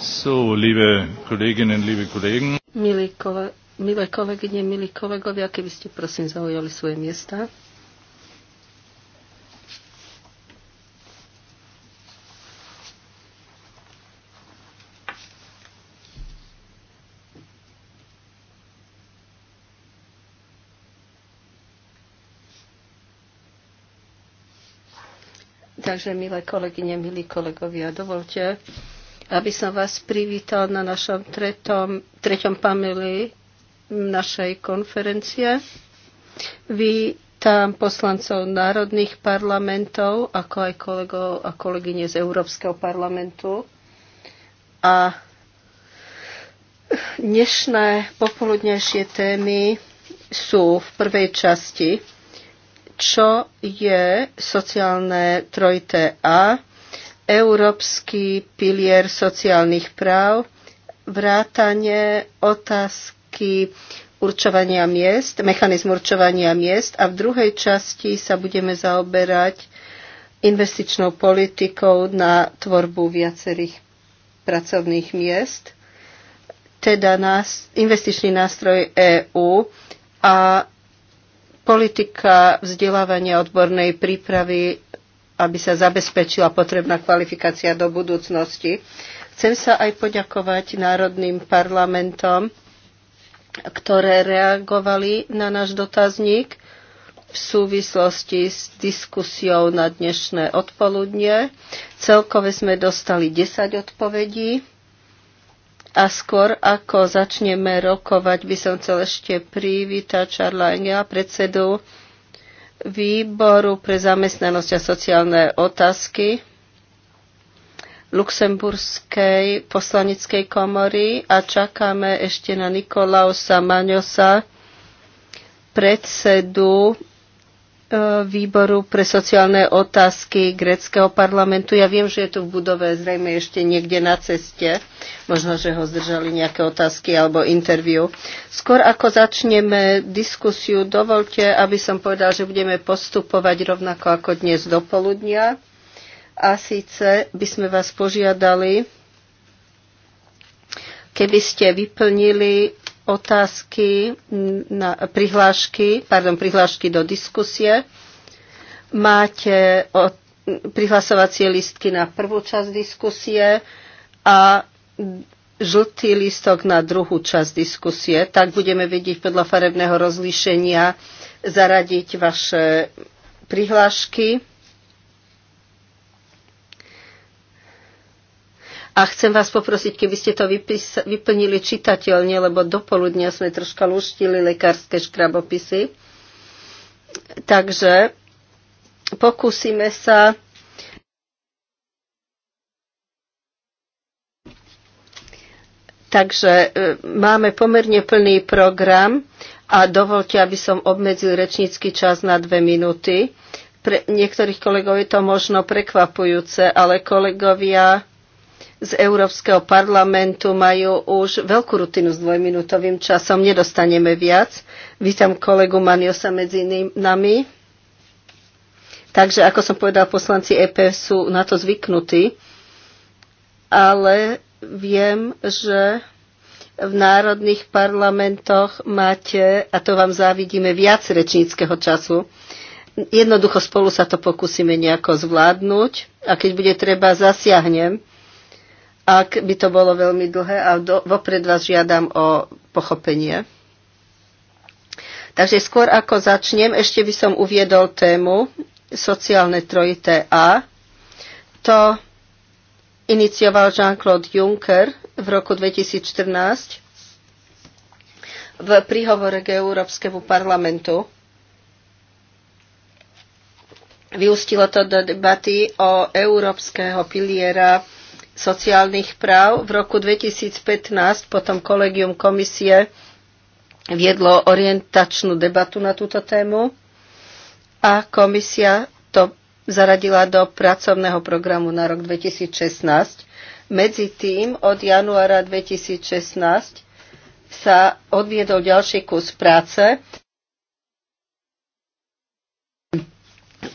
So, liebe Kolleginnen, liebe Kollegen. Milí kole, milé kolegyne, milí kolegovia, keby ste prosím zaujali svoje miesta. Takže, milé kolegyne, milí kolegovia, dovolte, aby som vás privítal na našom tretom, treťom paneli našej konferencie. Vítam poslancov národných parlamentov, ako aj kolegov a kolegyne z Európskeho parlamentu. A dnešné popoludnejšie témy sú v prvej časti, čo je sociálne trojité A, európsky pilier sociálnych práv, vrátanie otázky určovania miest, mechanizmu určovania miest a v druhej časti sa budeme zaoberať investičnou politikou na tvorbu viacerých pracovných miest, teda nás, investičný nástroj EÚ a politika vzdelávania odbornej prípravy aby sa zabezpečila potrebná kvalifikácia do budúcnosti. Chcem sa aj poďakovať národným parlamentom, ktoré reagovali na náš dotazník v súvislosti s diskusiou na dnešné odpoludnie. Celkové sme dostali 10 odpovedí. A skôr ako začneme rokovať, by som chcel ešte privítať Charla Engela, predsedu výboru pre zamestnanosť a sociálne otázky Luxemburskej poslaneckej komory a čakáme ešte na Nikolausa Maňosa, predsedu výboru pre sociálne otázky greckého parlamentu. Ja viem, že je tu v budove zrejme ešte niekde na ceste. Možno, že ho zdržali nejaké otázky alebo interviu. Skôr ako začneme diskusiu, dovolte, aby som povedal, že budeme postupovať rovnako ako dnes do poludnia. A síce by sme vás požiadali, keby ste vyplnili otázky, na, prihlášky, pardon, prihlášky do diskusie. Máte prihlasovacie listky na prvú časť diskusie a žltý lístok na druhú časť diskusie. Tak budeme vedieť podľa farebného rozlíšenia zaradiť vaše prihlášky. A chcem vás poprosiť, keby ste to vyplnili čitateľne, lebo dopoludnia sme troška luštili lekárske škrabopisy. Takže pokúsime sa Takže e, máme pomerne plný program a dovolte, aby som obmedzil rečnícky čas na dve minúty. Pre niektorých kolegov je to možno prekvapujúce, ale kolegovia z Európskeho parlamentu majú už veľkú rutinu s dvojminútovým časom, nedostaneme viac. Vítam kolegu Maniosa medzi nami. Takže, ako som povedal, poslanci EP sú na to zvyknutí, ale viem, že v národných parlamentoch máte, a to vám závidíme, viac rečníckého času. Jednoducho spolu sa to pokúsime nejako zvládnuť a keď bude treba, zasiahnem ak by to bolo veľmi dlhé a do, vopred vás žiadam o pochopenie. Takže skôr ako začnem, ešte by som uviedol tému sociálne trojité A. To inicioval Jean-Claude Juncker v roku 2014 v príhovore k Európskemu parlamentu. Vyústilo to do debaty o európskeho piliera sociálnych práv. V roku 2015 potom kolegium komisie viedlo orientačnú debatu na túto tému a komisia to zaradila do pracovného programu na rok 2016. Medzi tým od januára 2016 sa odviedol ďalší kus práce.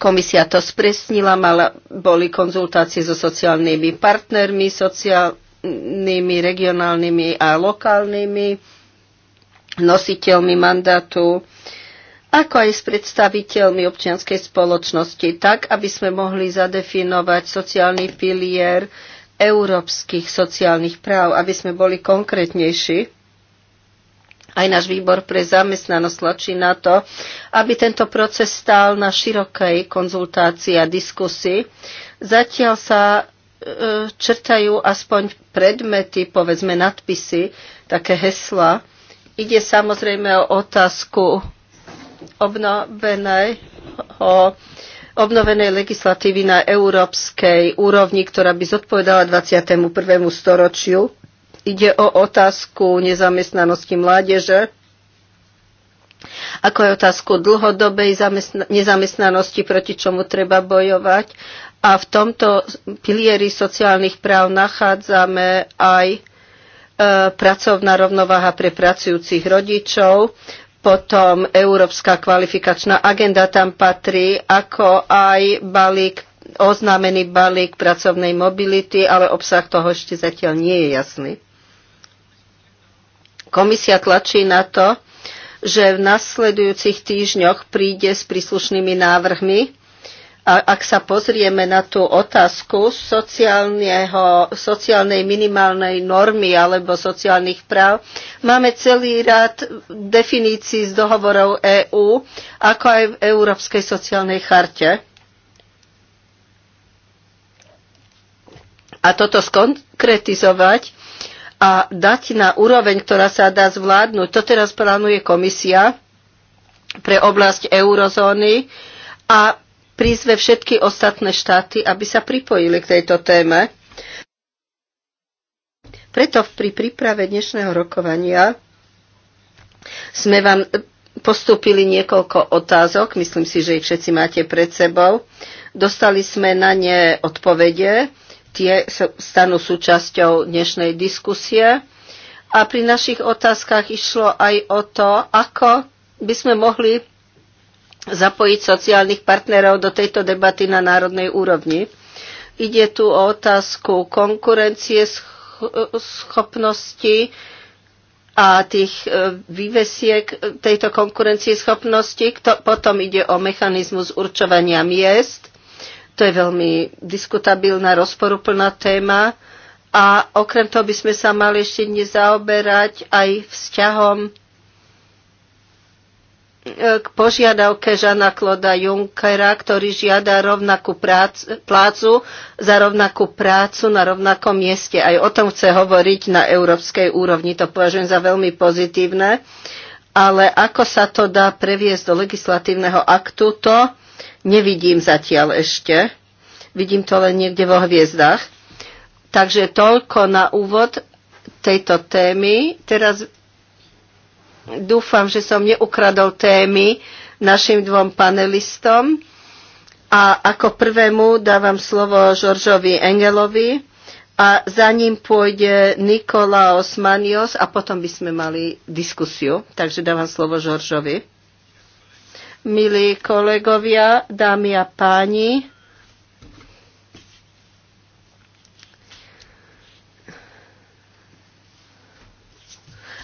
Komisia to spresnila, mala, boli konzultácie so sociálnymi partnermi, sociálnymi, regionálnymi a lokálnymi nositeľmi mandátu, ako aj s predstaviteľmi občianskej spoločnosti, tak aby sme mohli zadefinovať sociálny pilier európskych sociálnych práv, aby sme boli konkrétnejší aj náš výbor pre zamestnanosť tlačí na to, aby tento proces stál na širokej konzultácii a diskusii. Zatiaľ sa e, črtajú aspoň predmety, povedzme nadpisy, také hesla. Ide samozrejme o otázku obnovenej, o obnovenej legislatívy na európskej úrovni, ktorá by zodpovedala 21. storočiu ide o otázku nezamestnanosti mládeže, ako je otázku dlhodobej nezamestnanosti, proti čomu treba bojovať. A v tomto pilieri sociálnych práv nachádzame aj e, pracovná rovnováha pre pracujúcich rodičov, potom Európska kvalifikačná agenda tam patrí, ako aj balík, oznámený balík pracovnej mobility, ale obsah toho ešte zatiaľ nie je jasný. Komisia tlačí na to, že v nasledujúcich týždňoch príde s príslušnými návrhmi. A ak sa pozrieme na tú otázku sociálnej minimálnej normy alebo sociálnych práv, máme celý rád definícií z dohovorov EÚ, ako aj v Európskej sociálnej charte. A toto skonkretizovať a dať na úroveň, ktorá sa dá zvládnuť. To teraz plánuje komisia pre oblasť eurozóny a prízve všetky ostatné štáty, aby sa pripojili k tejto téme. Preto pri príprave dnešného rokovania sme vám postúpili niekoľko otázok, myslím si, že ich všetci máte pred sebou. Dostali sme na ne odpovede tie sa stanú súčasťou dnešnej diskusie. A pri našich otázkach išlo aj o to, ako by sme mohli zapojiť sociálnych partnerov do tejto debaty na národnej úrovni. Ide tu o otázku konkurencie schopnosti a tých e, vývesiek tejto konkurencie schopnosti. Potom ide o mechanizmus určovania miest to je veľmi diskutabilná, rozporuplná téma a okrem toho by sme sa mali ešte nezaoberať aj vzťahom e, k požiadavke Žana Kloda Junckera, ktorý žiada rovnakú prácu, plácu za rovnakú prácu na rovnakom mieste. Aj o tom chce hovoriť na európskej úrovni. To považujem za veľmi pozitívne. Ale ako sa to dá previesť do legislatívneho aktu, to nevidím zatiaľ ešte. Vidím to len niekde vo hviezdách. Takže toľko na úvod tejto témy. Teraz dúfam, že som neukradol témy našim dvom panelistom. A ako prvému dávam slovo Žoržovi Engelovi a za ním pôjde Nikolaos Manios a potom by sme mali diskusiu. Takže dávam slovo Žoržovi milí kolegovia, dámy a páni.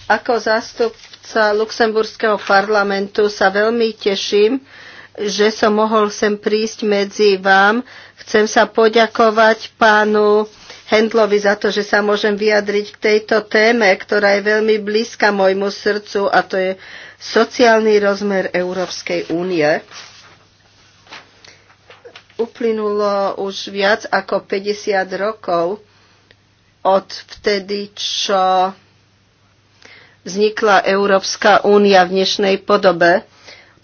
Ako zástupca luxemburského parlamentu sa veľmi teším, že som mohol sem prísť medzi vám. Chcem sa poďakovať pánu Hendlovi za to, že sa môžem vyjadriť k tejto téme, ktorá je veľmi blízka môjmu srdcu a to je sociálny rozmer Európskej únie. Uplynulo už viac ako 50 rokov od vtedy, čo vznikla Európska únia v dnešnej podobe.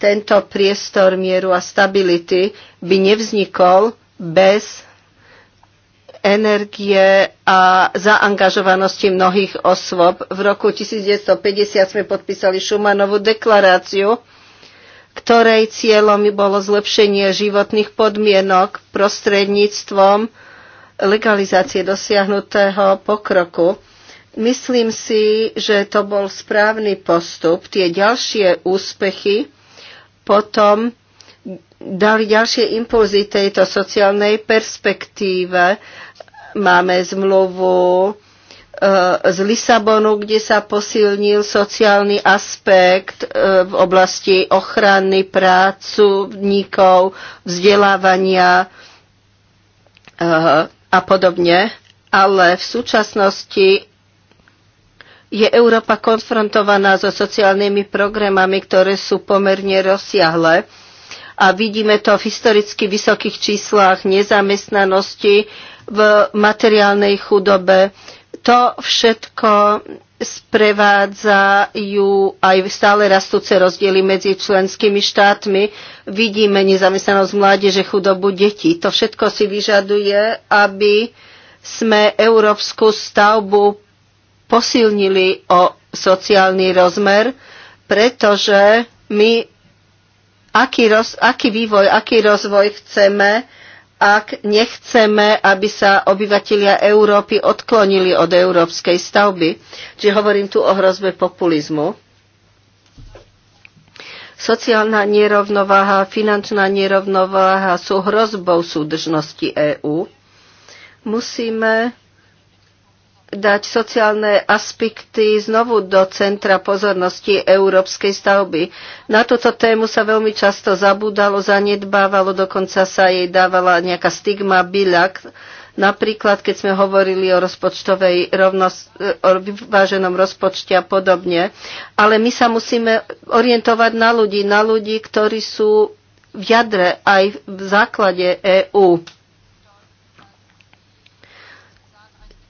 Tento priestor mieru a stability by nevznikol bez energie a zaangažovanosti mnohých osôb. V roku 1950 sme podpísali Šumanovú deklaráciu, ktorej cieľom bolo zlepšenie životných podmienok prostredníctvom legalizácie dosiahnutého pokroku. Myslím si, že to bol správny postup. Tie ďalšie úspechy potom dali ďalšie impulzy tejto sociálnej perspektíve. Máme zmluvu eh, z Lisabonu, kde sa posilnil sociálny aspekt eh, v oblasti ochrany pracovníkov, vzdelávania eh, a podobne. Ale v súčasnosti je Európa konfrontovaná so sociálnymi programami, ktoré sú pomerne rozsiahle a vidíme to v historicky vysokých číslach nezamestnanosti, v materiálnej chudobe. To všetko sprevádzajú aj stále rastúce rozdiely medzi členskými štátmi. Vidíme nezamestnanosť mládeže, chudobu detí. To všetko si vyžaduje, aby sme európsku stavbu posilnili o sociálny rozmer, pretože my aký, roz, aký vývoj, aký rozvoj chceme, ak nechceme, aby sa obyvatelia Európy odklonili od európskej stavby. Čiže hovorím tu o hrozbe populizmu. Sociálna nerovnováha, finančná nerovnováha sú hrozbou súdržnosti EÚ. Musíme dať sociálne aspekty znovu do centra pozornosti európskej stavby. Na túto tému sa veľmi často zabúdalo, zanedbávalo, dokonca sa jej dávala nejaká stigma, Byľak, Napríklad, keď sme hovorili o rozpočtovej rovnosť, o vyváženom rozpočte a podobne. Ale my sa musíme orientovať na ľudí, na ľudí, ktorí sú v jadre aj v základe EÚ.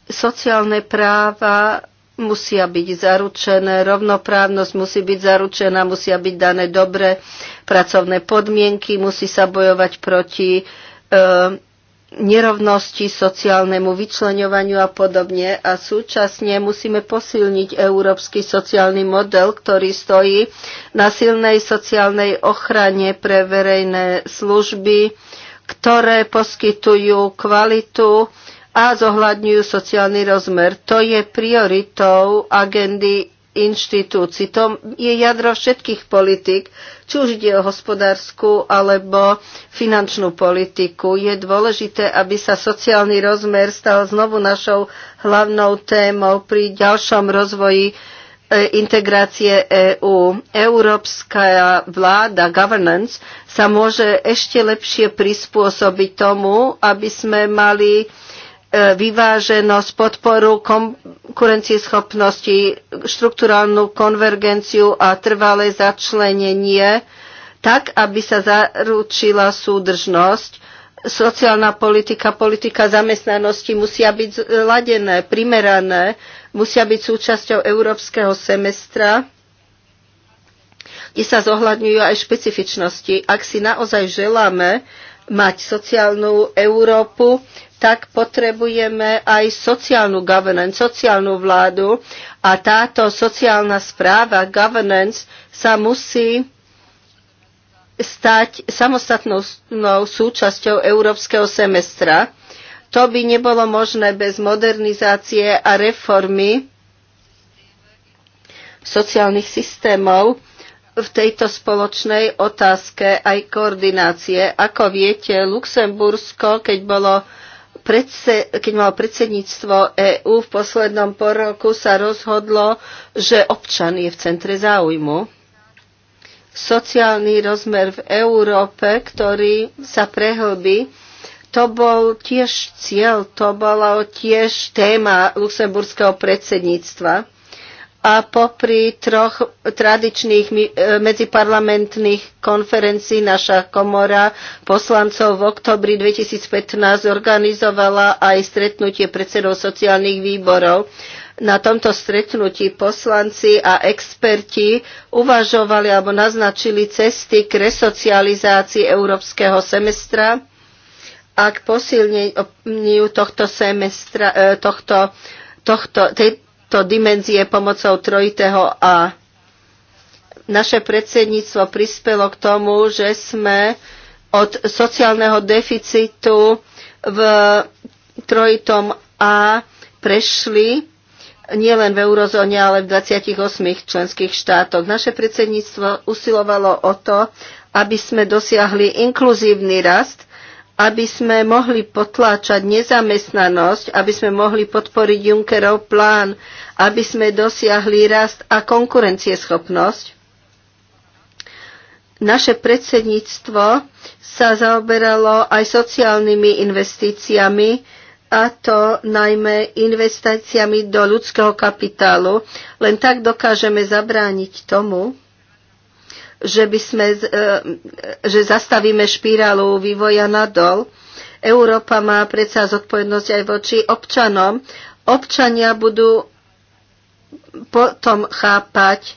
Sociálne práva musia byť zaručené, rovnoprávnosť musí byť zaručená, musia byť dané dobré pracovné podmienky, musí sa bojovať proti e, nerovnosti, sociálnemu vyčleňovaniu a podobne. A súčasne musíme posilniť európsky sociálny model, ktorý stojí na silnej sociálnej ochrane pre verejné služby, ktoré poskytujú kvalitu, a zohľadňujú sociálny rozmer. To je prioritou agendy inštitúcií. To je jadro všetkých politik, či už ide o hospodárskú alebo finančnú politiku. Je dôležité, aby sa sociálny rozmer stal znovu našou hlavnou témou pri ďalšom rozvoji e, integrácie EÚ. Európska vláda, governance, sa môže ešte lepšie prispôsobiť tomu, aby sme mali E, vyváženosť, podporu konkurencieschopnosti, štruktúrálnu konvergenciu a trvalé začlenenie, tak, aby sa zaručila súdržnosť. Sociálna politika, politika zamestnanosti musia byť zladené, primerané, musia byť súčasťou európskeho semestra, kde sa zohľadňujú aj špecifičnosti. Ak si naozaj želáme mať sociálnu Európu, tak potrebujeme aj sociálnu governance, sociálnu vládu a táto sociálna správa, governance, sa musí stať samostatnou súčasťou európskeho semestra. To by nebolo možné bez modernizácie a reformy sociálnych systémov v tejto spoločnej otázke aj koordinácie. Ako viete, Luxembursko, keď bolo predse, keď malo predsedníctvo EÚ v poslednom poroku, sa rozhodlo, že občan je v centre záujmu. Sociálny rozmer v Európe, ktorý sa prehlbí, to bol tiež cieľ, to bola tiež téma luxemburského predsedníctva a popri troch tradičných e, medziparlamentných konferencií naša komora poslancov v oktobri 2015 zorganizovala aj stretnutie predsedov sociálnych výborov. Na tomto stretnutí poslanci a experti uvažovali alebo naznačili cesty k resocializácii európskeho semestra a k posilneniu tohto semestra, e, tohto, tohto, tej, to dimenzie pomocou trojitého A. Naše predsedníctvo prispelo k tomu, že sme od sociálneho deficitu v trojitom A prešli nielen v eurozóne, ale v 28 členských štátoch. Naše predsedníctvo usilovalo o to, aby sme dosiahli inkluzívny rast, aby sme mohli potláčať nezamestnanosť, aby sme mohli podporiť Junckerov plán, aby sme dosiahli rast a konkurencieschopnosť. Naše predsedníctvo sa zaoberalo aj sociálnymi investíciami, a to najmä investíciami do ľudského kapitálu. Len tak dokážeme zabrániť tomu, že, by sme, e, že zastavíme špirálu vývoja nadol. Európa má predsa zodpovednosť aj voči občanom. Občania budú potom chápať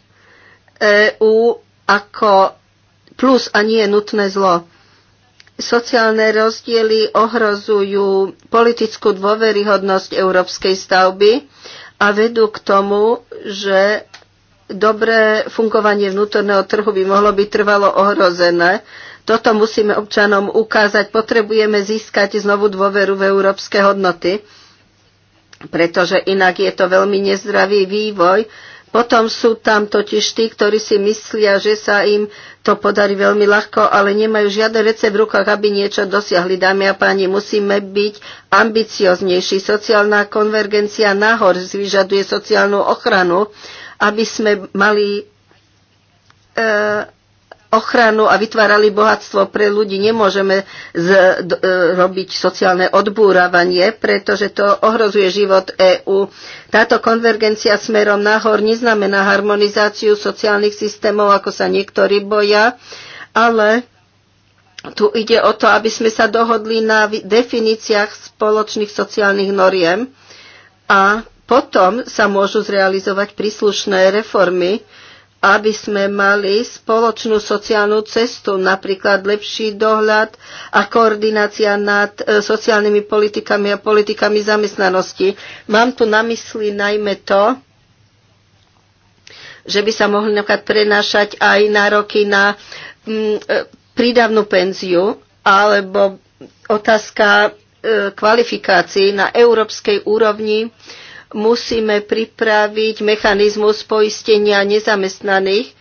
EÚ ako plus a nie nutné zlo. Sociálne rozdiely ohrozujú politickú dôveryhodnosť európskej stavby a vedú k tomu, že dobré fungovanie vnútorného trhu by mohlo byť trvalo ohrozené. Toto musíme občanom ukázať. Potrebujeme získať znovu dôveru v európske hodnoty, pretože inak je to veľmi nezdravý vývoj. Potom sú tam totiž tí, ktorí si myslia, že sa im to podarí veľmi ľahko, ale nemajú žiadne recept v rukách, aby niečo dosiahli. Dámy a páni, musíme byť ambicioznejší. Sociálna konvergencia nahor vyžaduje sociálnu ochranu aby sme mali e, ochranu a vytvárali bohatstvo pre ľudí. Nemôžeme z, e, e robiť sociálne odbúravanie, pretože to ohrozuje život EÚ. Táto konvergencia smerom nahor neznamená harmonizáciu sociálnych systémov, ako sa niektorí boja, ale tu ide o to, aby sme sa dohodli na definíciách spoločných sociálnych noriem a potom sa môžu zrealizovať príslušné reformy, aby sme mali spoločnú sociálnu cestu, napríklad lepší dohľad a koordinácia nad e, sociálnymi politikami a politikami zamestnanosti. Mám tu na mysli najmä to, že by sa mohli napríklad prenášať aj nároky na mm, e, prídavnú penziu alebo otázka e, kvalifikácií na európskej úrovni musíme pripraviť mechanizmus poistenia nezamestnaných,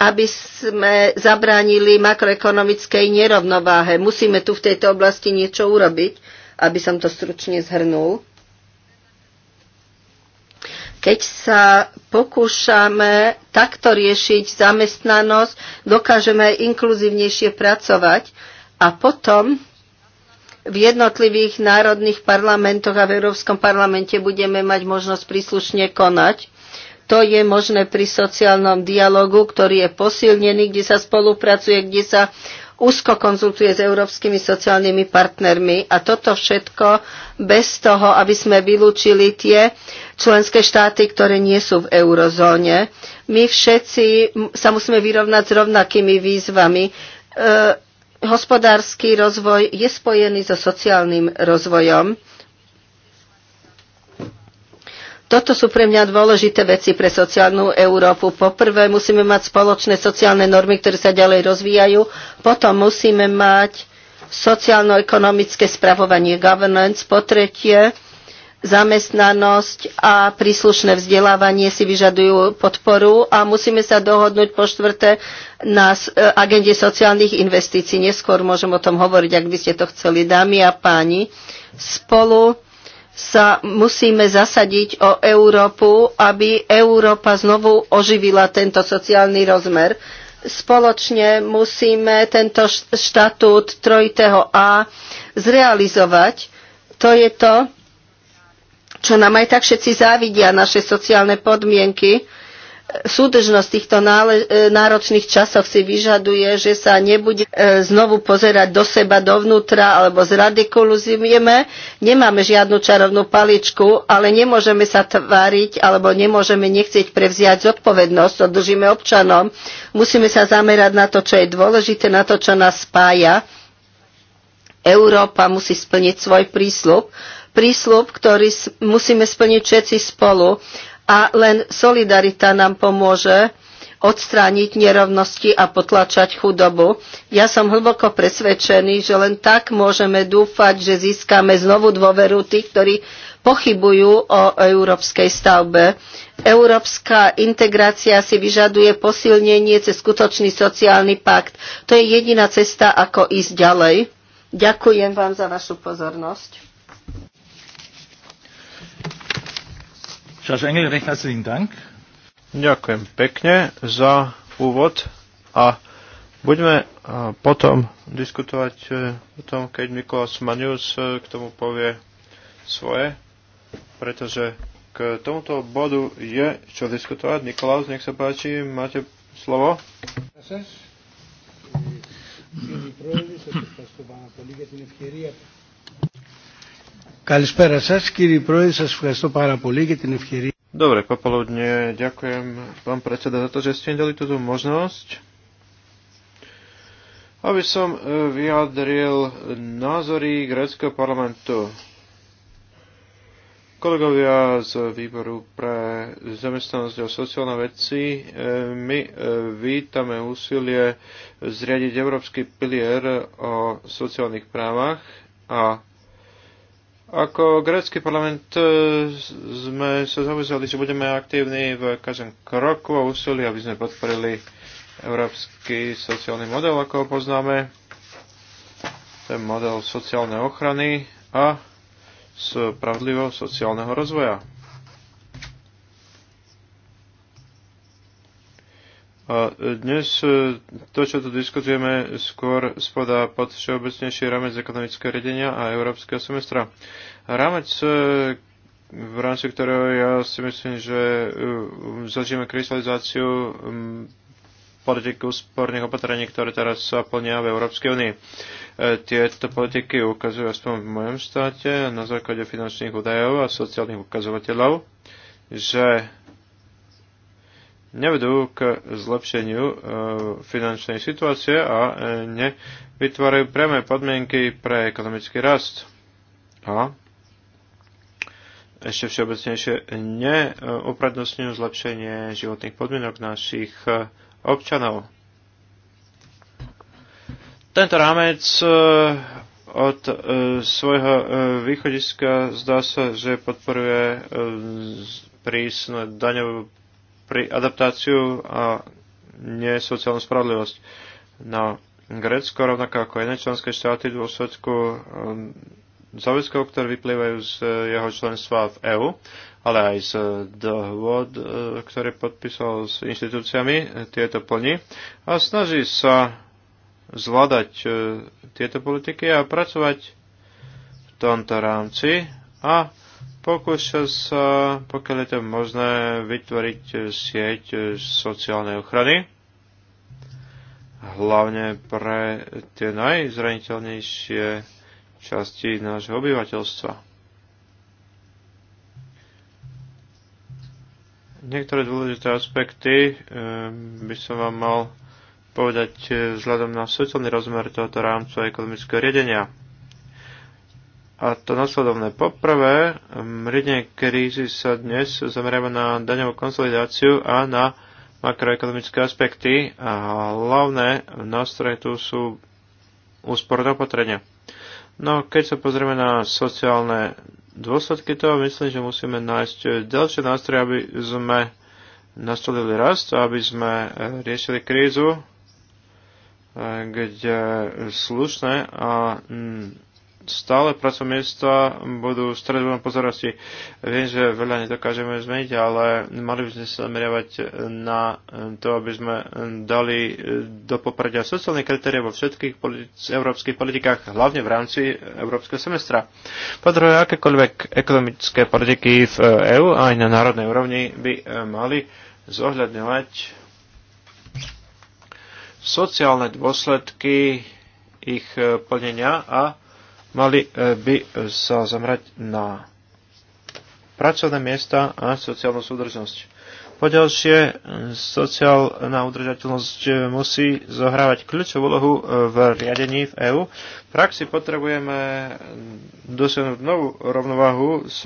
aby sme zabránili makroekonomickej nerovnováhe. Musíme tu v tejto oblasti niečo urobiť, aby som to stručne zhrnul. Keď sa pokúšame takto riešiť zamestnanosť, dokážeme aj inkluzívnejšie pracovať a potom v jednotlivých národných parlamentoch a v Európskom parlamente budeme mať možnosť príslušne konať. To je možné pri sociálnom dialogu, ktorý je posilnený, kde sa spolupracuje, kde sa úzko konzultuje s európskymi sociálnymi partnermi. A toto všetko bez toho, aby sme vylúčili tie členské štáty, ktoré nie sú v eurozóne. My všetci sa musíme vyrovnať s rovnakými výzvami e, hospodársky rozvoj je spojený so sociálnym rozvojom. Toto sú pre mňa dôležité veci pre sociálnu Európu. Poprvé musíme mať spoločné sociálne normy, ktoré sa ďalej rozvíjajú. Potom musíme mať sociálno-ekonomické spravovanie governance. Po tretie, zamestnanosť a príslušné vzdelávanie si vyžadujú podporu a musíme sa dohodnúť po štvrté na e, agende sociálnych investícií. Neskôr môžem o tom hovoriť, ak by ste to chceli, dámy a páni. Spolu sa musíme zasadiť o Európu, aby Európa znovu oživila tento sociálny rozmer. Spoločne musíme tento štatút 3. A zrealizovať. To je to, čo nám aj tak všetci závidia, naše sociálne podmienky. Súdržnosť týchto e, náročných časov si vyžaduje, že sa nebude e, znovu pozerať do seba, dovnútra alebo zradikulizujeme. Nemáme žiadnu čarovnú paličku, ale nemôžeme sa tváriť alebo nemôžeme nechcieť prevziať zodpovednosť, to držíme občanom. Musíme sa zamerať na to, čo je dôležité, na to, čo nás spája. Európa musí splniť svoj prísľub prísľub, ktorý musíme splniť všetci spolu. A len solidarita nám pomôže odstrániť nerovnosti a potlačať chudobu. Ja som hlboko presvedčený, že len tak môžeme dúfať, že získame znovu dôveru tých, ktorí pochybujú o európskej stavbe. Európska integrácia si vyžaduje posilnenie cez skutočný sociálny pakt. To je jediná cesta, ako ísť ďalej. Ďakujem vám za vašu pozornosť. Josh Engel, recht herzlichen Dank. Ďakujem pekne za úvod a budeme potom diskutovať o tom, keď Mikolas Manius k tomu povie svoje, pretože k tomuto bodu je čo diskutovať. Nikolaus, nech sa páči, máte slovo. Gracias. Καλησπέρα σας κύριε Πρόεδρε, σας ευχαριστώ πάρα πολύ για την ευκαιρία. Dobre popoludne, ďakujem pán predseda za to, že ste mi dali túto možnosť. Aby som e, vyjadril názory gréckého parlamentu. Kolegovia z výboru pre zamestnanosť a sociálne veci, e, my e, vítame úsilie zriadiť Európsky pilier o sociálnych právach a ako grécky parlament e, sme sa zavezali, že budeme aktívni v každom kroku a úsilí, aby sme podporili európsky sociálny model, ako ho poznáme. Ten model sociálnej ochrany a spravodlivého sociálneho rozvoja. A dnes e, to, čo tu diskutujeme, skôr spadá pod všeobecnejší rámec ekonomické riadenia a európskeho semestra. Rámec, e, v rámci ktorého ja si myslím, že e, zažijeme krystalizáciu politiky úsporných opatrení, ktoré teraz sa plnia v Európskej únii. Tieto politiky ukazujú aspoň v mojom štáte na základe finančných údajov a sociálnych ukazovateľov, že nevedú k zlepšeniu e, finančnej situácie a e, nevytvárajú priame podmienky pre ekonomický rast. A ešte všeobecnejšie neuprednostňujú zlepšenie životných podmienok našich e, občanov. Tento rámec od svojho východiska zdá sa, že podporuje prísnu daňovú pri adaptáciu a nesociálnu spravodlivosť. Na Grécko, rovnako ako iné členské štáty, v dôsledku um, záväzkov, ktoré vyplývajú z eh, jeho členstva v EÚ, ale aj z dohôd, eh, ktoré podpísal s inštitúciami, eh, tieto plní a snaží sa zvládať tieto politiky a pracovať v tomto rámci a pokúša sa, pokiaľ je to možné, vytvoriť sieť sociálnej ochrany, hlavne pre tie najzraniteľnejšie časti nášho obyvateľstva. Niektoré dôležité aspekty ehm, by som vám mal povedať eh, vzhľadom na sociálny rozmer tohoto rámcu ekonomického riadenia. A to nasledovné. Poprvé, riadenie krízy sa dnes zameriava na daňovú konsolidáciu a na makroekonomické aspekty a hlavné nástroje tu sú úsporné opatrenia. No keď sa pozrieme na sociálne dôsledky toho, myslím, že musíme nájsť ďalšie nástroje, aby sme nastolili rast, aby sme e, riešili krízu, e, kde slušné a stále pracovné miesta budú stredom pozornosti. Viem, že veľa nedokážeme zmeniť, ale mali by sme sa zameriavať na to, aby sme dali do popredia sociálne kritérie vo všetkých politi- európskych politikách, hlavne v rámci európskeho semestra. Po druhé, akékoľvek ekonomické politiky v EÚ aj na národnej úrovni by e, mali zohľadňovať sociálne dôsledky ich e, plnenia a Mali eh, by eh, sa zamrať na pracovné miesta a sociálnu súdržnosť. Poďalšie, eh, sociálna udržateľnosť musí zohrávať kľúčovú úlohu v riadení v EÚ. V praxi potrebujeme dosiahnuť novú rovnováhu s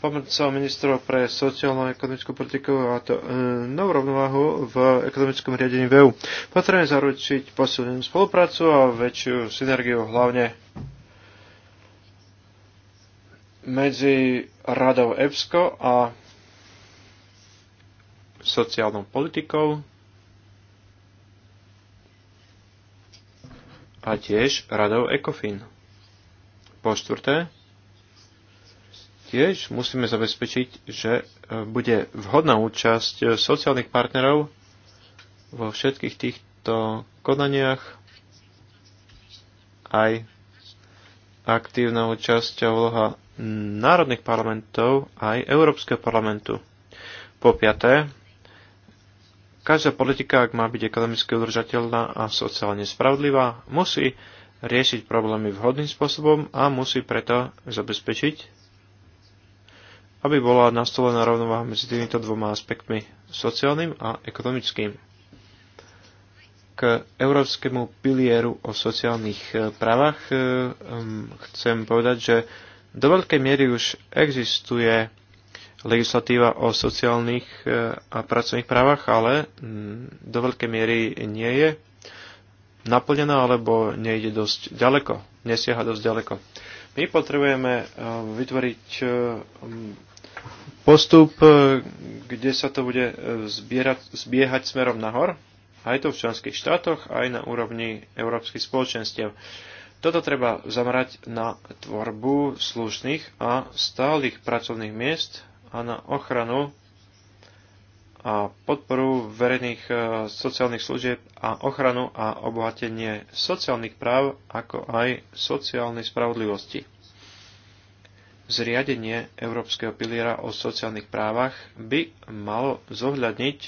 pomocou ministrov pre sociálnu a ekonomickú politiku a to novú rovnováhu v ekonomickom riadení v EÚ. Potrebujeme zaručiť posilnenú spoluprácu a väčšiu synergiu, hlavne medzi radou EBSCO a sociálnou politikou a tiež radou ECOFIN. Po štvrté, tiež musíme zabezpečiť, že e, bude vhodná účasť e, sociálnych partnerov vo všetkých týchto konaniach aj aktívna účasť a úloha národných parlamentov aj Európskeho parlamentu. Po piaté, každá politika, ak má byť ekonomicky udržateľná a sociálne spravodlivá, musí riešiť problémy vhodným spôsobom a musí preto zabezpečiť, aby bola nastolená rovnováha medzi týmito dvoma aspektmi, sociálnym a ekonomickým. K európskemu pilieru o sociálnych eh, právach eh, chcem povedať, že do veľkej miery už existuje legislatíva o sociálnych e, a pracovných právach, ale mm, do veľkej miery nie je naplnená alebo nejde dosť ďaleko, nesieha dosť ďaleko. My potrebujeme e, vytvoriť e, mm, postup, kde sa to bude zbierať, zbiehať smerom nahor, aj to v členských štátoch, aj na úrovni európskych spoločenstiev. Toto treba zamerať na tvorbu slušných a stálych pracovných miest a na ochranu a podporu verejných e, sociálnych služieb a ochranu a obohatenie sociálnych práv, ako aj sociálnej spravodlivosti. Zriadenie Európskeho piliera o sociálnych právach by malo zohľadniť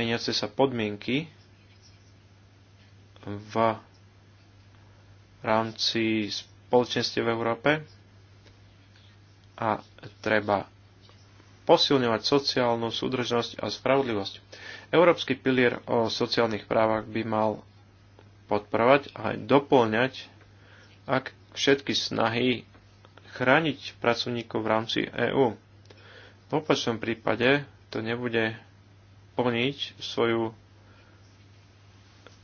meniace sa podmienky v v rámci spoločenstie v Európe a treba posilňovať sociálnu súdržnosť a spravodlivosť. Európsky pilier o sociálnych právach by mal podporovať a aj doplňať ak všetky snahy chrániť pracovníkov v rámci EÚ. V opačnom prípade to nebude plniť svoju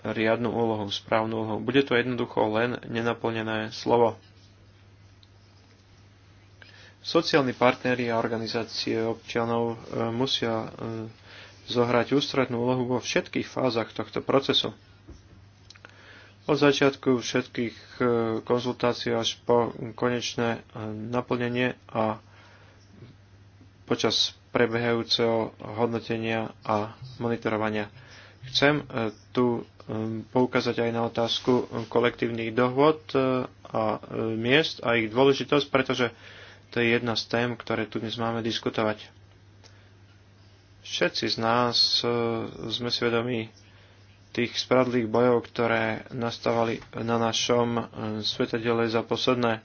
riadnu úlohu, správnu úlohu. Bude to jednoducho len nenaplnené slovo. Sociálni partneri a organizácie občanov e, musia e, zohrať ústrednú úlohu vo všetkých fázach tohto procesu. Od začiatku všetkých e, konzultácií až po konečné naplnenie a počas prebehajúceho hodnotenia a monitorovania. Chcem tu Um, poukázať aj na otázku kolektívnych dohôd uh, a uh, miest a ich dôležitosť, pretože to je jedna z tém, ktoré tu dnes máme diskutovať. Všetci z nás uh, sme svedomí tých spradlých bojov, ktoré nastávali na našom svetadele za posledné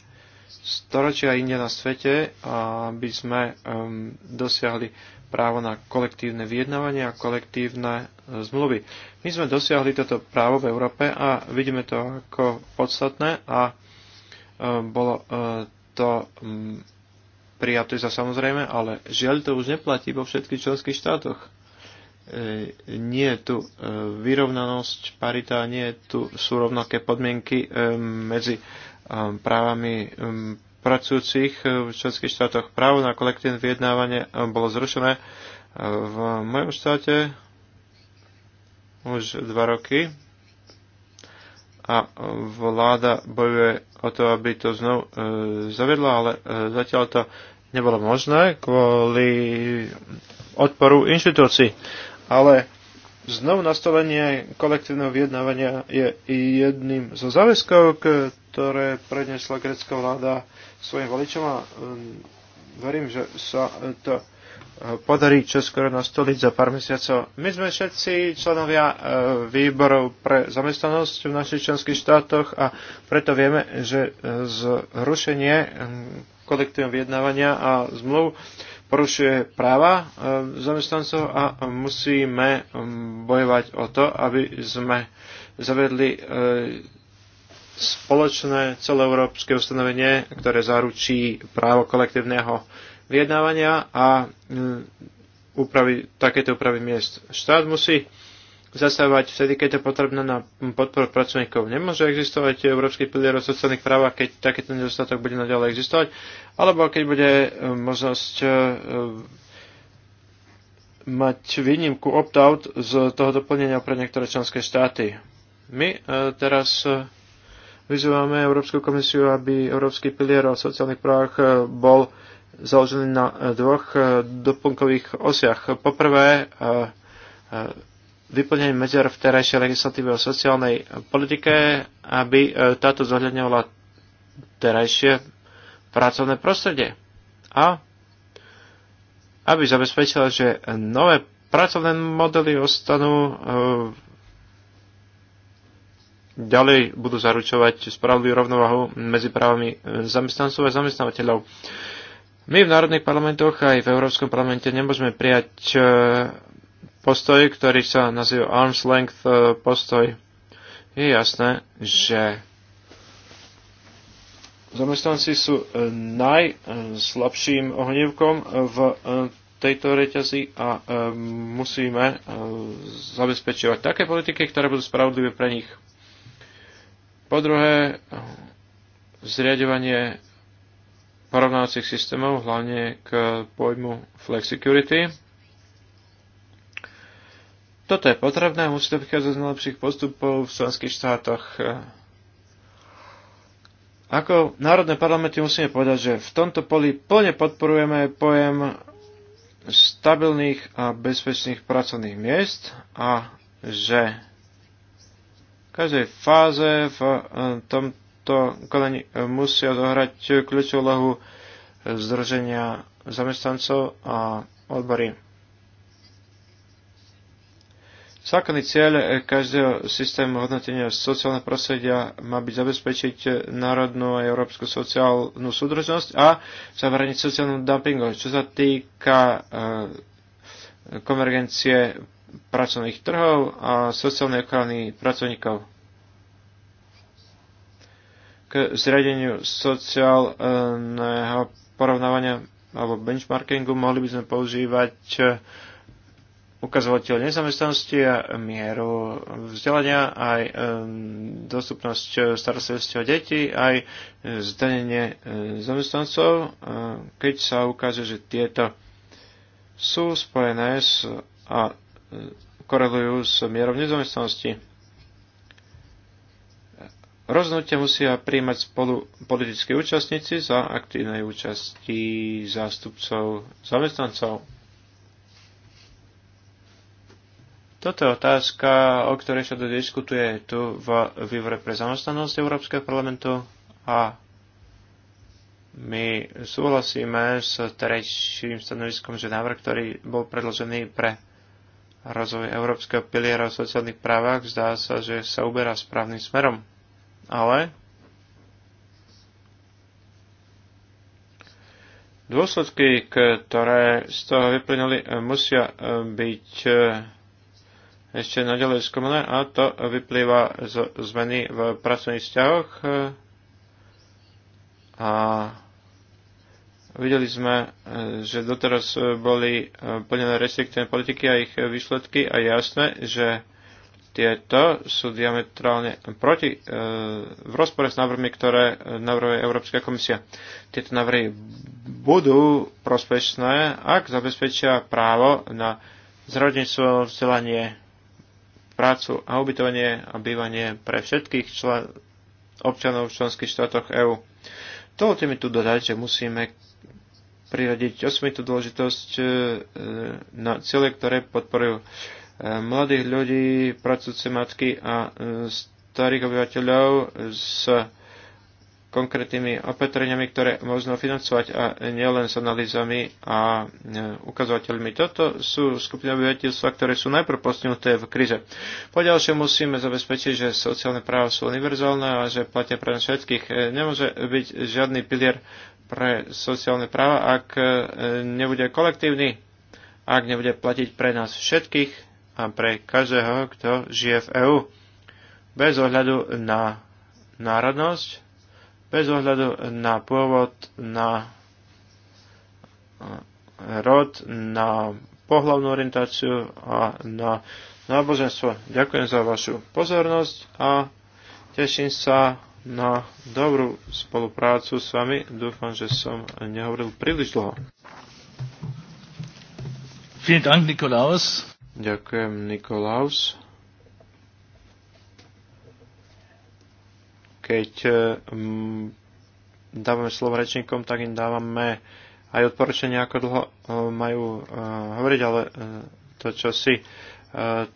storočia inde na svete, aby sme um, dosiahli právo na kolektívne vyjednávanie a kolektívne e, zmluvy. My sme dosiahli toto právo v Európe a vidíme to ako podstatné a e, bolo e, to prijaté za samozrejme, ale žiaľ to už neplatí vo všetkých členských štátoch. Nie je tu vyrovnanosť, parita, nie je tu sú rovnaké podmienky medzi právami pracujúcich v členských štátoch právo na kolektívne vyjednávanie bolo zrušené v mojom štáte už dva roky a vláda bojuje o to, aby to znovu e, zavedla, ale e, zatiaľ to nebolo možné kvôli odporu inštitúcií. Ale Znovu nastavenie kolektívneho vyjednávania je jedným zo záväzkov, ktoré prednesla grecká vláda svojim voličom a um, verím, že sa to podarí čoskoro nastoliť za pár mesiacov. My sme všetci členovia e, výborov pre zamestnanosť v našich členských štátoch a preto vieme, že e, zrušenie kolektívneho vyjednávania a zmluv porušuje práva e, zamestnancov a musíme e, bojovať o to, aby sme zavedli e, spoločné celoeurópske ustanovenie, ktoré zaručí právo kolektívneho vyjednávania a úpravy, takéto úpravy miest. Štát musí zasahovať vtedy, keď je potrebné na podporu pracovníkov. Nemôže existovať Európsky pilier o sociálnych právach, keď takýto nedostatok bude naďalej existovať, alebo keď bude e, možnosť e, e, mať výnimku opt-out z toho doplnenia pre niektoré členské štáty. My teraz vyzývame Európsku komisiu, aby Európsky pilier o sociálnych právach bol založený na dvoch doplnkových osiach. Poprvé, vyplnenie medzer v terajšej legislatíve o sociálnej politike, aby e, táto zohľadňovala terajšie pracovné prostredie. A aby zabezpečila, že nové pracovné modely ostanú e, ďalej budú zaručovať spravodlivú rovnovahu medzi právami e, zamestnancov a zamestnávateľov. My v národných parlamentoch aj v Európskom parlamente nemôžeme prijať postoj, ktorý sa nazýva arm's length e, postoj. Je jasné, že zamestnanci sú e, najslabším ohnívkom v e, tejto reťazi a musíme zabezpečovať také politiky, ktoré budú spravodlivé pre nich. Po druhé, zriadovanie porovnávacích systémov, hlavne k pojmu flexicurity. Toto je potrebné, musí to vychádzať z najlepších postupov v členských štátoch. Ako národné parlamenty musíme povedať, že v tomto poli plne podporujeme pojem stabilných a bezpečných pracovných miest a že v každej fáze v eh, tomto konaní eh, musia zohrať kľúčovú lohu združenia zamestnancov a odbory. Základný cieľ e, každého systému hodnotenia sociálneho prostredia má byť zabezpečiť e, národnú a európsku sociálnu súdržnosť a zabrániť sociálnu dumpingu. Čo sa týka e, konvergencie pracovných trhov a sociálnej ochrany pracovníkov k zriadeniu sociálneho porovnávania alebo benchmarkingu mohli by sme používať ukazovateľ nezamestnanosti a mieru vzdelania, aj dostupnosť eh, starostlivosti o deti, aj eh, zdanenie eh, zamestnancov, keď sa ukáže, že tieto sú spojené s, a korelujú s mierou nezamestnanosti. Rozhodnutia musia príjmať spolu politickí účastníci za aktívnej účasti zástupcov zamestnancov. Toto je otázka, o ktorej sa to diskutuje tu v výbore pre zamestnanosť Európskeho parlamentu a my súhlasíme s terejším stanoviskom, že návrh, ktorý bol predložený pre rozvoj Európskeho piliera o sociálnych právach, zdá sa, že sa uberá správnym smerom. Ale dôsledky, ktoré z toho vyplynuli, musia eh, byť eh, ešte naďalej skúmané a to vyplýva z zmeny v pracovných vzťahoch. A videli sme, že doteraz boli plnené restriktívne politiky a ich výsledky a jasné, že tieto sú diametrálne proti, e, v rozpore s návrhmi, ktoré navrhuje Európska komisia. Tieto návrhy budú prospešné, ak zabezpečia právo na zrodnictvo vzdelanie prácu a ubytovanie a bývanie pre všetkých člen, občanov v členských štátoch EÚ. To mi tu dodať, že musíme priradiť osmitu dôležitosť e, e, na cieľe, ktoré podporujú e, mladých ľudí, pracujúce matky a starých obyvateľov s konkrétnymi opatreniami, ktoré možno financovať a nielen s analýzami a e, ukazovateľmi. Toto sú skupiny obyvateľstva, ktoré sú najprv postihnuté v krize. Poďalšie musíme zabezpečiť, že sociálne práva sú univerzálne a že platia pre nás všetkých. E, nemôže byť žiadny pilier pre sociálne práva, ak e, nebude kolektívny, ak nebude platiť pre nás všetkých a pre každého, kto žije v EÚ. Bez ohľadu na národnosť, bez ohľadu na pôvod, na eh, rod, na pohľavnú orientáciu a na náboženstvo. Ďakujem za vašu pozornosť a teším sa na dobrú spoluprácu s vami. Dúfam, že som nehovoril príliš dlho. Vielen Dank, Nikolaus. Ďakujem, Nikolaus. keď eh, dávame slovo rečníkom, tak im dávame aj odporúčania, ako dlho eh, majú eh, hovoriť, ale to, čo si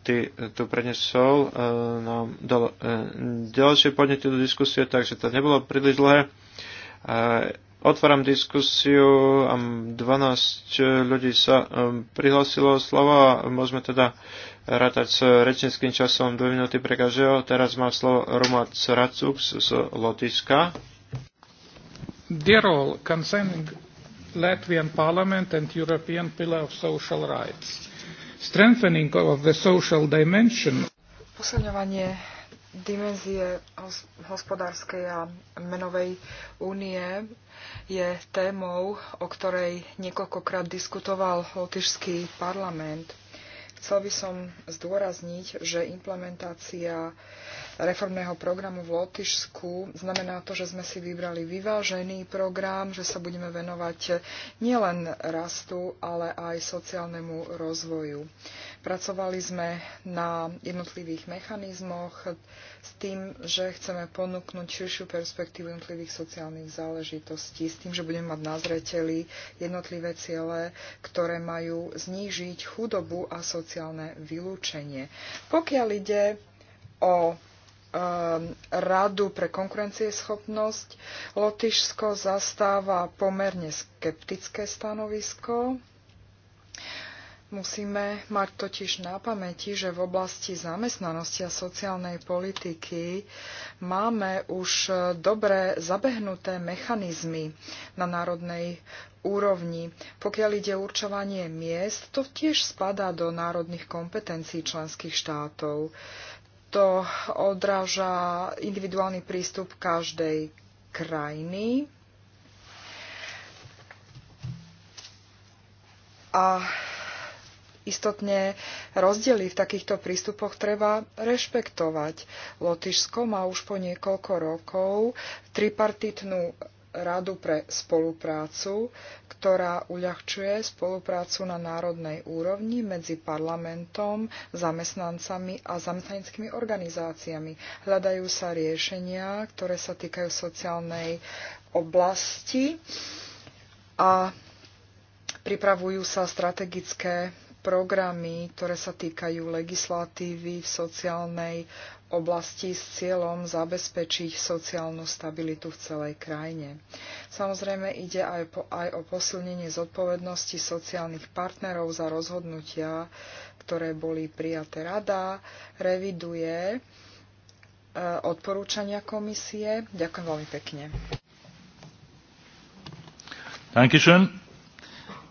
ty tu prednesol, nám dal ďalšie podnety do diskusie, takže to nebolo príliš dlhé. Otváram diskusiu, a 12 ľudí sa prihlásilo slova, slovo a môžeme teda rátať s rečnickým časom 2 minúty pre každého. Teraz má slovo Roman Racuks z Lotiska. Dear all, concerning Latvian Parliament and European Pillar of Social Rights, strengthening of the social dimension Posilňovanie dimenzie hospodárskej a menovej únie je témou, o ktorej niekoľkokrát diskutoval lotyšský parlament. Chcel by som zdôrazniť, že implementácia reformného programu v Lotyšsku znamená to, že sme si vybrali vyvážený program, že sa budeme venovať nielen rastu, ale aj sociálnemu rozvoju. Pracovali sme na jednotlivých mechanizmoch s tým, že chceme ponúknuť širšiu perspektívu jednotlivých sociálnych záležitostí, s tým, že budeme mať na zreteli jednotlivé ciele, ktoré majú znížiť chudobu a sociálne vylúčenie. Pokiaľ ide o ehm, Radu pre konkurencieschopnosť. Lotyšsko zastáva pomerne skeptické stanovisko. Musíme mať totiž na pamäti, že v oblasti zamestnanosti a sociálnej politiky máme už dobre zabehnuté mechanizmy na národnej úrovni. Pokiaľ ide určovanie miest, to tiež spadá do národných kompetencií členských štátov. To odráža individuálny prístup každej krajiny. A Istotne rozdiely v takýchto prístupoch treba rešpektovať. Lotyšsko má už po niekoľko rokov tripartitnú Radu pre spoluprácu, ktorá uľahčuje spoluprácu na národnej úrovni medzi parlamentom, zamestnancami a zamestnanickými organizáciami. Hľadajú sa riešenia, ktoré sa týkajú sociálnej oblasti a pripravujú sa strategické programy, ktoré sa týkajú legislatívy v sociálnej oblasti s cieľom zabezpečiť sociálnu stabilitu v celej krajine. Samozrejme ide aj, po, aj o posilnenie zodpovednosti sociálnych partnerov za rozhodnutia, ktoré boli prijaté rada, reviduje e, odporúčania komisie. Ďakujem veľmi pekne. Dankeschön.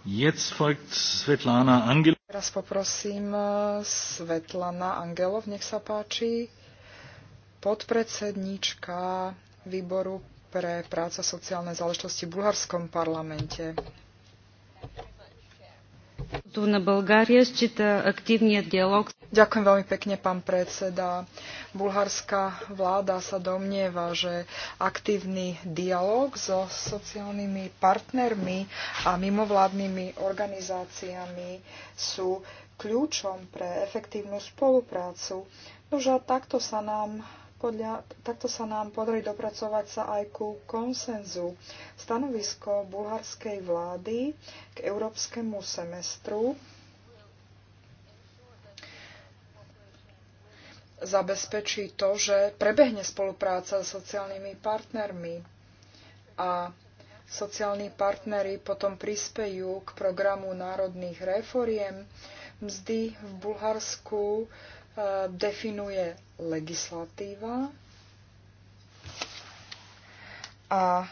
Jetzt folgt Svetlana Angel. Teraz poprosím e, Svetlana Angelov, nech sa páči, podpredsedníčka výboru pre práca sociálne záležitosti v bulharskom parlamente. Bulgárii България счита dialog s Ďakujem veľmi pekne, pán predseda. Bulharská vláda sa domnieva, že aktívny dialog so sociálnymi partnermi a mimovládnymi organizáciami sú kľúčom pre efektívnu spoluprácu. Nože takto sa nám podľa, takto sa nám podarí dopracovať sa aj ku konsenzu. Stanovisko bulharskej vlády k európskemu semestru zabezpečí to, že prebehne spolupráca s sociálnymi partnermi a sociálni partnery potom prispejú k programu národných reforiem. Mzdy v Bulharsku eh, definuje legislatíva a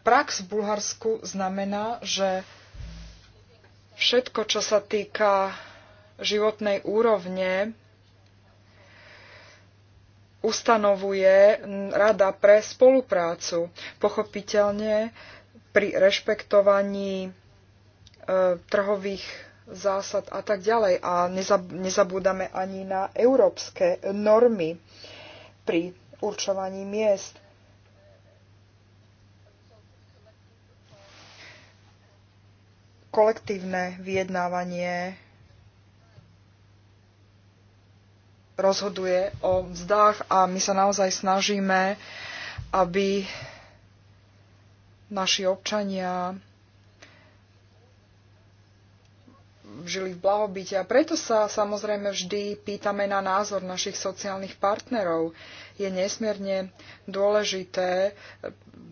prax v Bulharsku znamená, že všetko, čo sa týka životnej úrovne ustanovuje Rada pre spoluprácu. Pochopiteľne pri rešpektovaní e, trhových zásad a tak ďalej. A nezab- nezabúdame ani na európske normy pri určovaní miest. Kolektívne vyjednávanie rozhoduje o mzdách a my sa naozaj snažíme, aby naši občania žili v blahobite. A preto sa samozrejme vždy pýtame na názor našich sociálnych partnerov. Je nesmierne dôležité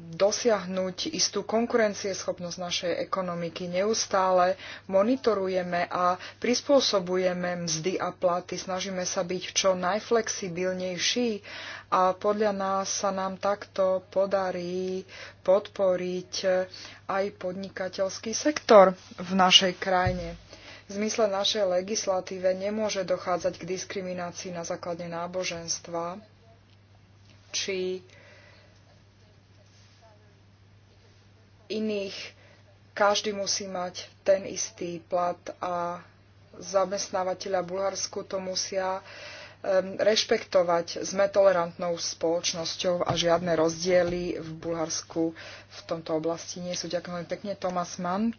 dosiahnuť istú konkurencieschopnosť našej ekonomiky. Neustále monitorujeme a prispôsobujeme mzdy a platy. Snažíme sa byť čo najflexibilnejší a podľa nás sa nám takto podarí podporiť aj podnikateľský sektor v našej krajine. V zmysle našej legislatíve nemôže dochádzať k diskriminácii na základe náboženstva či iných. Každý musí mať ten istý plat a zamestnávateľa Bulharsku to musia rešpektovať. Sme tolerantnou spoločnosťou a žiadne rozdiely v Bulharsku v tomto oblasti nie sú. Ďakujem pekne, Tomas Mann.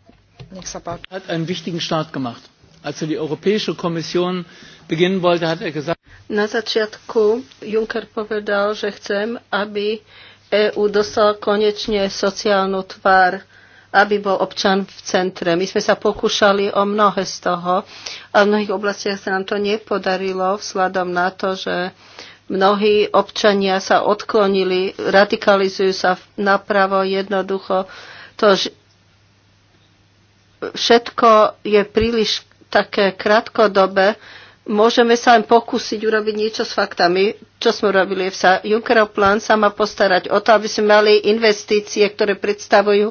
Hat einen wichtigen Start gemacht. Als er die Europäische Kommission beginnen wollte, hat er gesagt... Na začiatku Juncker povedal, že chcem, aby EÚ dostal konečne sociálnu tvár aby bol občan v centre. My sme sa pokúšali o mnohé z toho a v mnohých oblastiach sa nám to nepodarilo vzhľadom na to, že mnohí občania sa odklonili, radikalizujú sa napravo jednoducho. To všetko je príliš také krátkodobé, môžeme sa len pokúsiť urobiť niečo s faktami. Čo sme robili? Sa Junckerov plán sa má postarať o to, aby sme mali investície, ktoré predstavujú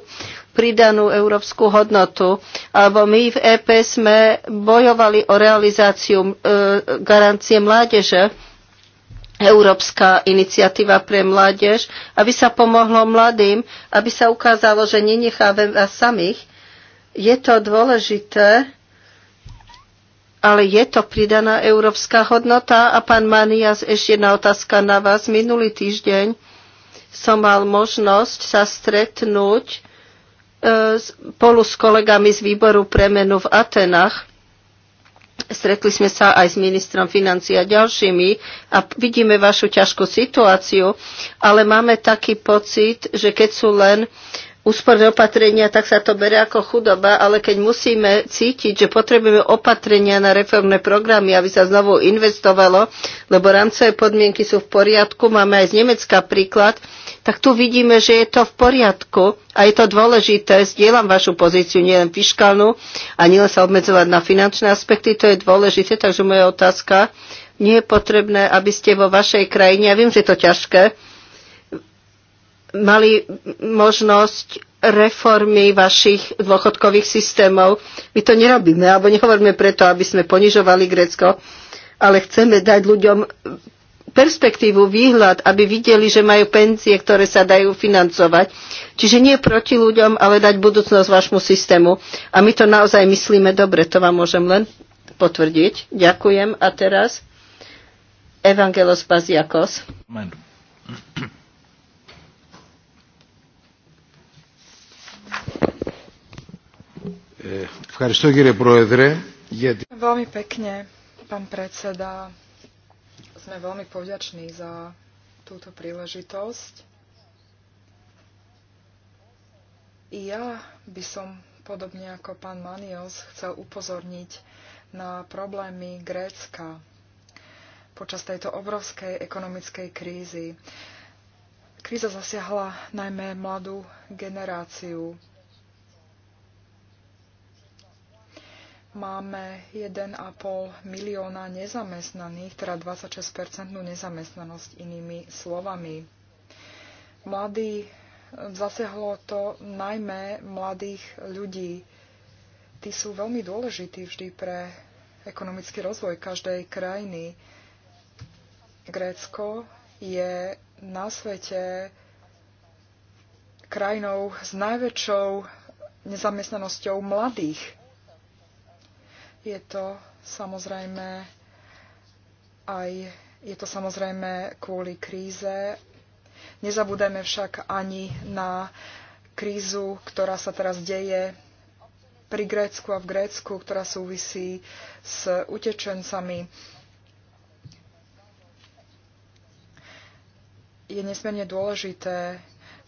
pridanú európsku hodnotu. Alebo my v EP sme bojovali o realizáciu e, garancie mládeže, Európska iniciatíva pre mládež, aby sa pomohlo mladým, aby sa ukázalo, že nenecháme vás samých, je to dôležité, ale je to pridaná európska hodnota. A pán Manias, ešte jedna otázka na vás. Minulý týždeň som mal možnosť sa stretnúť e, spolu s kolegami z výboru premenu v Atenách. Stretli sme sa aj s ministrom financí a ďalšími a vidíme vašu ťažkú situáciu, ale máme taký pocit, že keď sú len úsporné opatrenia, tak sa to bere ako chudoba, ale keď musíme cítiť, že potrebujeme opatrenia na reformné programy, aby sa znovu investovalo, lebo rámcové podmienky sú v poriadku, máme aj z Nemecka príklad, tak tu vidíme, že je to v poriadku a je to dôležité. Zdieľam vašu pozíciu, nielen fiskálnu a nielen sa obmedzovať na finančné aspekty, to je dôležité, takže moja otázka, nie je potrebné, aby ste vo vašej krajine, ja viem, že je to ťažké, mali možnosť reformy vašich dôchodkových systémov. My to nerobíme, alebo nehovoríme preto, aby sme ponižovali Grécko, ale chceme dať ľuďom perspektívu, výhľad, aby videli, že majú penzie, ktoré sa dajú financovať. Čiže nie proti ľuďom, ale dať budúcnosť vašmu systému. A my to naozaj myslíme dobre, to vám môžem len potvrdiť. Ďakujem. A teraz Evangelos Baziakos. Amen. Veľmi pekne, pán predseda. Sme veľmi povďační za túto príležitosť. I ja by som podobne ako pán Manios chcel upozorniť na problémy Grécka počas tejto obrovskej ekonomickej krízy. Kríza zasiahla najmä mladú generáciu. máme 1,5 milióna nezamestnaných, teda 26-percentnú nezamestnanosť inými slovami. Mladí zasiahlo to najmä mladých ľudí. Tí sú veľmi dôležití vždy pre ekonomický rozvoj každej krajiny. Grécko je na svete krajinou s najväčšou nezamestnanosťou mladých je to samozrejme aj je to samozrejme kvôli kríze. Nezabúdajme však ani na krízu, ktorá sa teraz deje pri Grécku a v Grécku, ktorá súvisí s utečencami. Je nesmierne dôležité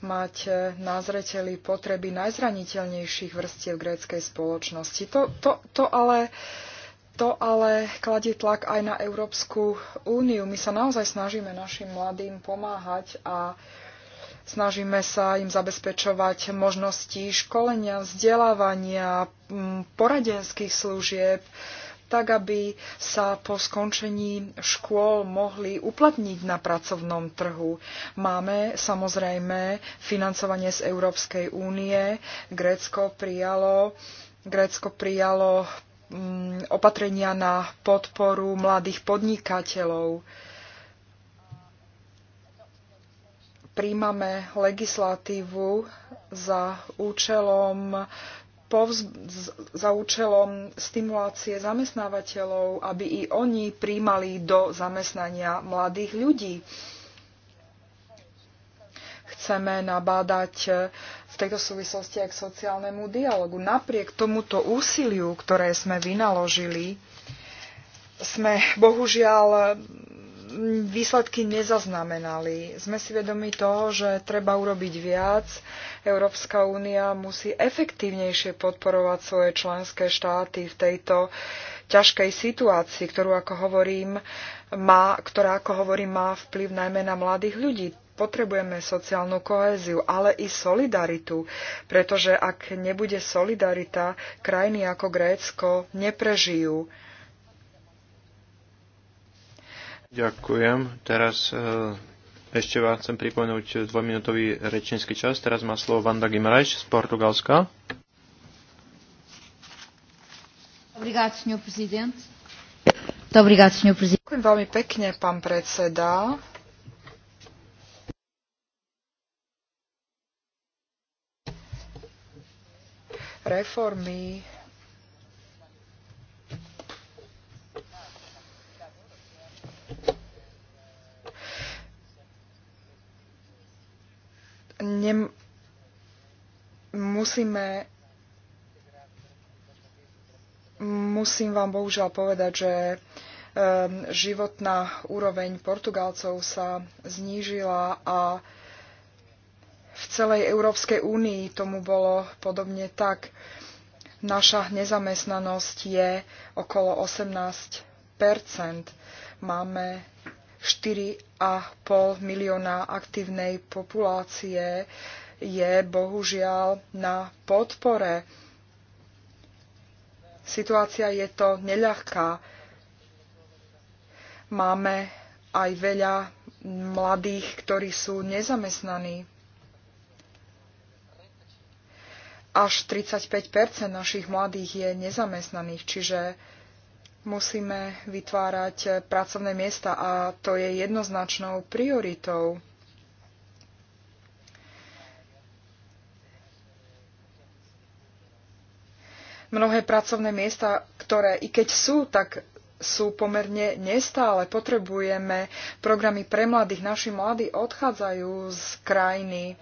mať e, na zreteli potreby najzraniteľnejších vrstiev gréckej spoločnosti. To, to, to ale to ale kladie tlak aj na Európsku úniu. My sa naozaj snažíme našim mladým pomáhať a snažíme sa im zabezpečovať možnosti školenia, vzdelávania, poradenských služieb, tak aby sa po skončení škôl mohli uplatniť na pracovnom trhu. Máme samozrejme financovanie z Európskej únie. Grécko prijalo, Grécko prijalo mm, opatrenia na podporu mladých podnikateľov. Príjmame legislatívu za účelom povz- za účelom stimulácie zamestnávateľov, aby i oni príjmali do zamestnania mladých ľudí. Chceme nabádať e, v tejto súvislosti aj k sociálnemu dialogu. Napriek tomuto úsiliu, ktoré sme vynaložili, sme bohužiaľ výsledky nezaznamenali. Sme si vedomi toho, že treba urobiť viac. Európska únia musí efektívnejšie podporovať svoje členské štáty v tejto ťažkej situácii, ktorú, ako hovorím, má, ktorá, ako hovorím, má vplyv najmä na mladých ľudí. Potrebujeme sociálnu koéziu, ale i solidaritu, pretože ak nebude solidarita, krajiny ako Grécko neprežijú. Ďakujem. Teraz e, ešte vám chcem pripomenúť dvojminútový rečnícky čas. Teraz má slovo Vanda Gimrajš z Portugalska. Ďakujem veľmi pekne, pán predseda. Reformy nem, musíme musím vám bohužiaľ povedať, že ehm, životná úroveň Portugalcov sa znížila a v celej Európskej únii tomu bolo podobne tak. Naša nezamestnanosť je okolo 18 Máme 4,5 milióna aktívnej populácie je bohužiaľ na podpore. Situácia je to neľahká. Máme aj veľa mladých, ktorí sú nezamestnaní. Až 35 našich mladých je nezamestnaných, čiže musíme vytvárať pracovné miesta a to je jednoznačnou prioritou. Mnohé pracovné miesta, ktoré i keď sú, tak sú pomerne nestále. Potrebujeme programy pre mladých. Naši mladí odchádzajú z krajiny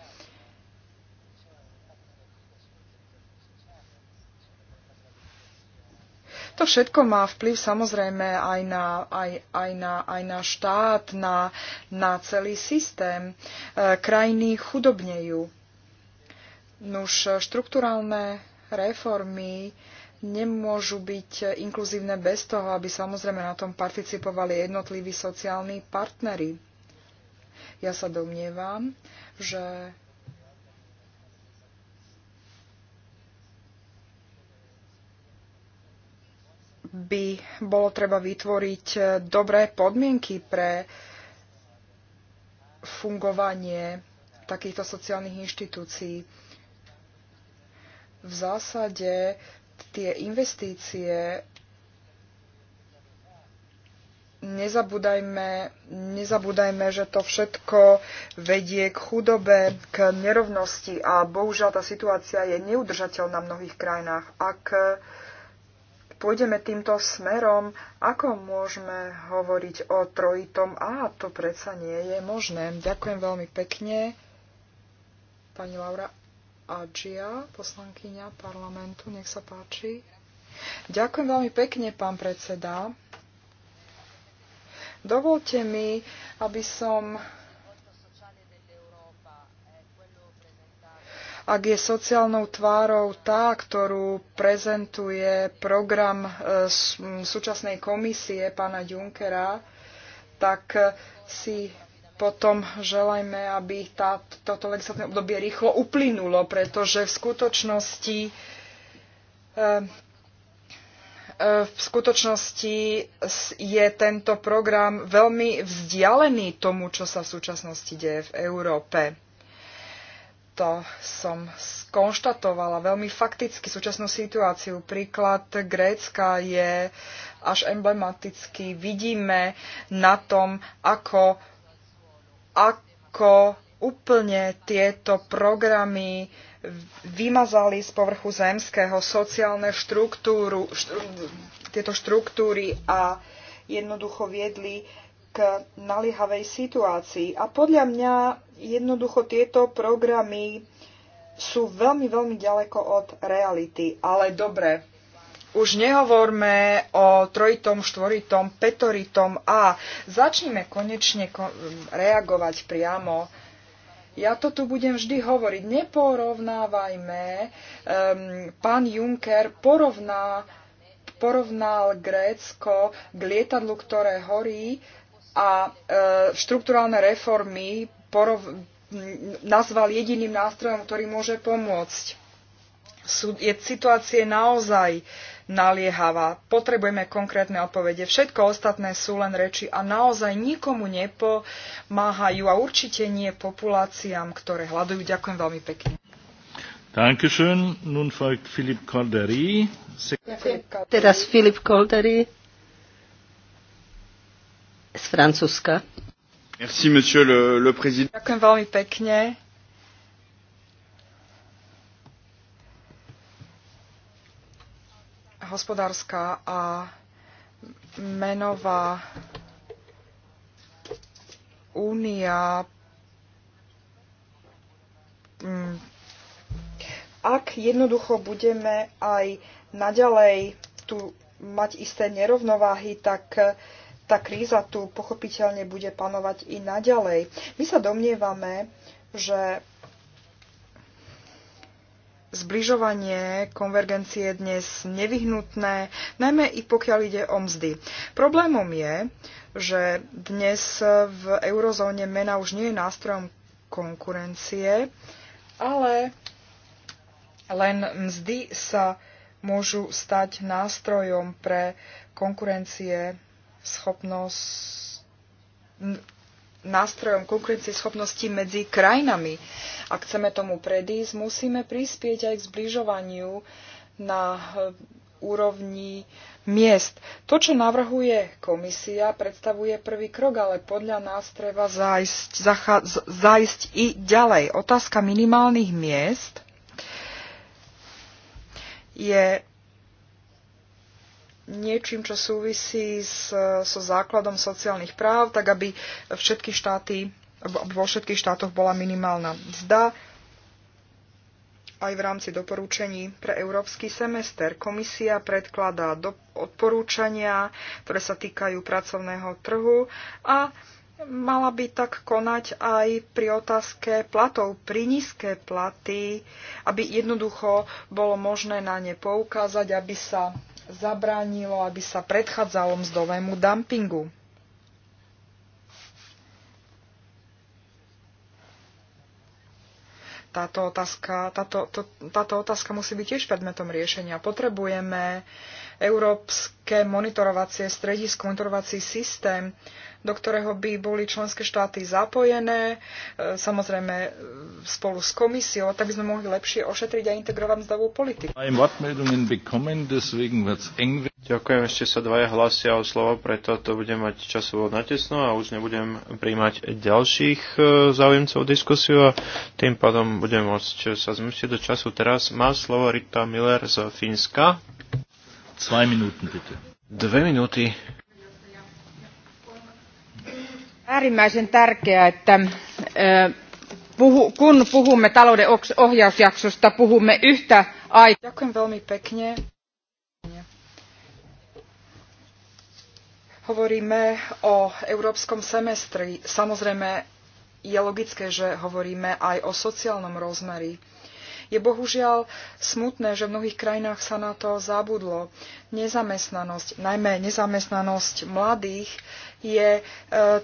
To všetko má vplyv samozrejme aj na, aj, aj na, aj na štát, na, na celý systém. E, krajiny chudobnejú. Nuž štruktúralne reformy nemôžu byť inkluzívne bez toho, aby samozrejme na tom participovali jednotliví sociálni partnery. Ja sa domnievam, že by bolo treba vytvoriť eh, dobré podmienky pre fungovanie takýchto sociálnych inštitúcií. V zásade tie investície nezabúdajme, nezabúdajme, že to všetko vedie k chudobe, k nerovnosti a bohužiaľ tá situácia je neudržateľná v mnohých krajinách. Ak pôjdeme týmto smerom, ako môžeme hovoriť o trojitom A? To predsa nie je možné. Ďakujem veľmi pekne. Pani Laura Adžia, poslankyňa parlamentu, nech sa páči. Ďakujem veľmi pekne, pán predseda. Dovolte mi, aby som ak je sociálnou tvárou tá, ktorú prezentuje program e, súčasnej komisie pána Junckera, tak e, si potom želajme, aby tá, toto legislatívne obdobie rýchlo uplynulo, pretože v skutočnosti e, v skutočnosti je tento program veľmi vzdialený tomu, čo sa v súčasnosti deje v Európe to som skonštatovala veľmi fakticky súčasnú situáciu. Príklad Grécka je až emblematický. Vidíme na tom, ako, ako úplne tieto programy vymazali z povrchu zemského sociálne štruktúru, štru, tieto štruktúry a jednoducho viedli k naliehavej situácii. A podľa mňa jednoducho tieto programy sú veľmi, veľmi ďaleko od reality. Ale dobre, už nehovorme o trojitom, štvoritom, petoritom a začneme konečne reagovať priamo ja to tu budem vždy hovoriť. Neporovnávajme. Um, pán Juncker porovná, porovnal Grécko k lietadlu, ktoré horí, a e, štrukturálne reformy porov- nazval jediným nástrojom, ktorý môže pomôcť. Sú, je, situácia je naozaj naliehavá. Potrebujeme konkrétne odpovede. Všetko ostatné sú len reči a naozaj nikomu nepomáhajú a určite nie populáciám, ktoré hľadujú. Ďakujem veľmi pekne. Ďakujem. Nun folgt Filip Teraz Filip Koldery z Francúzska. Merci, monsieur le, le président. Ďakujem veľmi pekne. Hospodárska a menová únia mm, ak jednoducho budeme aj naďalej tu mať isté nerovnováhy, tak tá kríza tu pochopiteľne bude panovať i naďalej. My sa domnievame, že zbližovanie konvergencie je dnes nevyhnutné, najmä i pokiaľ ide o mzdy. Problémom je, že dnes v eurozóne mena už nie je nástrojom konkurencie, ale len mzdy sa môžu stať nástrojom pre konkurencie schopnosť nástrojom schopnosti medzi krajinami. Ak chceme tomu predísť, musíme prispieť aj k zbližovaniu na e, úrovni miest. To, čo navrhuje komisia, predstavuje prvý krok, ale podľa nás treba zajsť, zacha- zajsť i ďalej. Otázka minimálnych miest je niečím, čo súvisí s, so základom sociálnych práv, tak aby všetky štáty, vo všetkých štátoch bola minimálna mzda. Aj v rámci doporúčení pre európsky semester komisia predkladá do, odporúčania, ktoré sa týkajú pracovného trhu a mala by tak konať aj pri otázke platov, pri nízke platy, aby jednoducho bolo možné na ne poukázať, aby sa zabránilo, aby sa predchádzalo mzdovému dumpingu. Táto otázka, táto, to, táto otázka musí byť tiež predmetom riešenia. Potrebujeme európske monitorovacie stredisko, monitorovací systém, do ktorého by boli členské štáty zapojené, e, samozrejme e, spolu s komisiou, tak by sme mohli lepšie ošetriť a integrovať mzdovú politiku. Ďakujem, ešte sa dvaja hlasia o slovo, preto to budem mať časovo natesno a už nebudem príjmať ďalších e, záujemcov diskusiu a tým pádom budem môcť sa zmestiť do času. Teraz má slovo Rita Miller z Fínska. Zwei Minuten, bitte. Dve minúty. Äärimmäisen tärkeää, että puhu, kun puhumme talouden ohjausjaksosta, puhumme yhtä aikaa. Ďakujem veľmi Hovoríme o európskom semestri. Samozrejme, je logické, že hovoríme aj o sociálnom rozmeri je bohužiaľ smutné, že v mnohých krajinách sa na to zabudlo. Nezamestnanosť, najmä nezamestnanosť mladých, je e,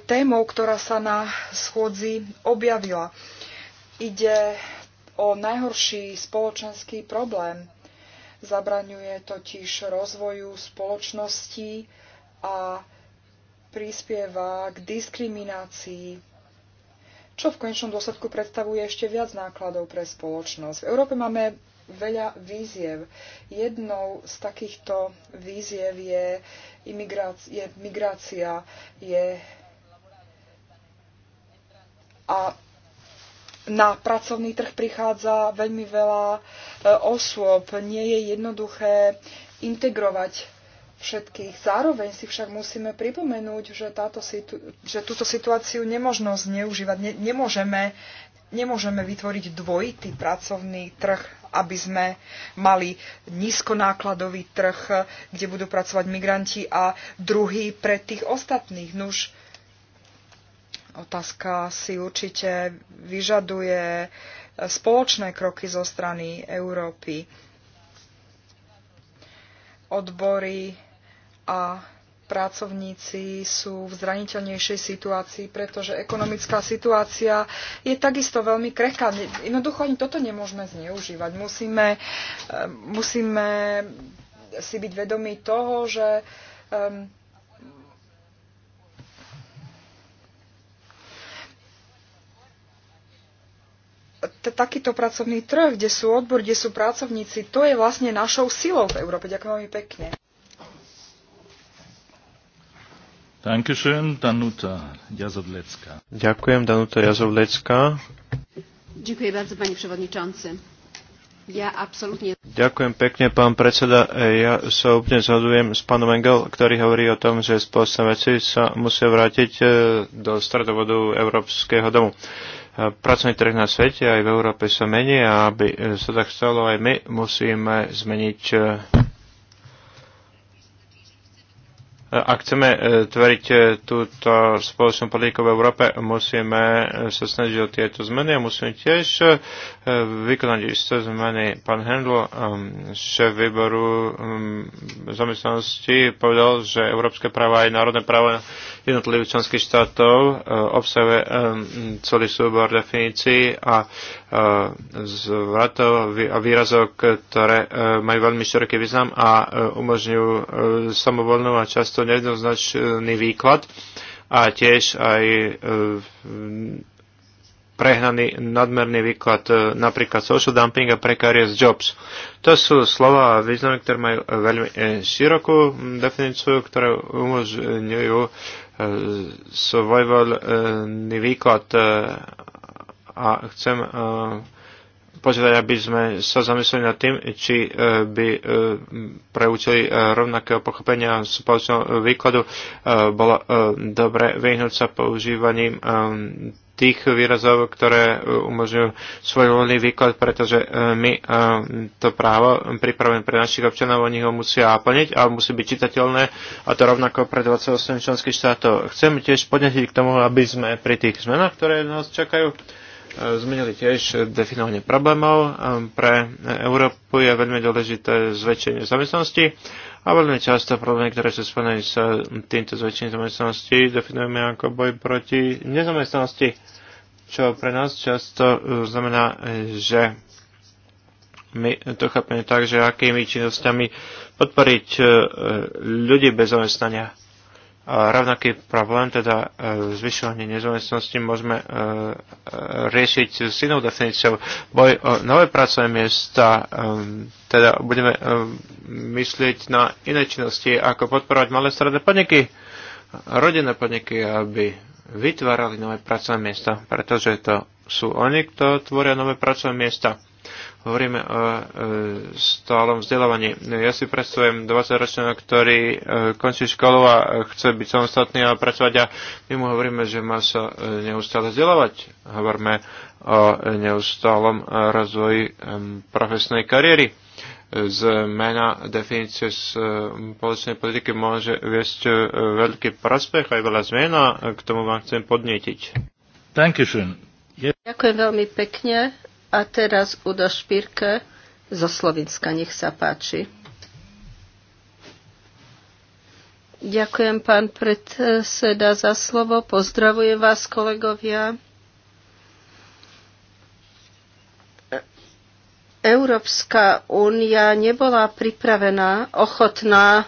témou, ktorá sa na schôdzi objavila. Ide o najhorší spoločenský problém. Zabraňuje totiž rozvoju spoločnosti a prispieva k diskriminácii čo v konečnom dôsledku predstavuje ešte viac nákladov pre spoločnosť. V Európe máme veľa víziev. Jednou z takýchto víziev je, je migrácia, je a na pracovný trh prichádza veľmi veľa e, osôb. Nie je jednoduché integrovať všetkých. Zároveň si však musíme pripomenúť, že, táto situ- že túto situáciu nemožno zneužívať. Ne- nemôžeme, nemôžeme vytvoriť dvojitý pracovný trh, aby sme mali nízkonákladový trh, kde budú pracovať migranti a druhý pre tých ostatných. Nuž, otázka si určite vyžaduje spoločné kroky zo strany Európy odbory a pracovníci sú v zraniteľnejšej situácii, pretože ekonomická situácia je takisto veľmi krehká. Jednoducho ani toto nemôžeme zneužívať. Musíme, eh, musíme si byť vedomí toho, že um, takýto pracovný trh, kde sú odbor, kde sú pracovníci, to je vlastne našou silou v Európe. Ďakujem veľmi pekne. Ďakujem, Danuta Jazovlecka. Ďakujem bardzo, pani przewodniczący. Ja absolútne... Ďakujem pekne, pán predseda. Ja sa úplne zhodujem s pánom Engel, ktorý hovorí o tom, že spoločné veci sa musia vrátiť e, do stredovodu Európskeho domu pracovný trh na svete, aj v Európe sa mení a aby sa tak stalo aj my, musíme zmeniť eh, E, ak chceme e, tvoriť e, túto spoločnú politiku v Európe, musíme sa snažiť o tieto zmeny a musíme tiež vykonať isté zmeny. Pán Hendl, šéf výboru zamestnanosti, povedal, že európske práva aj národné práva jednotlivých členských štátov obsahuje celý súbor definícií a E, zvratov a výrazov, ktoré e, majú veľmi široký význam a e, umožňujú samovolnú a často nejednoznačný výklad a tiež aj prehnaný nadmerný výklad, napríklad social dumping a precarious jobs. To sú slova a významy, ktoré majú veľmi širokú definíciu, ktoré umožňujú svojvoľný výklad a chcem e, požiadať, aby sme sa zamysleli nad tým, či e, by e, účely rovnakého pochopenia spoločného výkladu. Bolo dobre vyhnúť sa používaním tých výrazov, ktoré umožňujú svoj voľný výklad, pretože my to právo pripravené pre našich občanov, oni ho musia plniť a musí byť čitateľné a to rovnako pre 28 členských štátov. Chcem tiež podnetiť k tomu, aby sme pri tých zmenách, ktoré nás čakajú, zmenili tiež definovanie problémov. Ehm, pre Európu je veľmi dôležité zväčšenie zamestnanosti a veľmi často problémy, ktoré sú spojené s týmto zväčšením zamestnanosti, definujeme ako boj proti nezamestnanosti, čo pre nás často ehm, znamená, ehm, že my to chápeme tak, že akými činnosťami podporiť ľudí bez zamestnania rovnaký problém, teda e, zvyšovanie nezamestnanosti, môžeme e, e, riešiť s inou definíciou. Boj o nové pracovné miesta, teda budeme myslieť na iné činnosti, ako podporovať malé stredné podniky, rodinné podniky, aby vytvárali nové pracovné miesta, pretože to sú oni, kto tvoria nové pracovné miesta. Hovoríme o e, stálom vzdelávaní. Ja si predstavujem 20-ročného, ktorý e, končí školu a e, chce byť samostatný a pracovať a my mu hovoríme, že má sa neustále vzdelávať. Hovoríme o neustálom rozvoji profesnej kariéry zmena definície z spoločnej politiky môže viesť veľký prospech aj veľa zmien a k tomu vám chcem podnetiť. Ďakujem veľmi pekne. A teraz Udo Špírke zo Slovenska, nech sa páči. Ďakujem, pán predseda, za slovo. Pozdravujem vás, kolegovia. Európska únia nebola pripravená, ochotná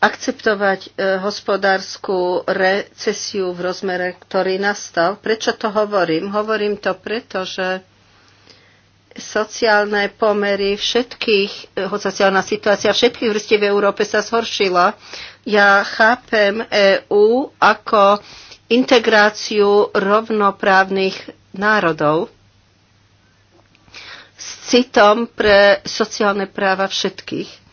akceptovať e, hospodárskú recesiu v rozmere, ktorý nastal. Prečo to hovorím? Hovorím to preto, že sociálne pomery všetkých, e, sociálna situácia všetkých vrstiev v Európe sa zhoršila. Ja chápem EÚ ako integráciu rovnoprávnych národov s citom pre sociálne práva všetkých.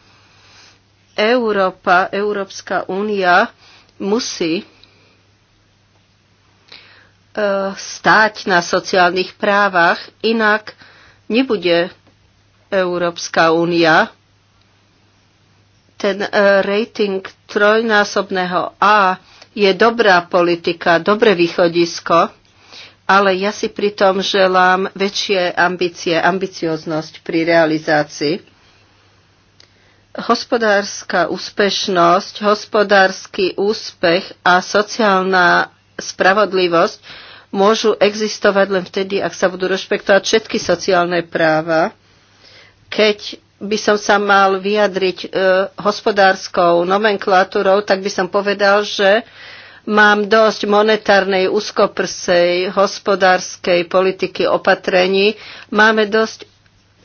Európa, Európska únia musí e, stáť na sociálnych právach, inak nebude Európska únia. Ten e, rating trojnásobného A je dobrá politika, dobré východisko, ale ja si pritom želám väčšie ambície, ambicioznosť pri realizácii. Hospodárska úspešnosť, hospodársky úspech a sociálna spravodlivosť môžu existovať len vtedy, ak sa budú rešpektovať všetky sociálne práva. Keď by som sa mal vyjadriť e, hospodárskou nomenklatúrou, tak by som povedal, že mám dosť monetárnej, úzkoprsej hospodárskej politiky opatrení. Máme dosť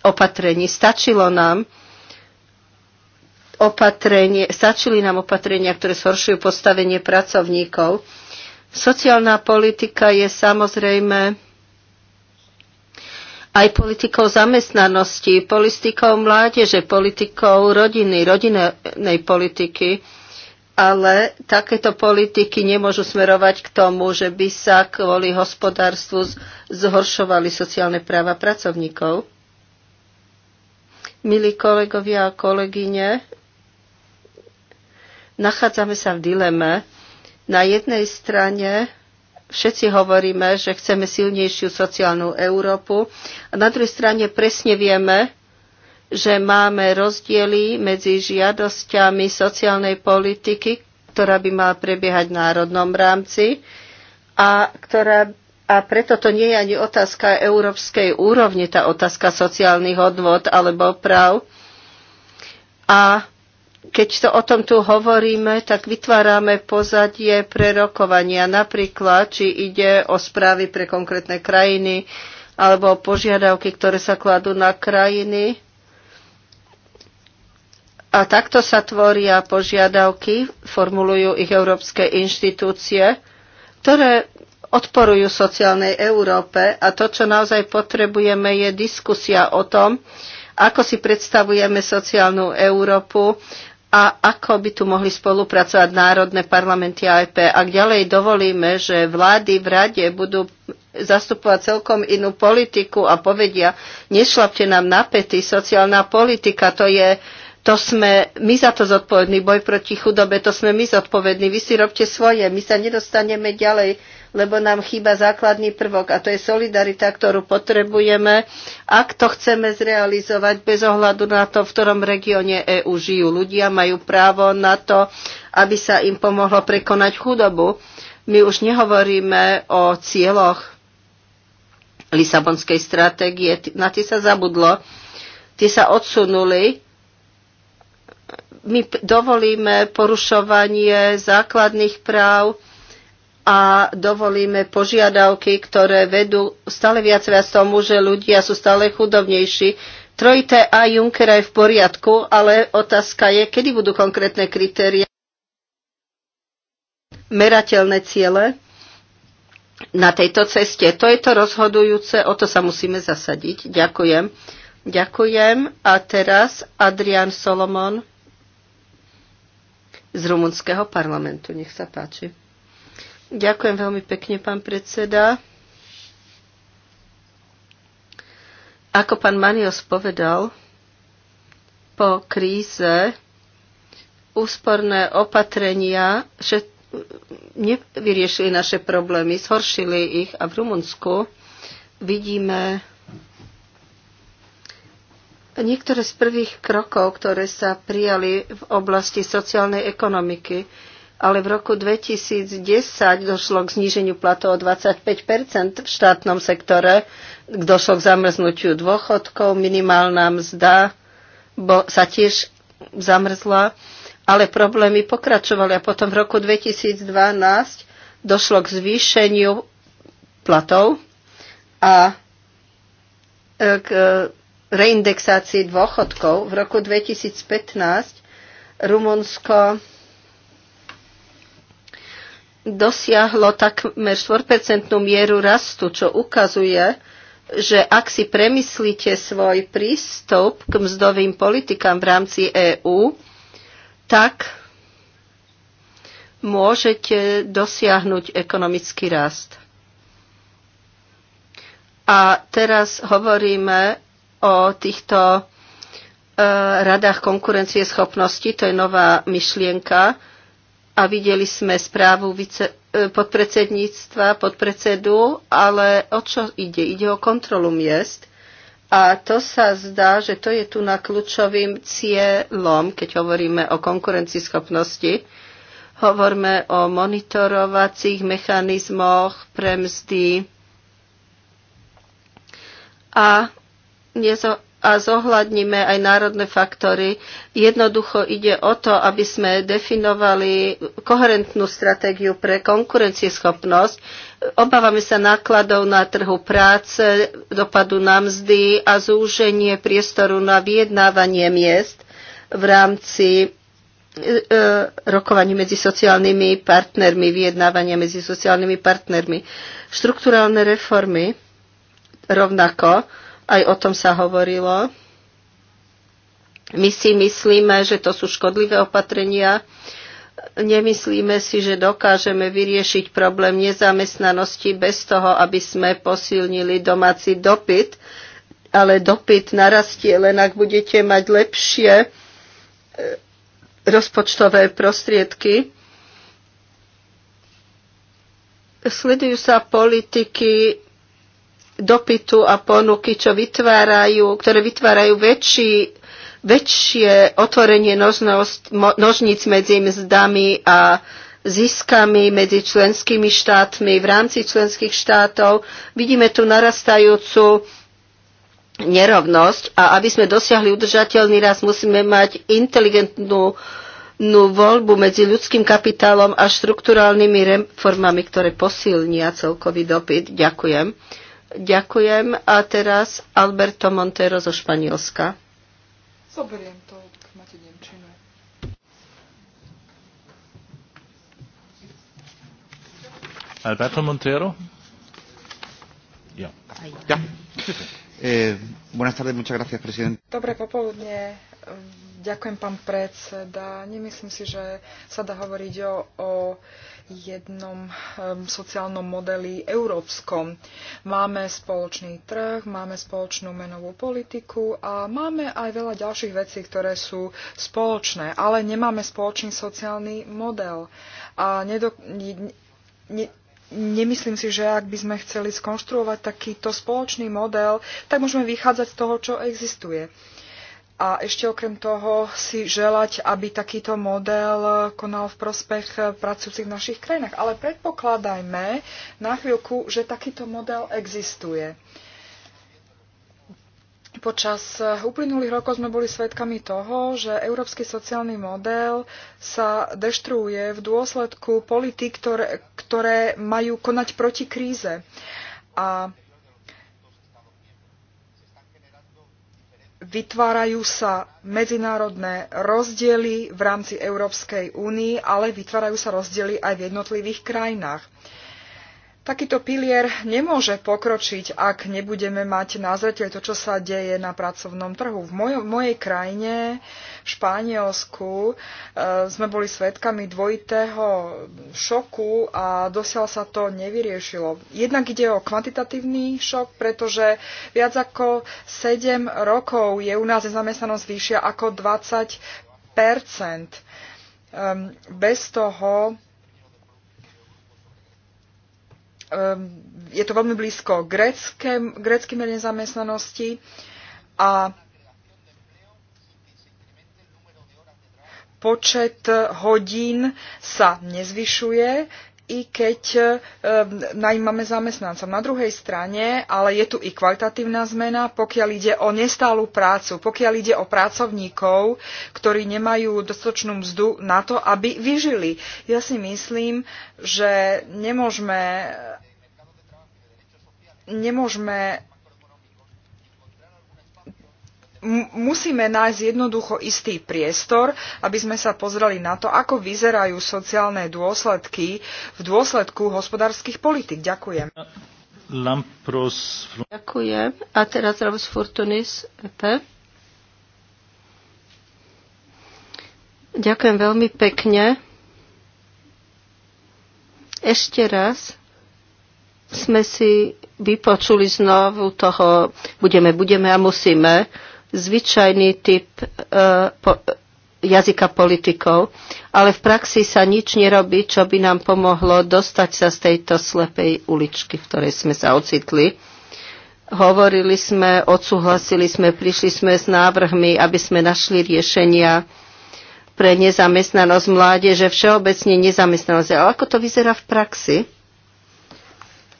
opatrení. Stačilo nám, opatrenie, stačili nám opatrenia, ktoré zhoršujú postavenie pracovníkov. Sociálna politika je samozrejme aj politikou zamestnanosti, politikou mládeže, politikou rodiny, rodinnej politiky, ale takéto politiky nemôžu smerovať k tomu, že by sa kvôli hospodárstvu zhoršovali sociálne práva pracovníkov. Milí kolegovia a kolegyne, nachádzame sa v dileme. Na jednej strane všetci hovoríme, že chceme silnejšiu sociálnu Európu a na druhej strane presne vieme, že máme rozdiely medzi žiadosťami sociálnej politiky, ktorá by mala prebiehať v národnom rámci a, ktorá, a preto to nie je ani otázka európskej úrovne, tá otázka sociálnych odvod alebo práv. A keď to o tom tu hovoríme, tak vytvárame pozadie pre rokovania. Napríklad, či ide o správy pre konkrétne krajiny, alebo o požiadavky, ktoré sa kladú na krajiny. A takto sa tvoria požiadavky, formulujú ich európske inštitúcie, ktoré odporujú sociálnej Európe a to, čo naozaj potrebujeme, je diskusia o tom, ako si predstavujeme sociálnu Európu, a ako by tu mohli spolupracovať národné parlamenty a EP. Ak ďalej dovolíme, že vlády v rade budú zastupovať celkom inú politiku a povedia, nešlapte nám na pety, sociálna politika, to je to sme my za to zodpovední, boj proti chudobe, to sme my zodpovední, vy si robte svoje, my sa nedostaneme ďalej lebo nám chýba základný prvok a to je solidarita, ktorú potrebujeme, ak to chceme zrealizovať bez ohľadu na to, v ktorom regióne EÚ žijú. Ľudia majú právo na to, aby sa im pomohlo prekonať chudobu. My už nehovoríme o cieľoch Lisabonskej stratégie, na tie sa zabudlo, tie sa odsunuli my dovolíme porušovanie základných práv a dovolíme požiadavky, ktoré vedú stále viac viac tomu, že ľudia sú stále chudobnejší. Trojité a Junckera je v poriadku, ale otázka je, kedy budú konkrétne kritéria merateľné ciele na tejto ceste. To je to rozhodujúce, o to sa musíme zasadiť. Ďakujem. Ďakujem. A teraz Adrian Solomon z rumunského parlamentu. Nech sa páči. Ďakujem veľmi pekne, pán predseda. Ako pán Manios povedal, po kríze úsporné opatrenia nevyriešili naše problémy, zhoršili ich a v Rumunsku vidíme niektoré z prvých krokov, ktoré sa prijali v oblasti sociálnej ekonomiky ale v roku 2010 došlo k zníženiu platov o 25 v štátnom sektore, došlo k zamrznutiu dôchodkov, minimálna mzda bo sa tiež zamrzla, ale problémy pokračovali a potom v roku 2012 došlo k zvýšeniu platov a e, k e, reindexácii dôchodkov. V roku 2015 Rumunsko dosiahlo takmer 4% mieru rastu, čo ukazuje, že ak si premyslíte svoj prístup k mzdovým politikám v rámci EÚ, tak môžete dosiahnuť ekonomický rast. A teraz hovoríme o týchto e, radách konkurencieschopnosti, to je nová myšlienka, a videli sme správu vice, e, podpredsedníctva, podpredsedu, ale o čo ide? Ide o kontrolu miest. A to sa zdá, že to je tu na kľúčovým cieľom, keď hovoríme o konkurencieschopnosti. Hovoríme o monitorovacích mechanizmoch pre mzdy a nezo- a zohľadníme aj národné faktory. Jednoducho ide o to, aby sme definovali koherentnú stratégiu pre konkurencieschopnosť. Obávame sa nákladov na trhu práce, dopadu na mzdy a zúženie priestoru na vyjednávanie miest v rámci e, e, rokovaní medzi sociálnymi partnermi, vyjednávania medzi sociálnymi partnermi. Štruktúralne reformy rovnako aj o tom sa hovorilo. My si myslíme, že to sú škodlivé opatrenia. Nemyslíme si, že dokážeme vyriešiť problém nezamestnanosti bez toho, aby sme posilnili domáci dopyt, ale dopyt narastie len ak budete mať lepšie e, rozpočtové prostriedky. Sledujú sa politiky dopytu a ponuky, čo vytvárajú, ktoré vytvárajú väčší, väčšie otvorenie nožnosť, nožnic medzi mzdami a ziskami medzi členskými štátmi v rámci členských štátov. Vidíme tu narastajúcu nerovnosť a aby sme dosiahli udržateľný rast, musíme mať inteligentnú voľbu medzi ľudským kapitálom a štrukturálnymi reformami, ktoré posilnia celkový dopyt. Ďakujem. Ďakujem. A teraz Alberto Montero zo Španielska. Zoberiem to, máte Nemčinu. Alberto Montero. Ja. ja. Eh, buenas tardes, muchas gracias, presidente. Dobre popoludne. Ďakujem, pán predseda. Nemyslím si, že sa dá hovoriť o, o jednom sociálnom modeli európskom. Máme spoločný trh, máme spoločnú menovú politiku a máme aj veľa ďalších vecí, ktoré sú spoločné, ale nemáme spoločný sociálny model. A nedok- ne, ne, nemyslím si, že ak by sme chceli skonštruovať takýto spoločný model, tak môžeme vychádzať z toho, čo existuje. A ešte okrem toho si želať, aby takýto model konal v prospech pracujúcich v našich krajinách. Ale predpokladajme na chvíľku, že takýto model existuje. Počas uplynulých rokov sme boli svedkami toho, že európsky sociálny model sa deštruuje v dôsledku politik, ktoré, ktoré majú konať proti kríze. A vytvárajú sa medzinárodné rozdiely v rámci Európskej únie, ale vytvárajú sa rozdiely aj v jednotlivých krajinách. Takýto pilier nemôže pokročiť, ak nebudeme mať na zreteľ to, čo sa deje na pracovnom trhu. V, moj- mojej krajine, v Španielsku, e, sme boli svetkami dvojitého šoku a dosiaľ sa to nevyriešilo. Jednak ide o kvantitatívny šok, pretože viac ako 7 rokov je u nás nezamestnanosť vyššia ako 20 ehm, Bez toho Ehm, je to veľmi blízko grécké, grécké miere nezamestnanosti a počet hodín sa nezvyšuje, i keď e, najímame zamestnanca. Na druhej strane, ale je tu i kvalitatívna zmena, pokiaľ ide o nestálu prácu, pokiaľ ide o pracovníkov, ktorí nemajú dostatočnú mzdu na to, aby vyžili. Ja si myslím, že nemôžeme nemôžeme musíme nájsť jednoducho istý priestor, aby sme sa pozreli na to, ako vyzerajú sociálne dôsledky v dôsledku hospodárskych politik. Ďakujem. Lampros... Ďakujem. A teraz Ramos Fortunis. Epe. Ďakujem veľmi pekne. Ešte raz sme si vypočuli znovu toho budeme, budeme a musíme, zvyčajný typ e, po, jazyka politikov, ale v praxi sa nič nerobí, čo by nám pomohlo dostať sa z tejto slepej uličky, v ktorej sme sa ocitli. Hovorili sme, odsúhlasili sme, prišli sme s návrhmi, aby sme našli riešenia pre nezamestnanosť mládeže, všeobecne nezamestnanosť. Ale ako to vyzerá v praxi?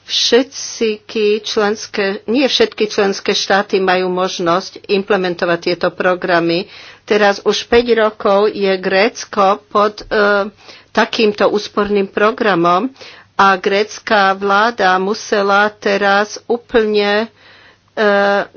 všetky členské, nie všetky členské štáty majú možnosť implementovať tieto programy. Teraz už 5 rokov je Grécko pod e, takýmto úsporným programom a grécka vláda musela teraz úplne e,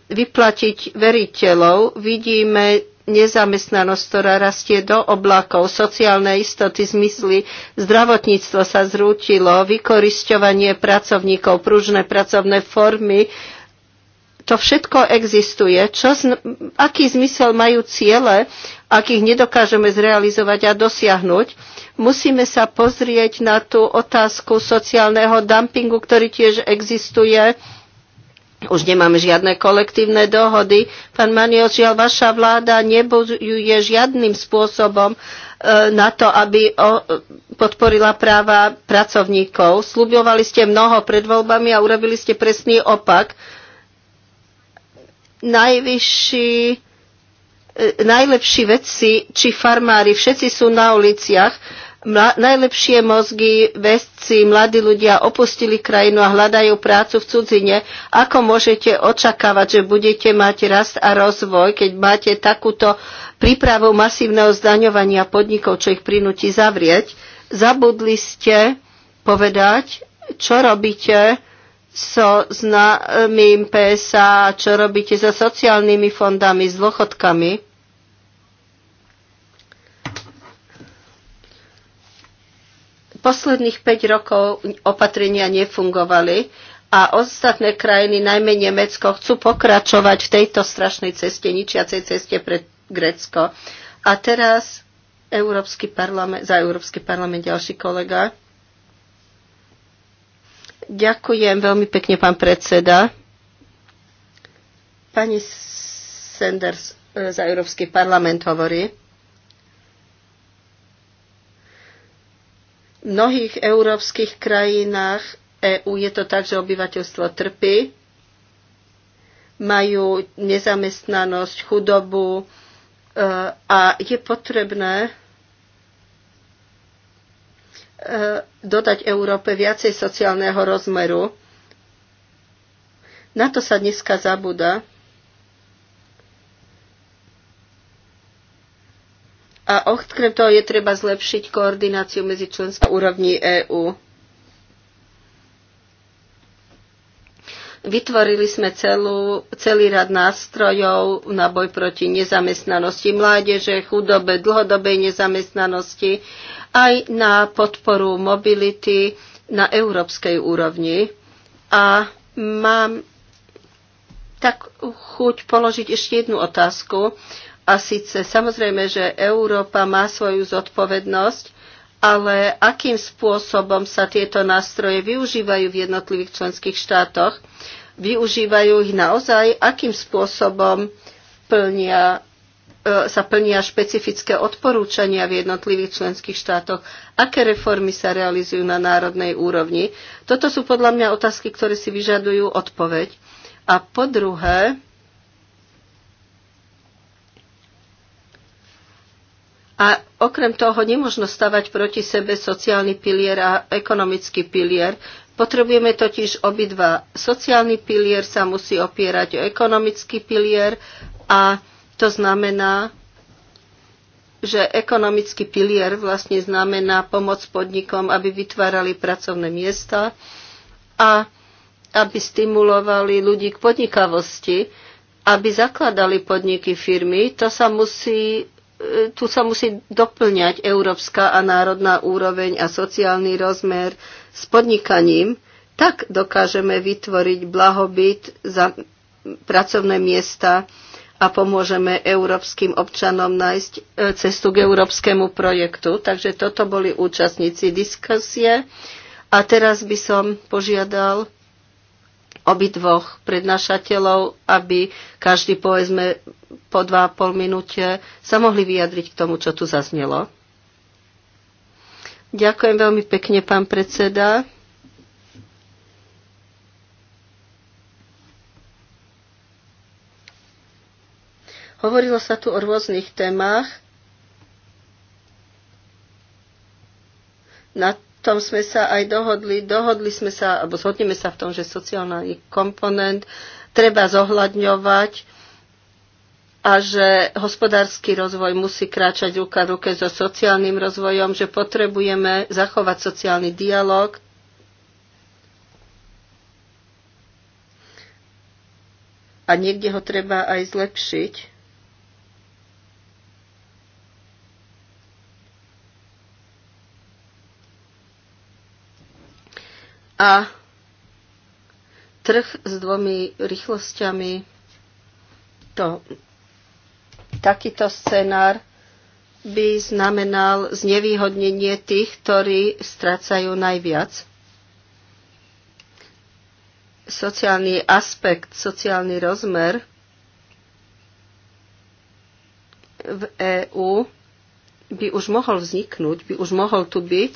vyplatiť veriteľov. Vidíme nezamestnanosť, ktorá rastie do oblakov, sociálne istoty zmysly, zdravotníctvo sa zrútilo, vykorisťovanie pracovníkov, pružné pracovné formy, to všetko existuje. Čo, aký zmysel majú ciele, ak ich nedokážeme zrealizovať a dosiahnuť? Musíme sa pozrieť na tú otázku sociálneho dumpingu, ktorý tiež existuje už nemáme žiadne kolektívne dohody. Pán Manio, žiaľ, vaša vláda nebojuje žiadnym spôsobom e, na to, aby podporila práva pracovníkov. Sľubovali ste mnoho pred voľbami a urobili ste presný opak. Najvyšší, e, najlepší vedci či farmári, všetci sú na uliciach Mla, najlepšie mozgy, vedci, mladí ľudia opustili krajinu a hľadajú prácu v cudzine. Ako môžete očakávať, že budete mať rast a rozvoj, keď máte takúto prípravu masívneho zdaňovania podnikov, čo ich prinúti zavrieť? Zabudli ste povedať, čo robíte so známym PSA, čo robíte so sociálnymi fondami, s dôchodkami? posledných 5 rokov opatrenia nefungovali a ostatné krajiny, najmä Nemecko, chcú pokračovať v tejto strašnej ceste, ničiacej ceste pre Grécko. A teraz Európsky parlament, za Európsky parlament ďalší kolega. Ďakujem veľmi pekne, pán predseda. Pani Sanders e, za Európsky parlament hovorí. V mnohých európskych krajinách EÚ EU je to tak, že obyvateľstvo trpí, majú nezamestnanosť, chudobu e, a je potrebné e, dodať Európe viacej sociálneho rozmeru. Na to sa dneska zabúda. A okrem toho je treba zlepšiť koordináciu medzi členskými úrovni EÚ. Vytvorili sme celú, celý rad nástrojov na boj proti nezamestnanosti mládeže, chudobe, dlhodobej nezamestnanosti, aj na podporu mobility na európskej úrovni. A mám tak chuť položiť ešte jednu otázku. A síce samozrejme, že Európa má svoju zodpovednosť, ale akým spôsobom sa tieto nástroje využívajú v jednotlivých členských štátoch? Využívajú ich naozaj? Akým spôsobom plnia, e, sa plnia špecifické odporúčania v jednotlivých členských štátoch? Aké reformy sa realizujú na národnej úrovni? Toto sú podľa mňa otázky, ktoré si vyžadujú odpoveď. A po druhé, A okrem toho nemôžno stavať proti sebe sociálny pilier a ekonomický pilier. Potrebujeme totiž obidva. Sociálny pilier sa musí opierať o ekonomický pilier a to znamená, že ekonomický pilier vlastne znamená pomoc podnikom, aby vytvárali pracovné miesta a aby stimulovali ľudí k podnikavosti, aby zakladali podniky firmy. To sa musí tu sa musí doplňať európska a národná úroveň a sociálny rozmer s podnikaním, tak dokážeme vytvoriť blahobyt za pracovné miesta a pomôžeme európskym občanom nájsť e, cestu k európskemu projektu. Takže toto boli účastníci diskusie. A teraz by som požiadal obidvoch prednášateľov, aby každý povedzme po dva a pol minúte sa mohli vyjadriť k tomu, čo tu zaznelo. Ďakujem veľmi pekne, pán predseda. Hovorilo sa tu o rôznych témach. Na tom sme sa aj dohodli. Dohodli sme sa, alebo zhodneme sa v tom, že sociálny komponent treba zohľadňovať a že hospodársky rozvoj musí kráčať ruka ruke so sociálnym rozvojom, že potrebujeme zachovať sociálny dialog. A niekde ho treba aj zlepšiť. A trh s dvomi rýchlosťami to takýto scenár by znamenal znevýhodnenie tých, ktorí strácajú najviac. Sociálny aspekt, sociálny rozmer v EÚ by už mohol vzniknúť, by už mohol tu byť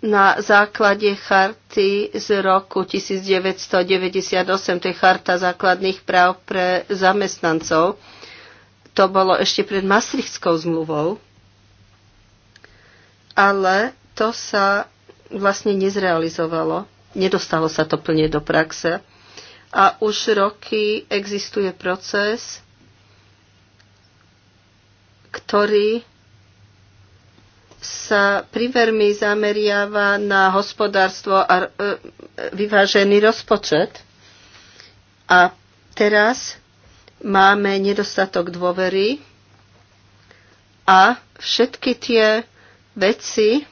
na základe charty z roku 1998, to je charta základných práv pre zamestnancov to bolo ešte pred Maastrichtskou zmluvou, ale to sa vlastne nezrealizovalo. Nedostalo sa to plne do praxe. A už roky existuje proces, ktorý sa privermi zameriava na hospodárstvo a e, e, vyvážený rozpočet. A teraz máme nedostatok dôvery a všetky tie veci,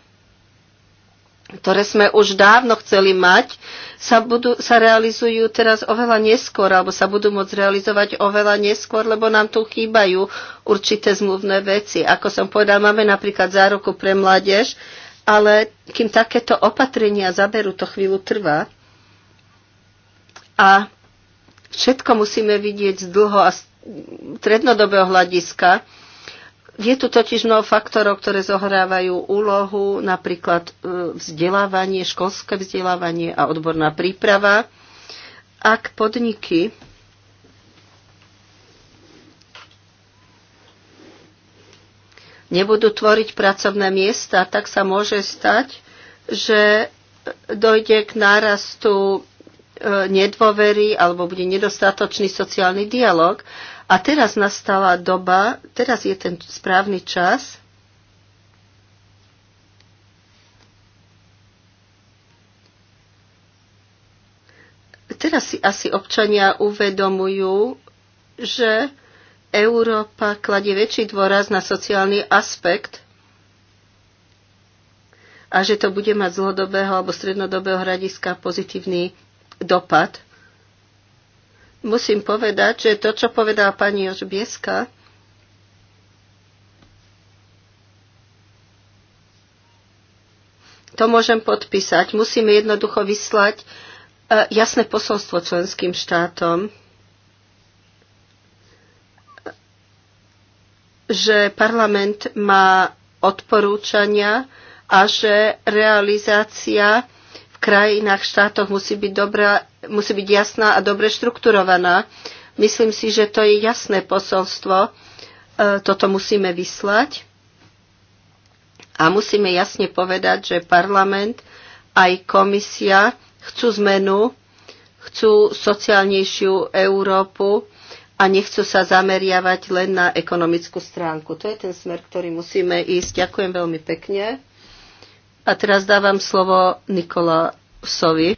ktoré sme už dávno chceli mať, sa, budú, sa realizujú teraz oveľa neskôr, alebo sa budú môcť realizovať oveľa neskôr, lebo nám tu chýbajú určité zmluvné veci. Ako som povedal, máme napríklad záruku pre mládež, ale kým takéto opatrenia zaberú, to chvíľu trvá. A Všetko musíme vidieť z dlho a strednodobého hľadiska. Je tu totiž mnoho faktorov, ktoré zohrávajú úlohu, napríklad e, vzdelávanie, školské vzdelávanie a odborná príprava. Ak podniky nebudú tvoriť pracovné miesta, tak sa môže stať, že dojde k nárastu E, nedôvery alebo bude nedostatočný sociálny dialog. A teraz nastala doba, teraz je ten správny čas, teraz si asi občania uvedomujú, že Európa kladie väčší dôraz na sociálny aspekt a že to bude mať z dlhodobého alebo strednodobého hradiska pozitívny dopad. Musím povedať, že to, čo povedala pani Jožbieska, to môžem podpísať. Musíme jednoducho vyslať eh, jasné posolstvo členským štátom, že parlament má odporúčania a že realizácia krajinách, štátoch musí byť, dobrá, musí byť jasná a dobre štrukturovaná. Myslím si, že to je jasné posolstvo. E, toto musíme vyslať. A musíme jasne povedať, že parlament aj komisia chcú zmenu, chcú sociálnejšiu Európu a nechcú sa zameriavať len na ekonomickú stránku. To je ten smer, ktorý musíme ísť. Ďakujem veľmi pekne. A teraz dávam slovo Sovi.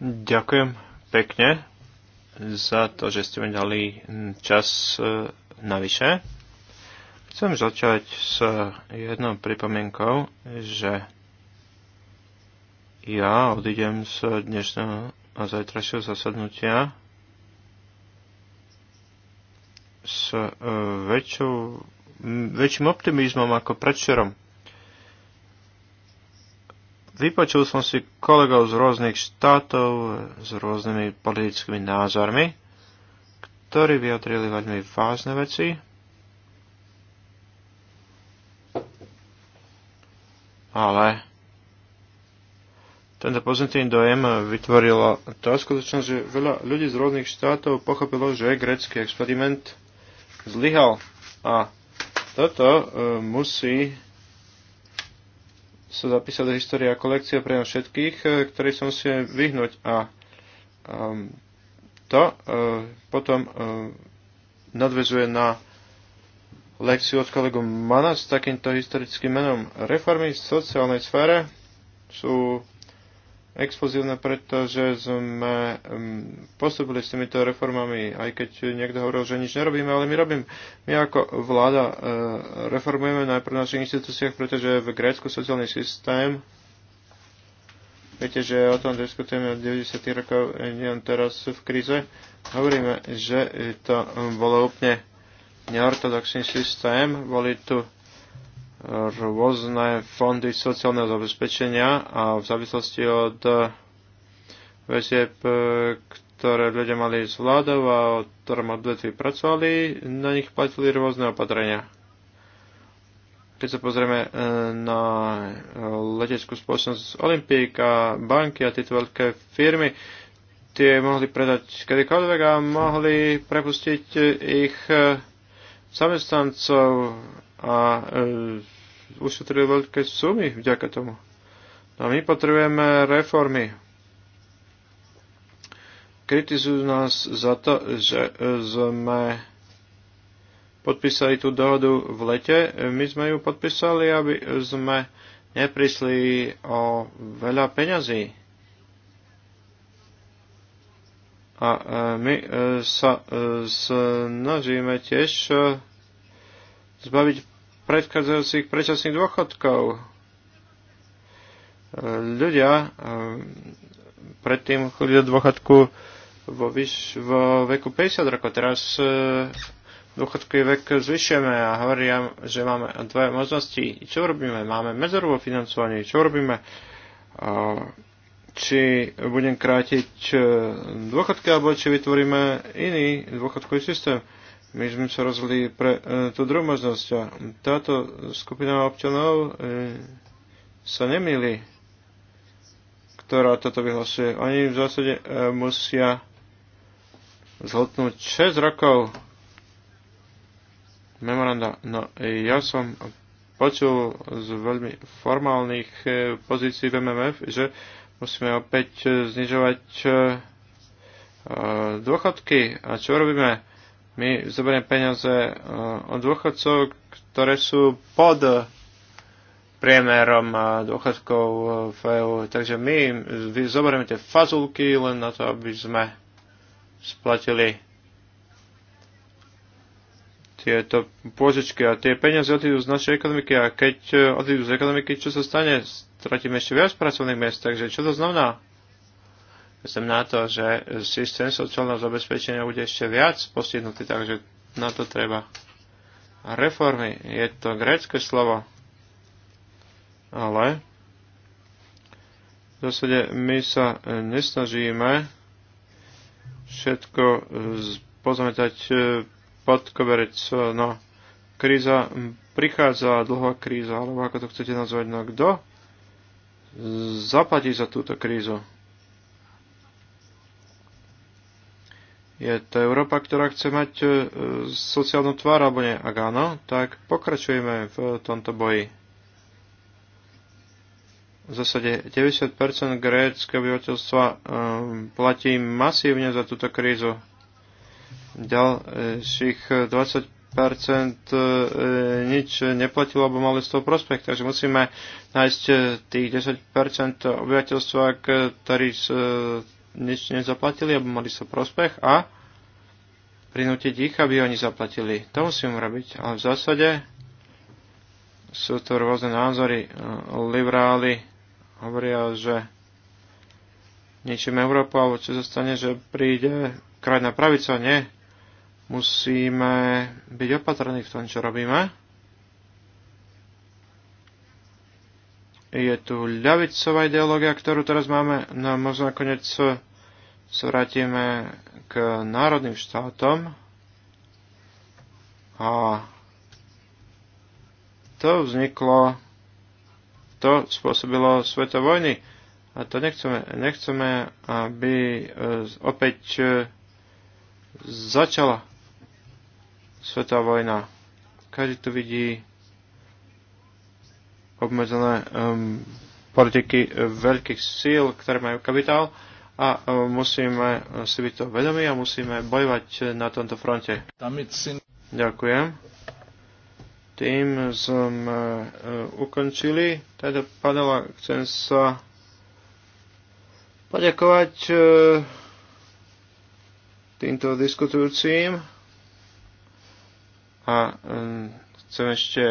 Ďakujem pekne za to, že ste mi dali čas e, navyše. Chcem začať s jednou pripomienkou, že ja odídem z dnešného a zajtrajšieho zasadnutia s e, väčšou väčším optimizmom ako predšerom. Vypočul som si kolegov z rôznych štátov s rôznymi politickými názormi, ktorí vyjadrili veľmi vážne veci. Ale tento pozitívny dojem vytvorila tá skutočnosť, že veľa ľudí z rôznych štátov pochopilo, že grecký experiment zlyhal a toto e, musí sa zapísať do histórie ako lekcia pre nás všetkých, e, ktorí som si vyhnúť a ehm, to e, potom nadvezuje na lekciu od kolegu Mana s takýmto historickým menom. Reformy v sociálnej sfére sú explozívne, pretože sme postupili s týmito reformami, aj keď niekto hovoril, že nič nerobíme, ale my robím. My ako vláda eh, reformujeme najprv v našich inštitúciách, pretože v Grécku sociálny systém Viete, že o tom diskutujeme od 90. rokov, eh, nie teraz v kríze. Hovoríme, že to bolo úplne neortodoxný systém. Boli tu rôzne fondy sociálneho zabezpečenia a v závislosti od väzieb, ktoré ľudia mali z vládov a o ktorom odvetví pracovali, na nich platili rôzne opatrenia. Keď sa pozrieme eh, na eh, leteckú spoločnosť Olympic a banky a tieto veľké firmy, tie mohli predať kedykoľvek a mohli prepustiť eh, ich zamestnancov a e, ušetrili veľké sumy vďaka tomu. No a my potrebujeme reformy. Kritizujú nás za to, že e, sme podpísali tú dohodu v lete. My sme ju podpísali, aby sme neprišli o veľa peňazí. A e, my e, sa snažíme tiež zbaviť predchádzajúcich predčasných dôchodkov. Ľudia eh, predtým chodili do dôchodku vo, vyš, vo veku 50 rokov. Teraz eh, dôchodkový vek zvyšujeme a hovoria, že máme dve možnosti. Čo robíme? Máme medzorovo financovanie. Čo robíme? Eh, či budem krátiť dôchodky, alebo či vytvoríme iný dôchodkový systém my sme sa rozhodli pre e, tú druhú možnosť. A táto skupina občanov e, sa nemýli, ktorá toto vyhlasuje. Oni v zásade e, musia zhltnúť 6 rokov memoranda. No ja som počul z veľmi formálnych e, pozícií v MMF, že musíme opäť e, znižovať e, dôchodky. A čo robíme? My zoberiem peniaze e, od dôchodcov, ktoré sú pod priemerom e, dôchodkov e, v EU. Takže my zoberieme tie fazulky len na to, aby sme splatili tieto pôžičky a tie peniaze odídu z našej ekonomiky a keď odídu z ekonomiky, čo sa stane? Stratíme ešte viac pracovných miest, takže čo to znamená? znamená to, že systém sociálneho zabezpečenia bude ešte viac postihnutý, takže na to treba reformy. Je to grécke slovo, ale v zásade my sa nesnažíme všetko pozametať e, pod koberec. No, kríza prichádza, dlhá kríza, alebo ako to chcete nazvať, no kto zaplatí za túto krízu? Je to Európa, ktorá chce mať e, sociálnu tvár, alebo nie? Ak áno, tak pokračujeme v tomto boji. V zásade 90% gréckého obyvateľstva e, platí masívne za túto krízu. Ďalších 20 e, nič neplatilo, alebo mali z toho prospech. Takže musíme nájsť e, tých 10 obyvateľstva, ktorí e, nič nezaplatili, aby mali sa prospech a prinútiť ich, aby oni zaplatili. To musím robiť, ale v zásade sú to rôzne názory. Liberáli hovoria, že ničím Európu, alebo čo zostane, že príde krajná pravica, nie. Musíme byť opatrní v tom, čo robíme je tu ľavicová ideológia, ktorú teraz máme. No možno nakoniec sa vrátime k národným štátom. A to vzniklo, to spôsobilo svetové vojny. A to nechceme, nechceme aby e, opäť e, začala svetová vojna. Každý tu vidí obmedzené um, politiky veľkých síl, ktoré majú kapitál a um, musíme si byť to vedomi a musíme bojovať na tomto fronte. Ďakujem. Tým sme uh, e, ukončili. panel a chcem sa poďakovať uh, týmto diskutujúcim a um, chcem ešte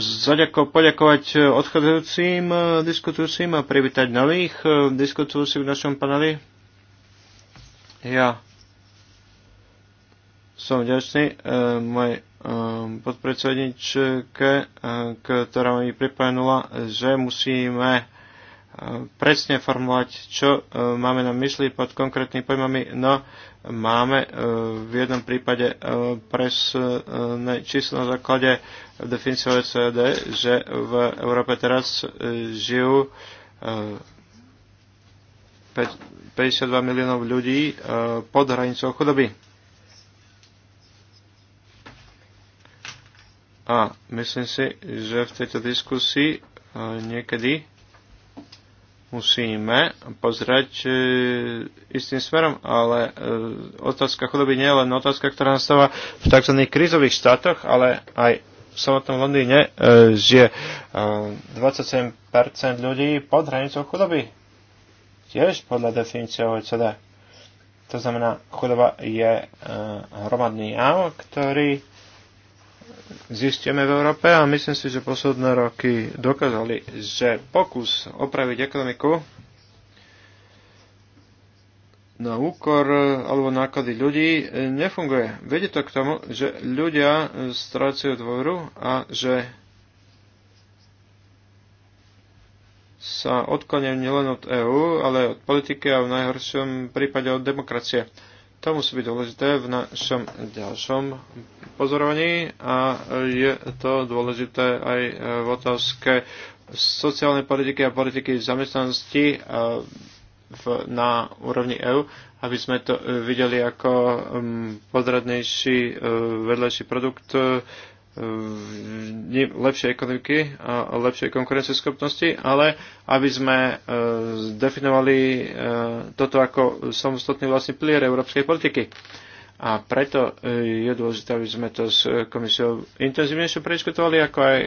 zaďako, poďakovať e, odchádzajúcim e, diskutujúcim a privítať nových e, diskutujúcich v našom paneli. Ja som vďačný mojej podpredsedničke, ktorá mi pripomenula, že musíme presne formulovať, čo máme na mysli pod konkrétnymi pojmami. No, máme e, v jednom prípade e, presné číslo na základe definície OECD, že v Európe teraz e, žijú 52 miliónov ľudí pod hranicou chudoby. A myslím si, že v tejto diskusii niekedy musíme pozrieť e, istým smerom, ale e, otázka chudoby nie je len otázka, ktorá nastáva v tzv. krízových štátoch, ale aj v samotnom Londýne e, žije e, 27% ľudí pod hranicou chudoby. Tiež podľa definície OECD. To znamená, chudoba je e, hromadný jav, ktorý e, zistíme v Európe a myslím si, že posledné roky dokázali, že pokus opraviť ekonomiku na úkor alebo náklady ľudí nefunguje. Vedie to k tomu, že ľudia strácajú dôveru a že sa odklania nielen od EÚ, ale od politiky a v najhoršom prípade od demokracie. To musí byť dôležité v našom ďalšom pozorovaní a je to dôležité aj v otázke sociálnej politiky a politiky zamestnanosti eh, na úrovni EÚ, aby sme to videli ako mm, podradnejší eh, vedlejší produkt eh, lepšej ekonomiky a lepšej konkurenceschopnosti, ale aby sme e, definovali e, toto ako samostatný vlastný pilier európskej politiky. A preto e, je dôležité, aby sme to s komisiou intenzívnejšie prediskutovali, ako aj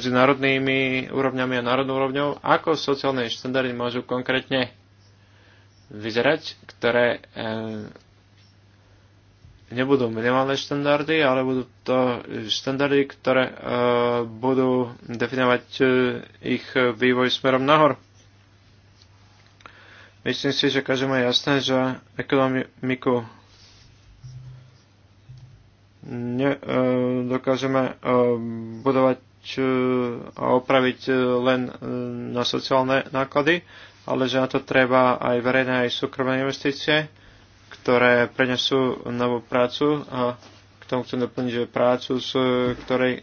medzinárodnými úrovňami a národnou úrovňou, ako sociálne štandardy môžu konkrétne vyzerať, ktoré nebudú minimálne štandardy, ale budú to štandardy, ktoré e, budú definovať e, ich vývoj smerom nahor. Myslím si, že každému je jasné, že ekonomiku ne, e, dokážeme e, budovať e, a opraviť e, len e, na sociálne náklady, ale že na to treba aj verejné, aj súkromné investície ktoré prenesú novú prácu a k tomu chcem doplniť, že prácu, z ktorej e,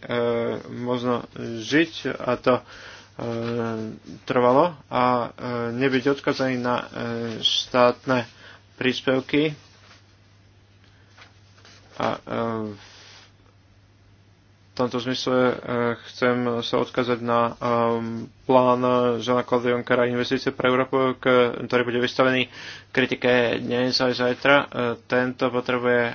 možno žiť a to e, trvalo a e, nebyť odkazaný na e, štátne príspevky a e, v tomto zmysle eh, chcem sa odkázať na ehm, plán Žana claude investície pre Európu, ktorý bude vystavený kritike dnes aj zajtra. Eh, tento potrebuje eh,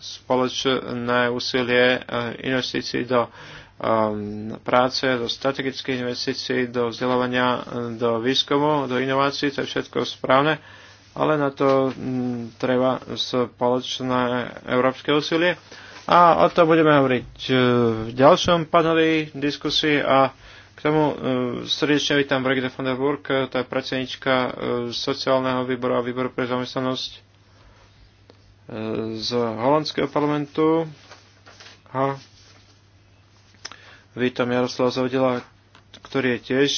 spoločné úsilie investícií do ehm, práce, do strategických investícií, do vzdelávania, do výskumu, do inovácií, to je všetko správne, ale na to hm, treba spoločné európske úsilie a o to budeme hovoriť e, v ďalšom paneli diskusii a k tomu e, srdečne vítam Brigitte von der Burg, e, to je predsednička sociálneho výboru a výboru pre zamestnanosť z holandského parlamentu. A vítam Jaroslava Zavodila, ktorý je tiež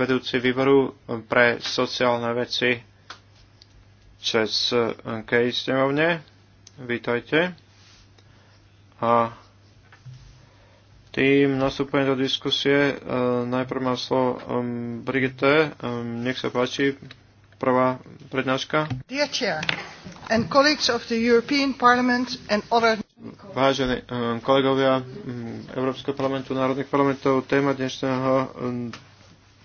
vedúci výboru pre sociálne veci čes Kej Vítajte. A tým nastupujeme do diskusie. e, Najprv má slovo um, Brigitte. Um, Nech sa páči, prvá prednáška. Dear Chair, and colleagues of the European Parliament and other Vážení um, kolegovia um, Európskeho parlamentu, národných parlamentov, téma dnešného um,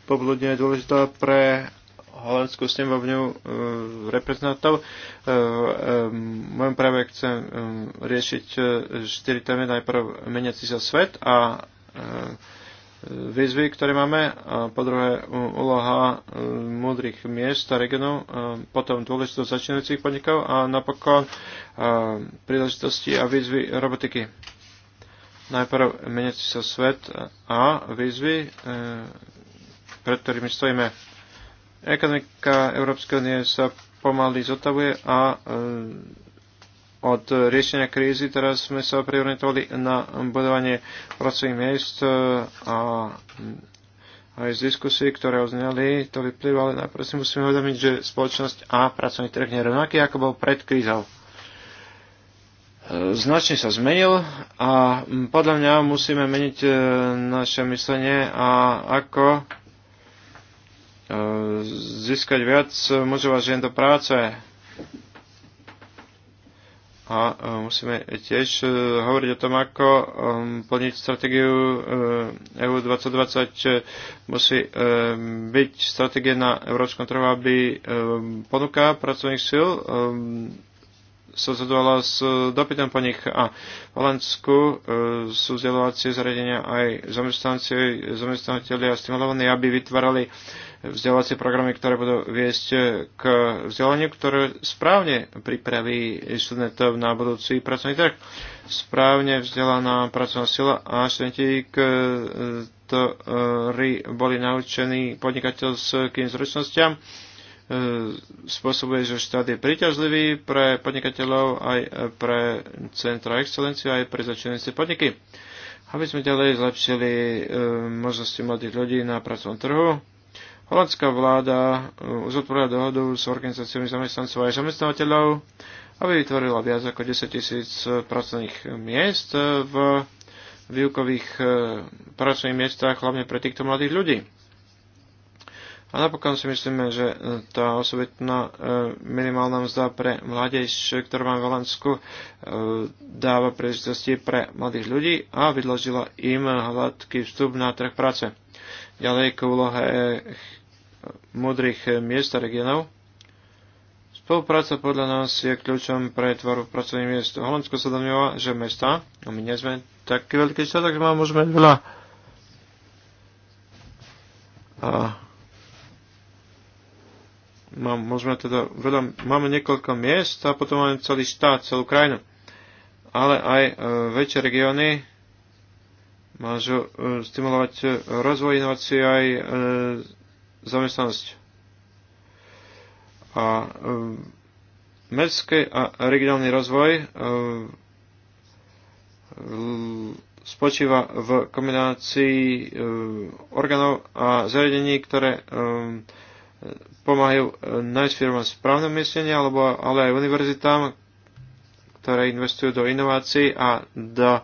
popoludne je dôležitá pre holandskú snemovňu e, reprezentantov. V e, e, mojom práve chcem riešiť štyri témy. Najprv meniaci sa svet a výzvy, ktoré máme, a po druhé úloha múdrych miest a regionov, potom dôležitosť začínajúcich podnikov a napokon príležitosti a výzvy robotiky. Najprv meniaci sa svet a výzvy, pred ktorými stojíme. Ekonomika Európskej únie sa pomaly zotavuje a e, od riešenia krízy teraz sme sa priorientovali na budovanie pracovných miest e, a aj z diskusí, ktoré ozneli, to vyplýva, ale najprv si musíme uvedomiť, že spoločnosť a pracovný trh nie je rovnaký, ako bol pred krízou. E, značne sa zmenil a podľa mňa musíme meniť naše myslenie a ako získať viac e, mužov a žien do práce. A e, musíme tiež e, hovoriť o tom, ako plniť stratégiu EU 2020. Musí byť stratégia na európskom trhu, aby ponuka pracovných síl sozhodovala s e, dopytom po nich. A v Holandsku e, sú vzdelávacie zariadenia aj zamestnanci, zamestnávateľi a stimulovaní, aby vytvárali vzdelávacie programy, ktoré budú viesť e, k vzdelaniu, ktoré správne pripraví študentov na budúci pracovný trh. Správne vzdelaná pracovná sila a študenti, ktorí boli naučení podnikateľským zručnostiam, E, spôsobuje, že štát je priťažlivý pre podnikateľov, aj pre centra excelencie aj pre začínajúce podniky. Aby sme ďalej zlepšili e, možnosti mladých ľudí na pracovnom trhu, holandská vláda e, uzatvorila dohodu s organizáciami zamestnancov aj zamestnávateľov, aby vytvorila viac ako 10 tisíc pracovných miest v výukových pracovných miestach, hlavne pre týchto mladých ľudí a napokon si myslíme, že tá osobitná e, minimálna mzda pre mládež, ktorá má v Holandsku, e, dáva príležitosti pre mladých ľudí a vydložila im hladký vstup na trh práce. Ďalej k úlohe múdrych miest a regionov. Spolupráca podľa nás je kľúčom pre tvorbu pracovných miest. Holandsko sa domnieva, že mesta, a my nie sme taký veľký štát, takže máme môžeme veľa a mám, môžeme teda, veľa, máme niekoľko miest a potom máme celý štát, celú krajinu. Ale aj e, väčšie regióny môžu e, stimulovať e, rozvoj inovácií aj e, zamestnanosť. A e, mestský a regionálny rozvoj e, spočíva v kombinácii e, orgánov a zariadení, ktoré pomáhajú e, nájsť firmám správne umiestnenie, alebo, ale aj univerzitám, ktoré investujú do inovácií a do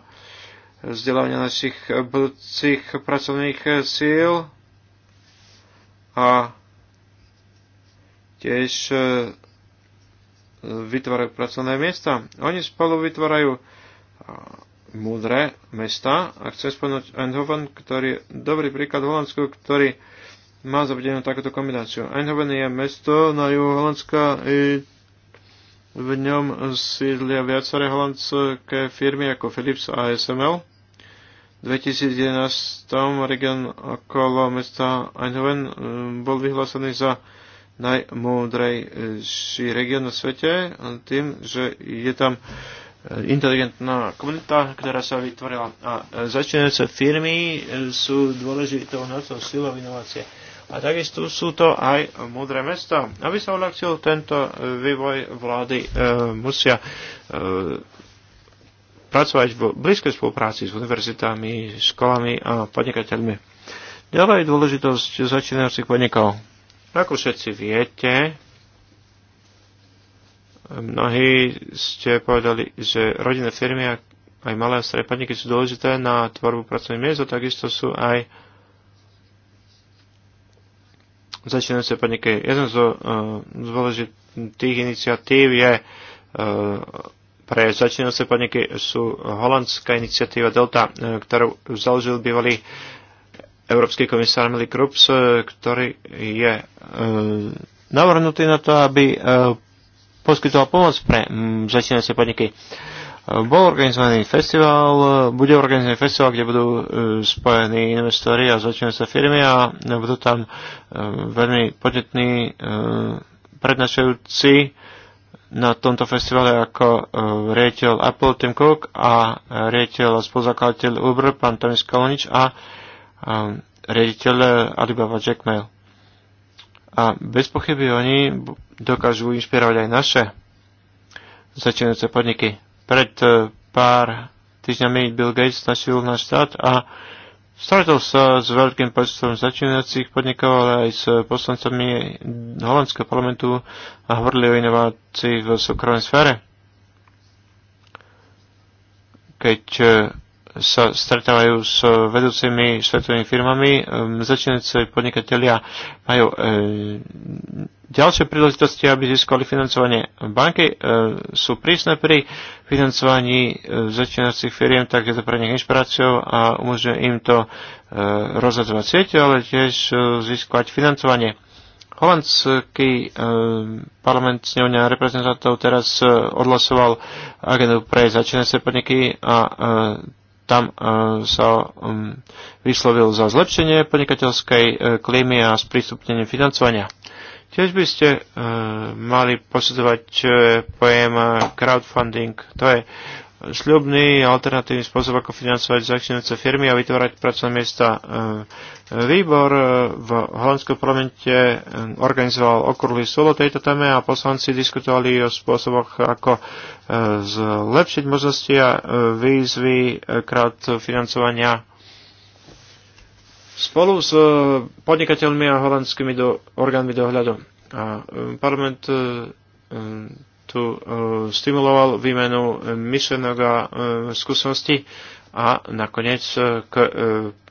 vzdelávania našich budúcich pracovných síl a tiež e, vytvárajú pracovné miesta. Oni spolu vytvárajú e, múdre mesta a chcem spomenúť Eindhoven, ktorý je dobrý príklad v Holandsku, ktorý má zavedenú takúto kombináciu. Eindhoven je mesto na juhu Holandska, v ňom sídlia viaceré holandské firmy ako Philips a SML. V 2011 region okolo mesta Eindhoven um, bol vyhlásený za najmúdrejší region na svete tým, že je tam e, inteligentná komunita, ktorá sa vytvorila. A e, začínajúce firmy e, sú dôležitou hnacou silou inovácie. A takisto sú to aj múdre mesta. Aby sa uľahčil tento e, vývoj vlády, e, musia e, pracovať v blízkej spolupráci s univerzitami, školami a podnikateľmi. Ďalej dôležitosť začínajúcich podnikov. Ako všetci viete, mnohí ste povedali, že rodinné firmy a aj malé a stredné podniky sú dôležité na tvorbu pracovných miest a takisto sú aj sa podniky. Jeden eh, z uh, dôležitých iniciatív je uh, pre začínajúce podniky sú holandská iniciatíva Delta, uh, ktorú založil bývalý Európsky komisár Milly Krups, ktorý je navrhnutý na to, aby poskytoval pomoc pre um, začínajúce podniky. Bol organizovaný festival, bude organizovaný festival, kde budú e, spojení investori a zväčšené firmy a budú tam e, veľmi podnetní e, prednášajúci na tomto festivale ako riaditeľ Apple Tim Cook a riaditeľ a spoluzakladateľ Uber pán Tomis Kalonič a riaditeľ Alibaba Jack Mail. A bez pochyby oni dokážu inšpirovať aj naše začínajúce podniky. Pred e, pár týždňami Bill Gates našiel náš štát a Stretol sa s veľkým počtom začínajúcich podnikov, ale aj s poslancami holandského parlamentu a hovorili o inovácii v súkromnej sfére. Keď e, sa stretávajú s vedúcimi svetovými firmami. Ehm, začínajúce podnikatelia majú e, ďalšie príležitosti, aby získali financovanie. Banky e, sú prísne pri financovaní e, začínajúcich firiem, tak je to pre nich inšpiráciou a umožňuje im to rozhadzovať sieť, ale tiež získať financovanie. Holandský parlament snehovňa reprezentantov teraz odhlasoval agendu pre začínajúce podniky a tam eh, sa mm, vyslovil za zlepšenie podnikateľskej eh, klímy a sprístupnenie financovania. Tiež by ste eh, mali posudzovať pojem crowdfunding. To je šľubný alternatívny spôsob, ako financovať začínajúce firmy a vytvárať pracovné miesta. E, výbor e, v holandskom parlamente e, organizoval okruhly solo o tejto téme a poslanci diskutovali o spôsoboch, ako zlepšiť možnosti a výzvy krát financovania spolu s podnikateľmi a holandskými do, orgánmi dohľadu. A parlament tu e, stimuloval výmenu myšlenok a e, skúsenosti a nakoniec e, k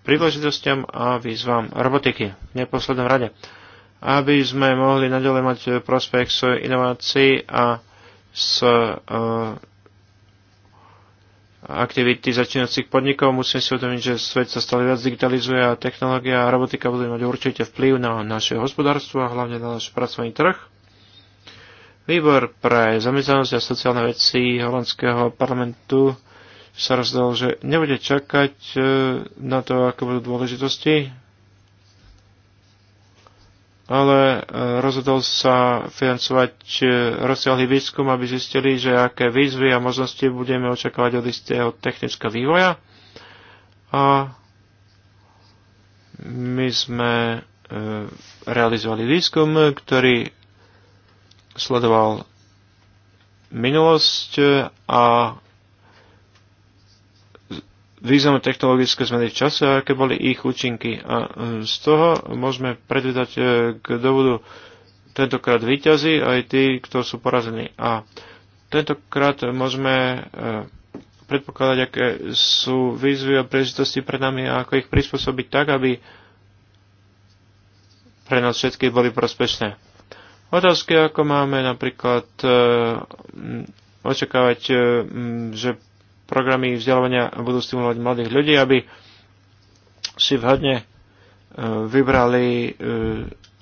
príležitostiam a výzvam robotiky v neposlednom rade. Aby sme mohli naďalej mať prospech s inovácií a s aktivity začínacích podnikov. musím si uvedomiť, že svet sa stále viac digitalizuje a technológia a robotika bude mať určite vplyv na naše hospodárstvo a hlavne na náš pracovný trh. Výbor pre zamestnanosť a sociálne veci holandského parlamentu sa rozhodol, že nebude čakať e, na to, aké budú dôležitosti, ale e, rozhodol sa financovať e, rozsiahly výskum, aby zistili, že aké výzvy a možnosti budeme očakávať od istého technického vývoja. A my sme realizovali výskum, ktorý sledoval minulosť e, a významné technologické zmeny v čase a aké boli ich účinky. A e, z toho môžeme predvedať, e, kto budú tentokrát výťazí, aj tí, kto sú porazení. A tentokrát môžeme predpokladať, aké sú výzvy a príležitosti pred nami a ako ich prispôsobiť tak, aby pre nás všetky boli prospešné. Otázky, ako máme napríklad e, očakávať, e, že programy vzdelávania budú stimulovať mladých ľudí, aby si vhodne e, vybrali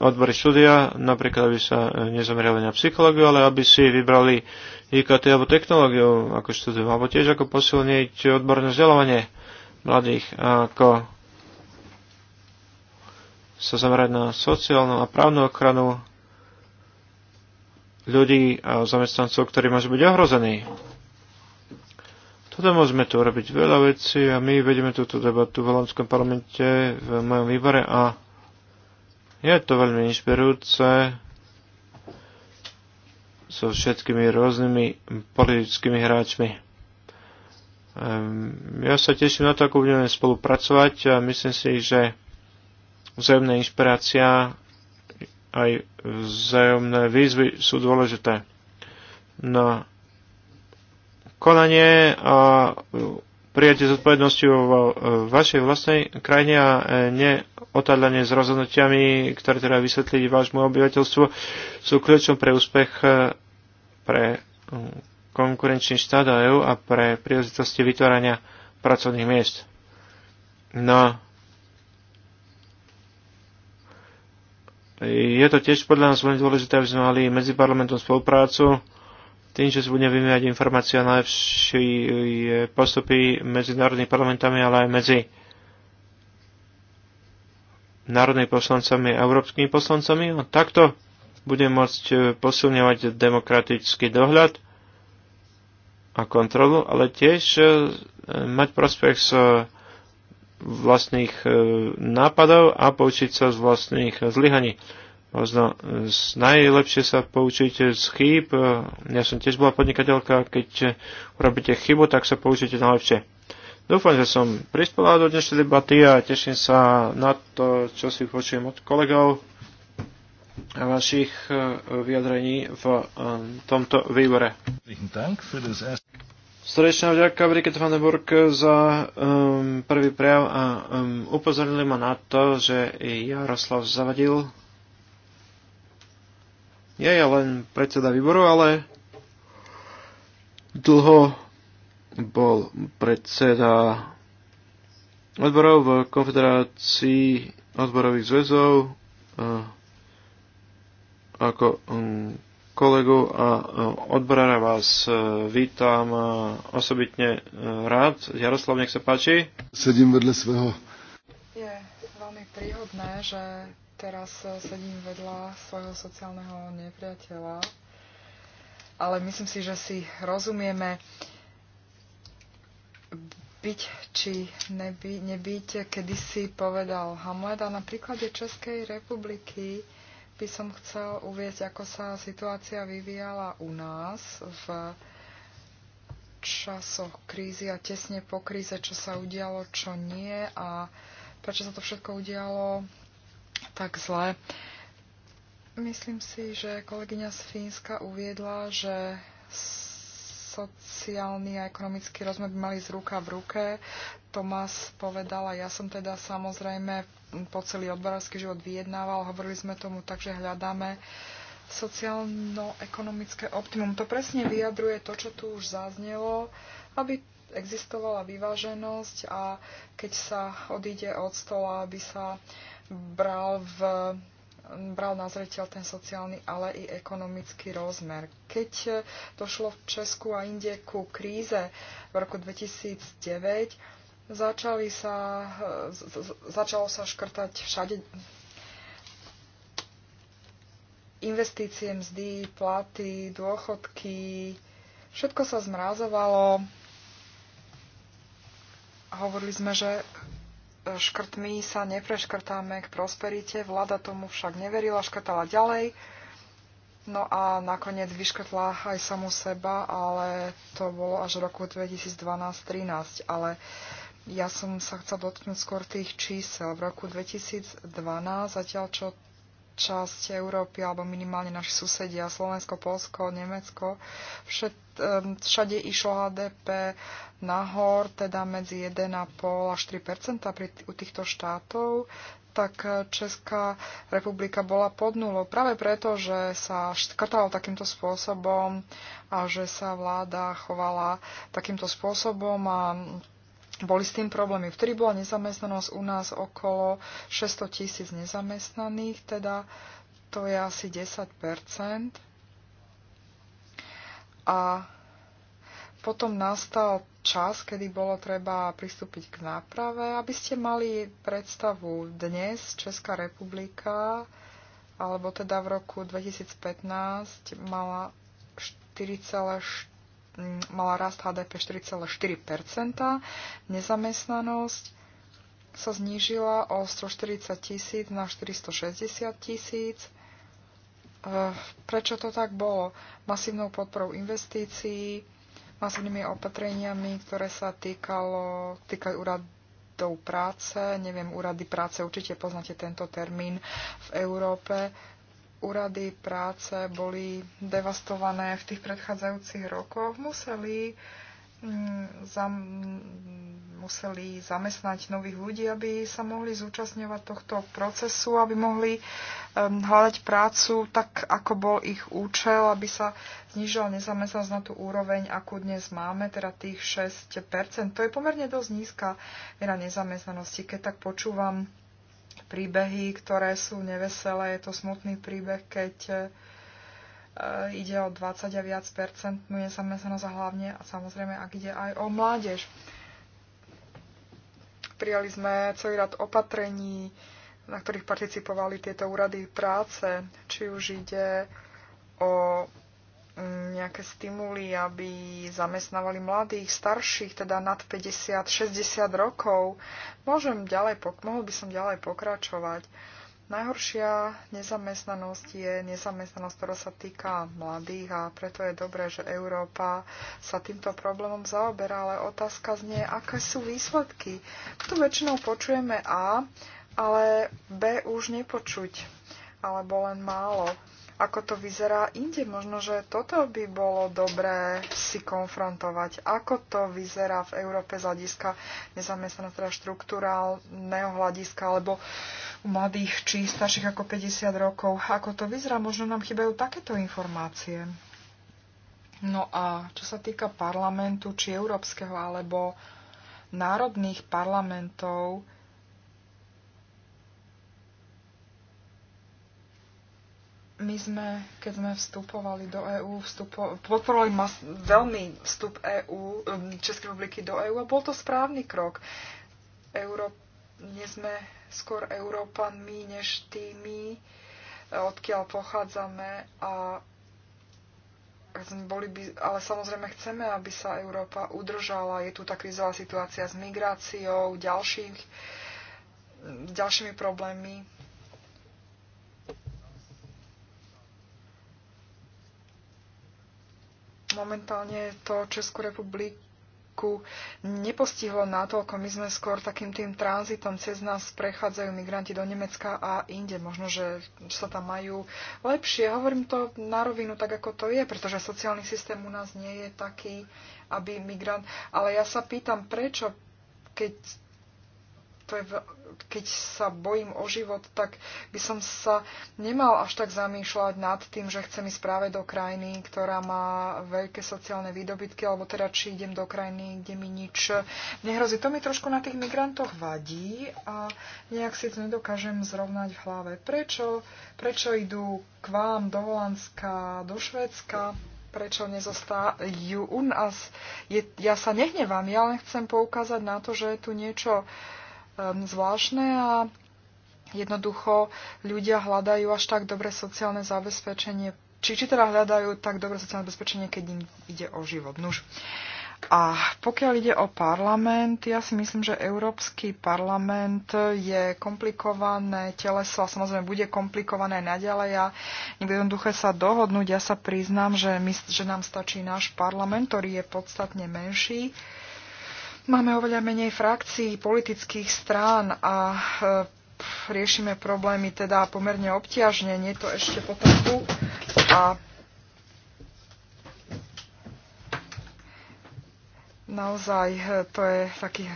odbory štúdia, napríklad aby sa nezamerali na psychológiu, ale aby si vybrali IKT alebo technológiu ako štúdium, alebo tiež ako posilniť odborné vzdelávanie mladých, ako sa zamerať na sociálnu a právnu ochranu ľudí a zamestnancov, ktorí môžu byť ohrození. Toto môžeme tu robiť veľa vecí a my vedeme túto debatu v Holandskom parlamente, v mojom výbore a je to veľmi inšpirujúce so všetkými rôznymi politickými hráčmi. Ehm, ja sa teším na to, ako budeme spolupracovať a myslím si, že vzájomná inšpirácia aj vzájomné výzvy sú dôležité na konanie a prijatie zodpovednosti vo vašej vlastnej krajine a neotadľanie s rozhodnutiami, ktoré treba vysvetliť vášmu obyvateľstvu, sú kľúčom pre úspech pre hm, konkurenčný štát a EU a pre príležitosti vytvárania pracovných miest. No, Je to tiež podľa nás veľmi dôležité, aby sme mali medzi parlamentom spoluprácu tým, že sa budeme vymieňať informácie o najlepšie postupy medzi národnými parlamentami, ale aj medzi národnými poslancami a európskymi poslancami. A takto budeme môcť e, posilňovať demokratický dohľad a kontrolu, ale tiež e, mať prospech s so vlastných e, nápadov a poučiť sa z vlastných e, zlyhaní. Možno e, najlepšie sa poučiť z chýb. Ja som tiež bola podnikateľka, keď urobíte chybu, tak sa poučíte najlepšie. Dúfam, že som prispela do dnešnej debaty a teším sa na to, čo si počujem od kolegov a vašich vyjadrení v tomto výbore. Srdečná vďaka Brigitte Vandenburg za um, prvý prejav a um, upozornili ma na to, že Jaroslav zavadil. Je ja len predseda výboru, ale dlho bol predseda odborov v Konfederácii odborových zväzov ako um, kolegu a e, odborára vás e, vítam e, osobitne rád. Jaroslav, nech sa páči. Sedím vedľa svého. Je veľmi príhodné, že teraz sedím vedľa svojho sociálneho nepriateľa, ale myslím si, že si rozumieme byť či neby, nebyť, kedysi povedal Hamlet a na príklade Českej republiky by som chcel uvieť, ako sa situácia vyvíjala u nás v časoch krízy a tesne po kríze, čo sa udialo, čo nie a prečo sa to všetko udialo tak zle. Myslím si, že kolegyňa z Fínska uviedla, že sociálny a ekonomický rozmer by mali z ruka v ruke. Tomás povedala, ja som teda samozrejme po celý odborársky život vyjednával, hovorili sme tomu tak, že hľadáme sociálno-ekonomické optimum. To presne vyjadruje to, čo tu už zaznelo, aby existovala vyváženosť a keď sa odíde od stola, aby sa bral, v, bral na zreteľ ten sociálny, ale i ekonomický rozmer. Keď došlo v Česku a inde ku kríze v roku 2009, Začali sa, začalo sa škrtať všade investície, mzdy, platy, dôchodky, všetko sa zmrazovalo. Hovorili sme, že škrtmi sa nepreškrtáme k prosperite, vláda tomu však neverila, škrtala ďalej. No a nakoniec vyškrtla aj samu seba, ale to bolo až v roku 2012 2013 Ale ja som sa chcel dotknúť skôr tých čísel. V roku 2012, zatiaľ čo časť Európy, alebo minimálne naši susedia, Slovensko, Polsko, Nemecko, všet, všade išlo HDP nahor, teda medzi 1,5 až 3 pri, u týchto štátov tak eh, Česká republika bola pod nulou. Práve preto, že sa škrtalo takýmto spôsobom a že sa vláda chovala takýmto spôsobom a boli s tým problémy. Vtedy bola nezamestnanosť u nás okolo 600 tisíc nezamestnaných, teda to je asi 10 A potom nastal čas, kedy bolo treba pristúpiť k náprave. Aby ste mali predstavu, dnes Česká republika, alebo teda v roku 2015, mala 4,4 Mm, mala rast HDP 4,4%, nezamestnanosť sa znížila o 140 tisíc na 460 tisíc. E, prečo to tak bolo? Masívnou podporou investícií, masívnymi opatreniami, ktoré sa týkalo, týkajú úradov práce, neviem, úrady práce, určite poznáte tento termín v Európe, úrady práce boli devastované v tých predchádzajúcich rokoch, museli, mm, zam, museli zamestnať nových ľudí, aby sa mohli zúčastňovať tohto procesu, aby mohli um, hľadať prácu tak, ako bol ich účel, aby sa znižila nezamestnanosť na tú úroveň, akú dnes máme, teda tých 6%. To je pomerne dosť nízka miera nezamestnanosti. Keď tak počúvam príbehy, ktoré sú neveselé. Je to smutný príbeh, keď e, ide o 20 a viac percentnú nezamestnanosť a hlavne a samozrejme, ak ide aj o mládež. Prijali sme celý rad opatrení, na ktorých participovali tieto úrady práce, či už ide o Mm, nejaké stimuly, aby zamestnávali mladých, starších, teda nad 50, 60 rokov. Môžem ďalej, mohol by som ďalej pokračovať. Najhoršia nezamestnanosť je nezamestnanosť, ktorá sa týka mladých a preto je dobré, že Európa sa týmto problémom zaoberá, ale otázka znie, aké sú výsledky. Tu väčšinou počujeme A, ale B už nepočuť, alebo len málo ako to vyzerá inde. Možno, že toto by bolo dobré si konfrontovať. Ako to vyzerá v Európe z hľadiska nezamestnaného teda štruktúrálneho hľadiska alebo u mladých či starších ako 50 rokov. Ako to vyzerá, možno nám chýbajú takéto informácie. No a čo sa týka parlamentu, či európskeho alebo národných parlamentov, my sme, keď sme vstupovali do EÚ, vstupo, podporovali mas, veľmi vstup EÚ, um, Českej republiky do EÚ a bol to správny krok. Euró, nie sme skôr Európanmi než tými, eh, odkiaľ pochádzame a boli by, ale samozrejme chceme, aby sa Európa udržala. Je tu tá krizová situácia s migráciou, ďalších, ďalšími problémy. momentálne to Českú republiku nepostihlo natoľko. My sme skôr takým tým tranzitom cez nás prechádzajú migranti do Nemecka a inde. Možno, že sa tam majú lepšie. Hovorím to na rovinu tak, ako to je, pretože sociálny systém u nás nie je taký, aby migrant... Ale ja sa pýtam, prečo keď to je, keď sa bojím o život, tak by som sa nemal až tak zamýšľať nad tým, že chcem ísť práve do krajiny, ktorá má veľké sociálne výdobytky, alebo teda či idem do krajiny, kde mi nič nehrozí. To mi trošku na tých migrantoch vadí a nejak si to nedokážem zrovnať v hlave. Prečo, prečo idú k vám do Holandska, do Švédska? prečo nezostávajú u nás. Je, ja sa nehnevám, ja len chcem poukázať na to, že je tu niečo Um, zvláštne a jednoducho ľudia hľadajú až tak dobre sociálne zabezpečenie, či, či teda hľadajú tak dobre sociálne zabezpečenie, keď im ide o život. Nuž. A pokiaľ ide o parlament, ja si myslím, že Európsky parlament je komplikované teleso a samozrejme bude komplikované naďalej a nebude jednoduché sa dohodnúť. Ja sa priznám, že, my, že nám stačí náš parlament, ktorý je podstatne menší. Uh, Máme oveľa menej frakcií, politických strán a e, riešime problémy teda pomerne obťažne, nie to ešte po trhu. A naozaj e, to je taký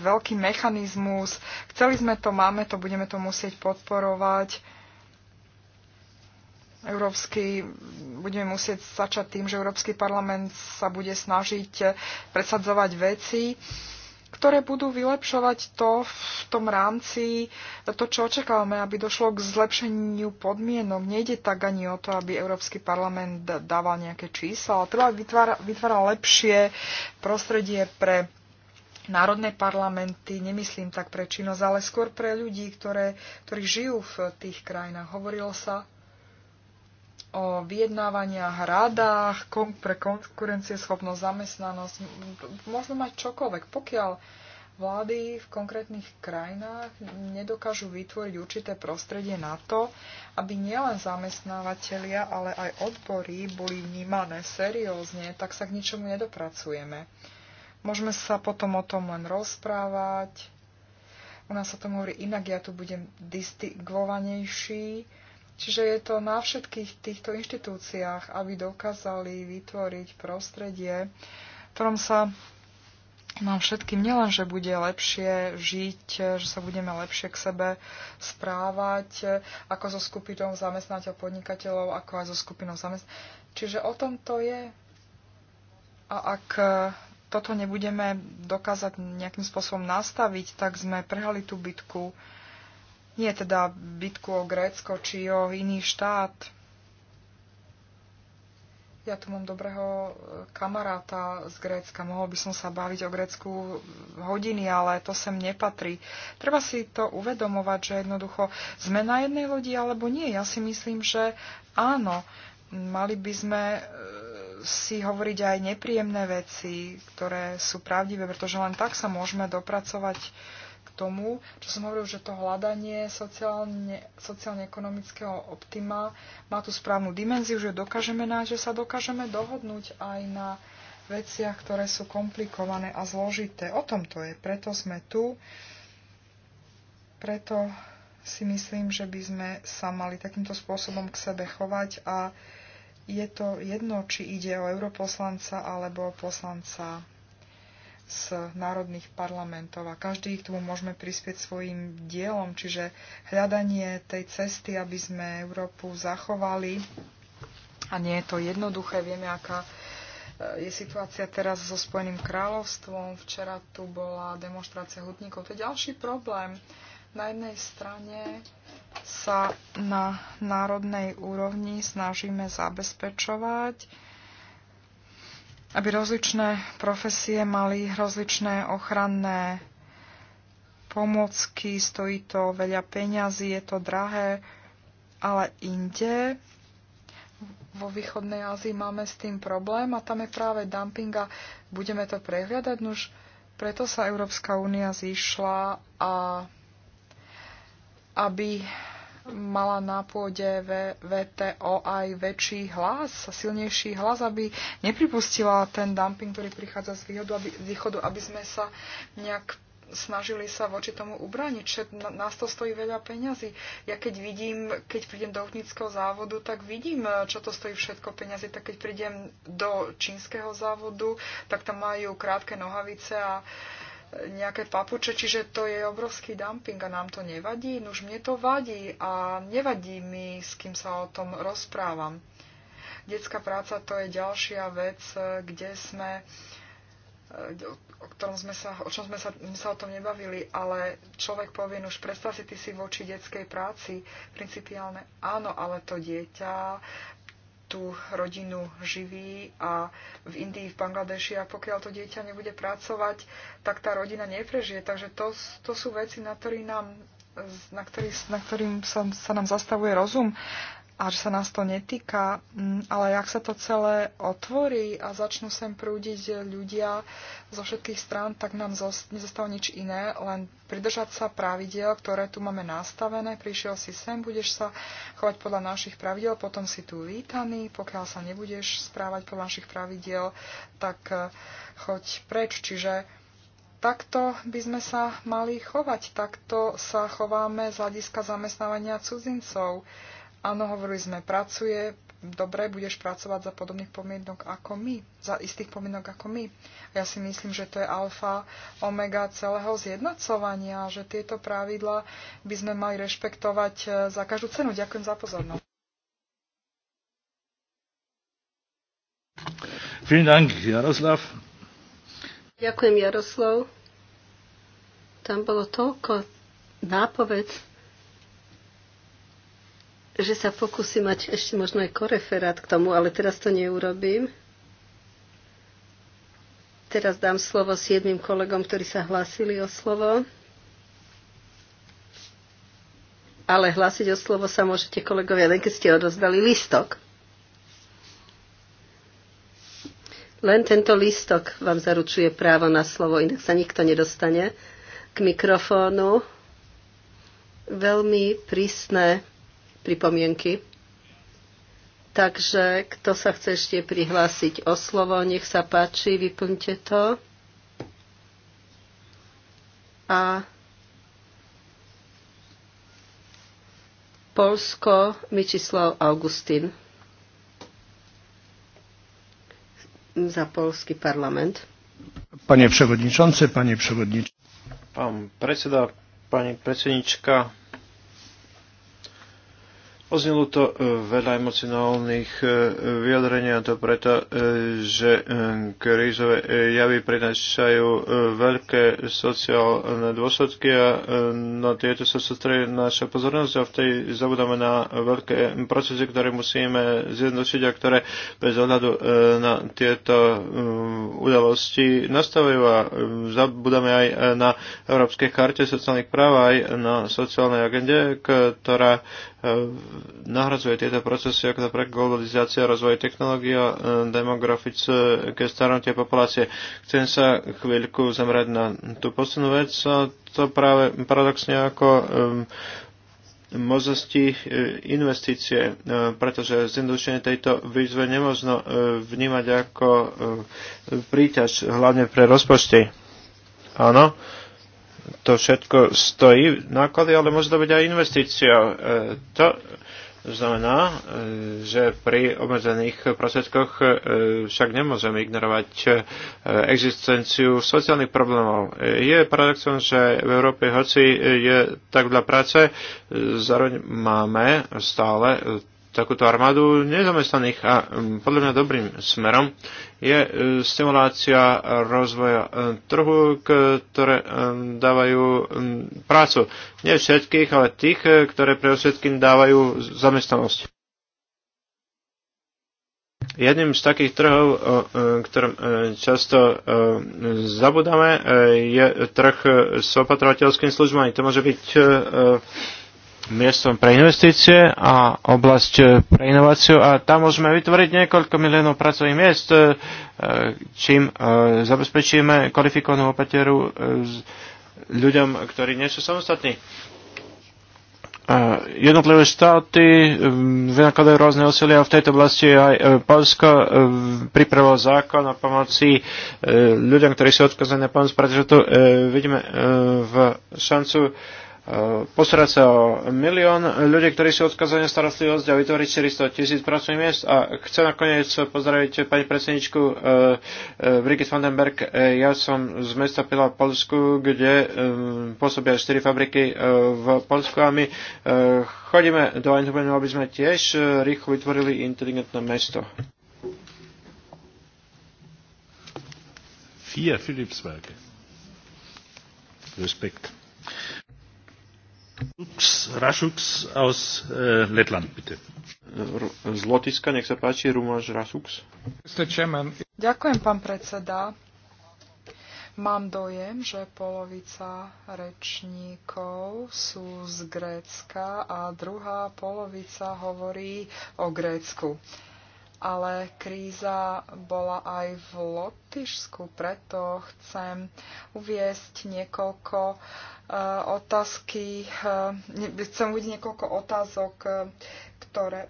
veľký mechanizmus. Chceli sme to, máme to, budeme to musieť podporovať. Európsky, budeme musieť začať tým, že Európsky parlament sa bude snažiť presadzovať veci, ktoré budú vylepšovať to v tom rámci, to, čo očakávame, aby došlo k zlepšeniu podmienok. Nejde tak ani o to, aby Európsky parlament dával nejaké čísla, ale treba vytvára, vytvára lepšie prostredie pre národné parlamenty, nemyslím tak pre činnosť, ale skôr pre ľudí, ktoré, ktorí žijú v tých krajinách. Hovorilo sa o vyjednávaniach, rádách kon- pre konkurencieschopnosť, zamestnanosť. Možno mať čokoľvek, pokiaľ vlády v konkrétnych krajinách nedokážu vytvoriť určité prostredie na to, aby nielen zamestnávateľia, ale aj odbory boli vnímané seriózne, tak sa k ničomu nedopracujeme. Môžeme sa potom o tom len rozprávať. U nás sa tomu hovorí inak, ja tu budem distingovanejší Čiže je to na všetkých týchto inštitúciách, aby dokázali vytvoriť prostredie, v ktorom sa nám všetkým nielen, že bude lepšie žiť, že sa budeme lepšie k sebe správať, ako so skupinou zamestnateľov podnikateľov, ako aj so skupinou zamestnateľov. Čiže o tom to je. A ak toto nebudeme dokázať nejakým spôsobom nastaviť, tak sme prehali tú bitku nie teda bitku o Grécko či o iný štát. Ja tu mám dobrého e, kamaráta z Grécka. Mohol by som sa baviť o Grécku hodiny, ale to sem nepatrí. Treba si to uvedomovať, že jednoducho sme na jednej lodi alebo nie. Ja si myslím, že áno, mali by sme e, si hovoriť aj nepríjemné veci, ktoré sú pravdivé, pretože len tak sa môžeme dopracovať tomu, čo som hovoril, že to hľadanie sociálne-ekonomického sociálne optima má tú správnu dimenziu, že dokážeme nájsť, že sa dokážeme dohodnúť aj na veciach, ktoré sú komplikované a zložité. O tom to je. Preto sme tu. Preto si myslím, že by sme sa mali takýmto spôsobom k sebe chovať a je to jedno, či ide o europoslanca alebo poslanca z národných parlamentov a každý k tomu môžeme prispieť svojim dielom, čiže hľadanie tej cesty, aby sme Európu zachovali. A nie je to jednoduché, vieme, aká e, je situácia teraz so Spojeným kráľovstvom. Včera tu bola demonstrácia hutníkov. To je ďalší problém. Na jednej strane sa na národnej úrovni snažíme zabezpečovať aby rozličné profesie mali rozličné ochranné pomocky, stojí to veľa peňazí, je to drahé, ale inde vo východnej Ázii máme s tým problém a tam je práve dumping a budeme to prehliadať. Nuž no preto sa Európska únia zišla a aby mala na pôde VTO aj väčší hlas, silnejší hlas, aby nepripustila ten dumping, ktorý prichádza z, výhodu, aby, z východu, aby sme sa nejak snažili sa voči tomu ubraniť. Že nás to stojí veľa peňazí. Ja keď vidím, keď prídem do hutnického závodu, tak vidím, e, čo to stojí všetko peňazí. Tak keď prídem do čínskeho závodu, tak tam majú krátke nohavice a uh, nejaké papuče, čiže to je obrovský dumping a nám to nevadí. No už mne to vadí a nevadí mi, s kým sa o tom rozprávam. Detská práca to je ďalšia vec, kde sme, o, ktorom sme sa, o čom sme sa, my sa o tom nebavili, ale človek povie, už predstav si, ty si voči detskej práci principiálne áno, ale to dieťa tú rodinu živí a v Indii, v Bangladeši a pokiaľ to dieťa nebude pracovať, tak tá rodina neprežije. Takže to, to sú veci, na, ktorý nám, na, ktorý, na ktorým sa, sa nám zastavuje rozum až sa nás to netýka, ale ak sa to celé otvorí a začnú sem prúdiť ľudia zo všetkých strán, tak nám nezostalo nič iné, len pridržať sa pravidel, ktoré tu máme nastavené. Prišiel si sem, budeš sa chovať podľa našich pravidel, potom si tu vítaný, pokiaľ sa nebudeš správať podľa našich pravidel, tak e, choď preč. Čiže takto by sme sa mali chovať, takto sa chováme z hľadiska zamestnávania cudzincov. Áno, hovorili sme, pracuje, dobre, budeš pracovať za podobných pomienok ako my, za istých pomienok ako my. Ja si myslím, že to je alfa, omega celého zjednocovania, že tieto pravidla by sme mali rešpektovať eh, za každú cenu. Ďakujem za pozornosť. Vielen Dank, Jaroslav. Ďakujem, Jaroslav. Tam bolo toľko nápovedz že sa pokúsim mať ešte možno aj koreferát k tomu, ale teraz to neurobím. Teraz dám slovo siedmým kolegom, ktorí sa hlásili o slovo. Ale hlásiť o slovo sa môžete kolegovia, len keď ste odozdali listok. Len tento listok vám zaručuje právo na slovo, inak sa nikto nedostane k mikrofónu. Veľmi prísne pripomienky. Takže kto sa chce ešte prihlásiť o slovo, nech sa páči, vyplňte to. A Polsko, Mičislav Augustín za polský parlament. Pane przewodniczący, panie przewodniczący. Pán predseda, pani predsednička, Oznelo to e, veľa emocionálnych e, vyjadrení a to preto, e, že krízové javy prinášajú veľké sociálne dôsledky a na tieto sa sústredí naša pozornosť a v tej zabudáme na veľké procesy, ktoré musíme zjednočiť a ktoré bez ohľadu na tieto udalosti nastavujú a zabudáme aj na Európskej charte sociálnych práv aj na sociálnej agende, ktorá nahradzuje tieto procesy ako napríklad globalizácia, rozvoj technológií a e, demografické starnutie populácie. Chcem sa chvíľku zamerať na tú poslednú vec a to práve paradoxne ako e, možnosti e, investície, pretože zjednodušenie tejto výzve nemôžno vnímať ako príťaž, hlavne pre rozpočty. Áno, to všetko stojí náklady, ale môže to byť aj investícia. E, to znamená, e, že pri obmedzených prostriedkoch e, však nemôžeme ignorovať existenciu sociálnych problémov. Je paradoxom, že v Európe, hoci je tak veľa práce, zároveň máme stále takúto armádu nezamestnaných a mm, podľa mňa dobrým smerom je e, stimulácia rozvoja e, trhu, ktoré e, dávajú mm, prácu. Nie všetkých, ale tých, ktoré pre všetkým dávajú zamestnanosť. Jedným z takých trhov, o ktorom často zabudáme, je trh s opatrovateľským službami. To môže byť miestom pre investície a oblasť e, pre inováciu a tam môžeme vytvoriť niekoľko miliónov pracovných miest, e, e, čím zabezpečíme kvalifikovanú opateru ľuďom, ktorí nie sú samostatní. Jednotlivé štáty vynakladajú rôzne osilia v tejto oblasti. Aj Polsko pripravilo zákon o pomoci ľuďom, ktorí sú odkazaní na pomoc, pretože tu vidíme v šancu Eh, postarať sa o milión ľudí, ktorí sú odkazaní na starostlivosť a vytvoriť 400 tisíc pracovných miest. A chcem nakoniec pozdraviť pani predsedničku e, Brigitte Vandenberg. ja som z mesta Pila v Polsku, kde e, pôsobia 4 fabriky v Polsku a my chodíme do Eindhovenu, aby sme tiež e, rýchlo vytvorili inteligentné mesto. Vier Philipswerke. Respekt aus äh, bitte. Z Lotiska, nech sa páči, Rumáš Ďakujem, pán predseda. Mám dojem, že polovica rečníkov sú z Grécka a druhá polovica hovorí o Grécku ale kríza bola aj v Lotyšsku, preto chcem uviesť niekoľko e, otázky, e, chcem uviesť niekoľko otázok, e, ktoré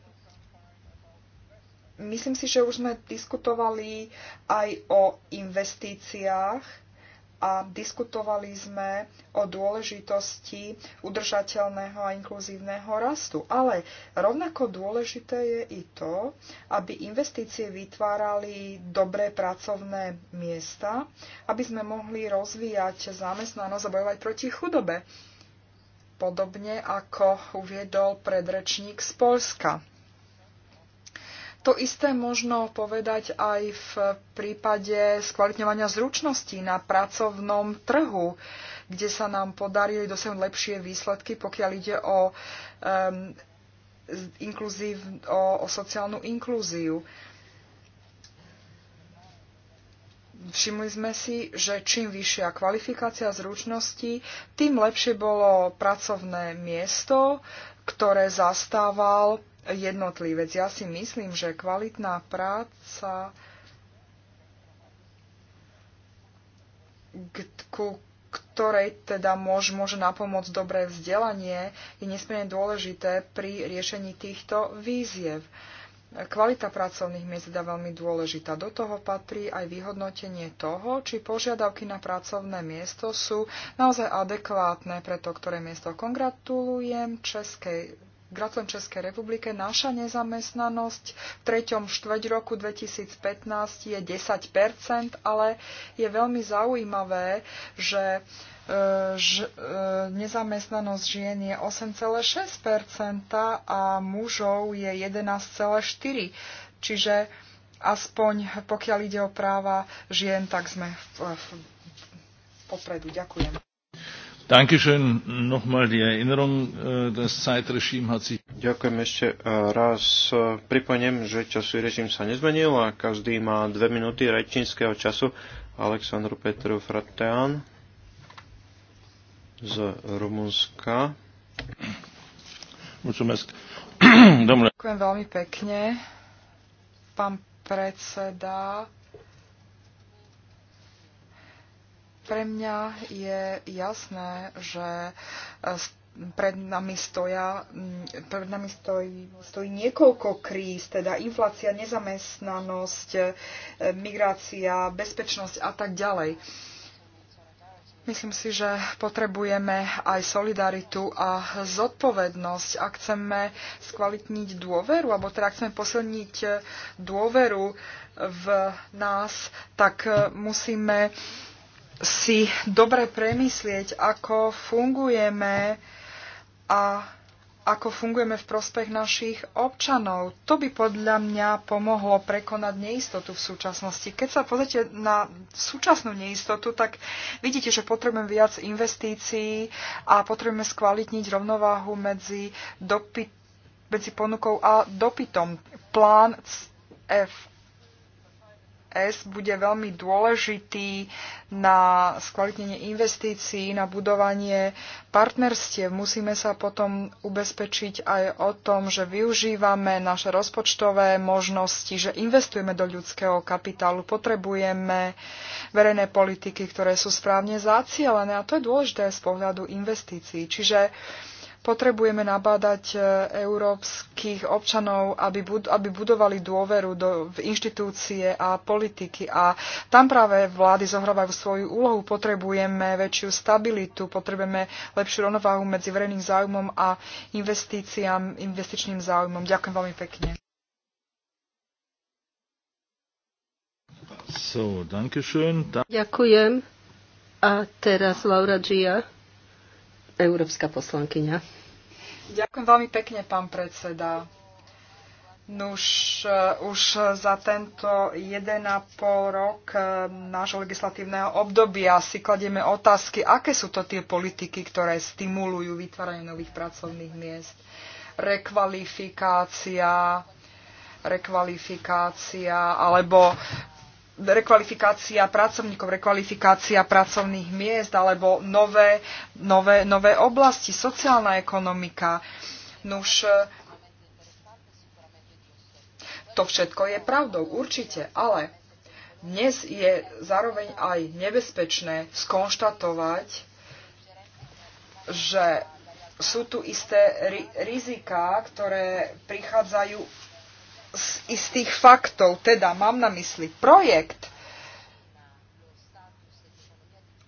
Myslím si, že už sme diskutovali aj o investíciách a diskutovali sme o dôležitosti udržateľného a inkluzívneho rastu. Ale rovnako dôležité je i to, aby investície vytvárali dobré pracovné miesta, aby sme mohli rozvíjať zamestnanosť a bojovať proti chudobe. Podobne ako uviedol predrečník z Polska. To isté možno povedať aj v prípade skvalitňovania zručností na pracovnom trhu, kde sa nám podarili dosiahnuť lepšie výsledky, pokiaľ ide o, um, inkluzív, o, o sociálnu inklúziu. Všimli sme si, že čím vyššia kvalifikácia zručnosti, tým lepšie bolo pracovné miesto, ktoré zastával jednotlivec. Ja si myslím, že kvalitná práca, ku ktorej teda môže, môže napomôcť dobré vzdelanie, je nesmierne dôležité pri riešení týchto víziev. Kvalita pracovných miest je teda veľmi dôležitá. Do toho patrí aj vyhodnotenie toho, či požiadavky na pracovné miesto sú naozaj adekvátne pre to, ktoré miesto. Kongratulujem Českej Gratulujem Českej republike. Naša nezamestnanosť v treťom štvrť roku 2015 je 10%, ale je veľmi zaujímavé, že e, Ž, e, nezamestnanosť žien je 8,6% a mužov je 11,4%. Čiže aspoň pokiaľ ide o práva žien, tak sme v, v, popredu. Ďakujem. Äh, Ďakujem ešte äh, raz. Äh, pripomeniem, že časový režim sa nezmenil a každý má dve minúty rečníckého času. Aleksandru Petru Fratean z Rumunska. Ďakujem veľmi pekne. Pán predseda, Pre mňa je jasné, že e, pred nami, stoja, pred nami stojí, stojí niekoľko kríz, teda inflácia, nezamestnanosť, e, migrácia, bezpečnosť a tak ďalej. Myslím si, že potrebujeme aj solidaritu a zodpovednosť. Ak chceme skvalitniť dôveru, alebo teda ak chceme posilniť dôveru v nás, tak e, musíme si dobre premyslieť, ako fungujeme a ako fungujeme v prospech našich občanov. To by podľa mňa pomohlo prekonať neistotu v súčasnosti. Keď sa pozrite na súčasnú neistotu, tak vidíte, že potrebujeme viac investícií a potrebujeme skvalitniť rovnováhu medzi, dopyt, medzi ponukou a dopytom. Plán F s bude veľmi dôležitý na skvalitnenie investícií, na budovanie partnerstiev. Musíme sa potom ubezpečiť aj o tom, že využívame naše rozpočtové možnosti, že investujeme do ľudského kapitálu. Potrebujeme verejné politiky, ktoré sú správne zacielené a to je dôležité z pohľadu investícií. Čiže Potrebujeme nabádať e, európskych občanov, aby, budovali dôveru do, v inštitúcie a politiky. A tam práve vlády zohrávajú svoju úlohu. Potrebujeme väčšiu stabilitu, potrebujeme lepšiu rovnováhu medzi verejným záujmom a investíciám, investičným záujmom. Ďakujem veľmi pekne. So, Ďakujem. A teraz Laura Gia. Európska poslankyňa. Ďakujem veľmi pekne, pán predseda. Nuž, eh, už za tento 1,5 rok eh, nášho legislatívneho obdobia si kladieme otázky, aké sú to tie politiky, ktoré stimulujú vytváranie nových pracovných miest. Rekvalifikácia, rekvalifikácia alebo rekvalifikácia pracovníkov, rekvalifikácia pracovných miest alebo nové, nové, nové oblasti, sociálna ekonomika. Nuž, to všetko je pravdou, určite, ale dnes je zároveň aj nebezpečné skonštatovať, že sú tu isté ri- riziká, ktoré prichádzajú z istých faktov. Teda mám na mysli projekt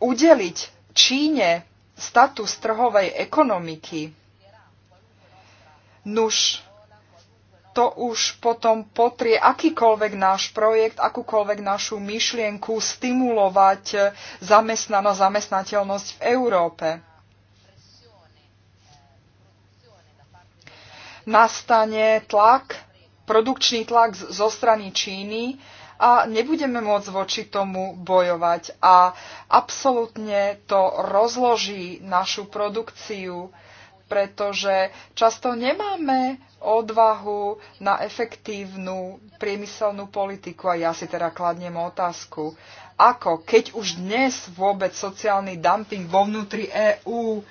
udeliť Číne status trhovej ekonomiky. Nuž, to už potom potrie akýkoľvek náš projekt, akúkoľvek našu myšlienku stimulovať zamestnanosť, zamestnateľnosť v Európe. Nastane tlak produkčný tlak zo strany Číny a nebudeme môcť voči tomu bojovať. A absolútne to rozloží našu produkciu, pretože často nemáme odvahu na efektívnu priemyselnú politiku. A ja si teda kladnem otázku, ako keď už dnes vôbec sociálny dumping vo vnútri EÚ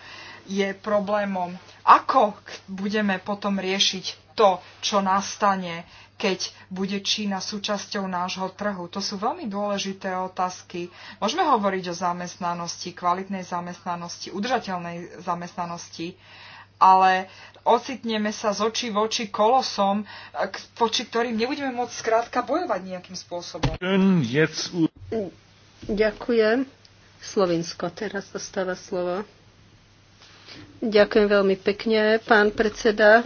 je problémom, ako budeme potom riešiť to, čo nastane, keď bude Čína súčasťou nášho trhu. To sú veľmi dôležité otázky. Môžeme hovoriť o zamestnanosti, kvalitnej zamestnanosti, udržateľnej zamestnanosti, ale ocitneme sa z očí v oči kolosom, voči ktorým nebudeme môcť skrátka bojovať nejakým spôsobom. Ďakujem. Slovinsko teraz dostáva slovo. Ďakujem veľmi pekne, pán predseda.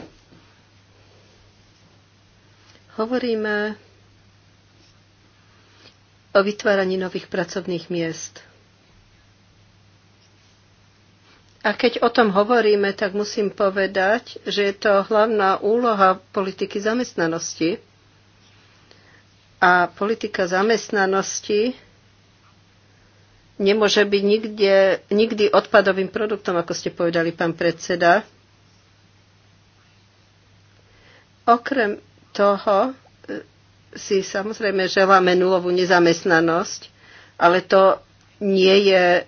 Hovoríme o vytváraní nových pracovných miest. A keď o tom hovoríme, tak musím povedať, že je to hlavná úloha politiky zamestnanosti. A politika zamestnanosti nemôže byť nikde, nikdy odpadovým produktom, ako ste povedali, pán predseda. Okrem toho e, si samozrejme želáme nulovú nezamestnanosť, ale to nie je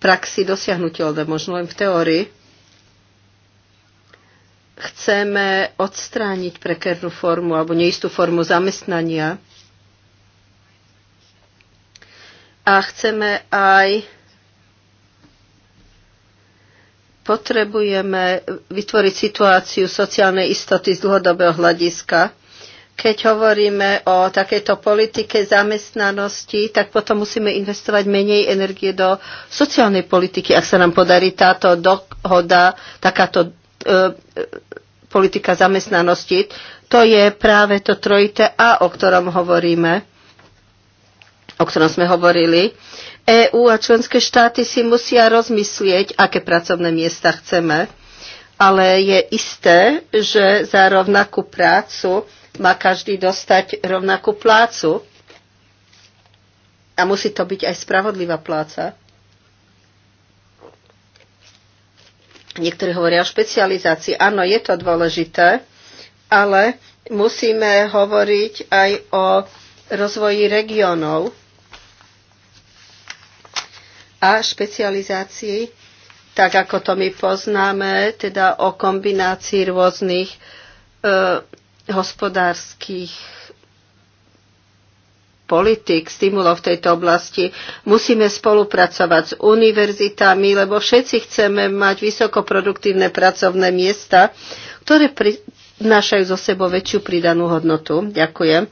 praxi dosiahnutelné, možno len v teórii. Chceme odstrániť prekernú formu alebo neistú formu zamestnania a chceme aj Potrebujeme vytvoriť situáciu sociálnej istoty z dlhodobého hľadiska. Keď hovoríme o takejto politike zamestnanosti, tak potom musíme investovať menej energie do sociálnej politiky, ak sa nám podarí táto dohoda, takáto e, e politika zamestnanosti. To je práve to trojité A, o ktorom hovoríme, o ktorom sme hovorili. EÚ a členské štáty si musia rozmyslieť, aké pracovné miesta chceme, ale je isté, že za rovnakú prácu má každý dostať rovnakú plácu a musí to byť aj spravodlivá pláca. Niektorí hovoria o špecializácii. Áno, je to dôležité, ale musíme hovoriť aj o rozvoji regionov a špecializácii, tak ako to my poznáme, teda o kombinácii rôznych e, hospodárskych politik, stimulov v tejto oblasti. Musíme spolupracovať s univerzitami, lebo všetci chceme mať vysokoproduktívne pracovné miesta, ktoré prinášajú zo sebou väčšiu pridanú hodnotu. Ďakujem.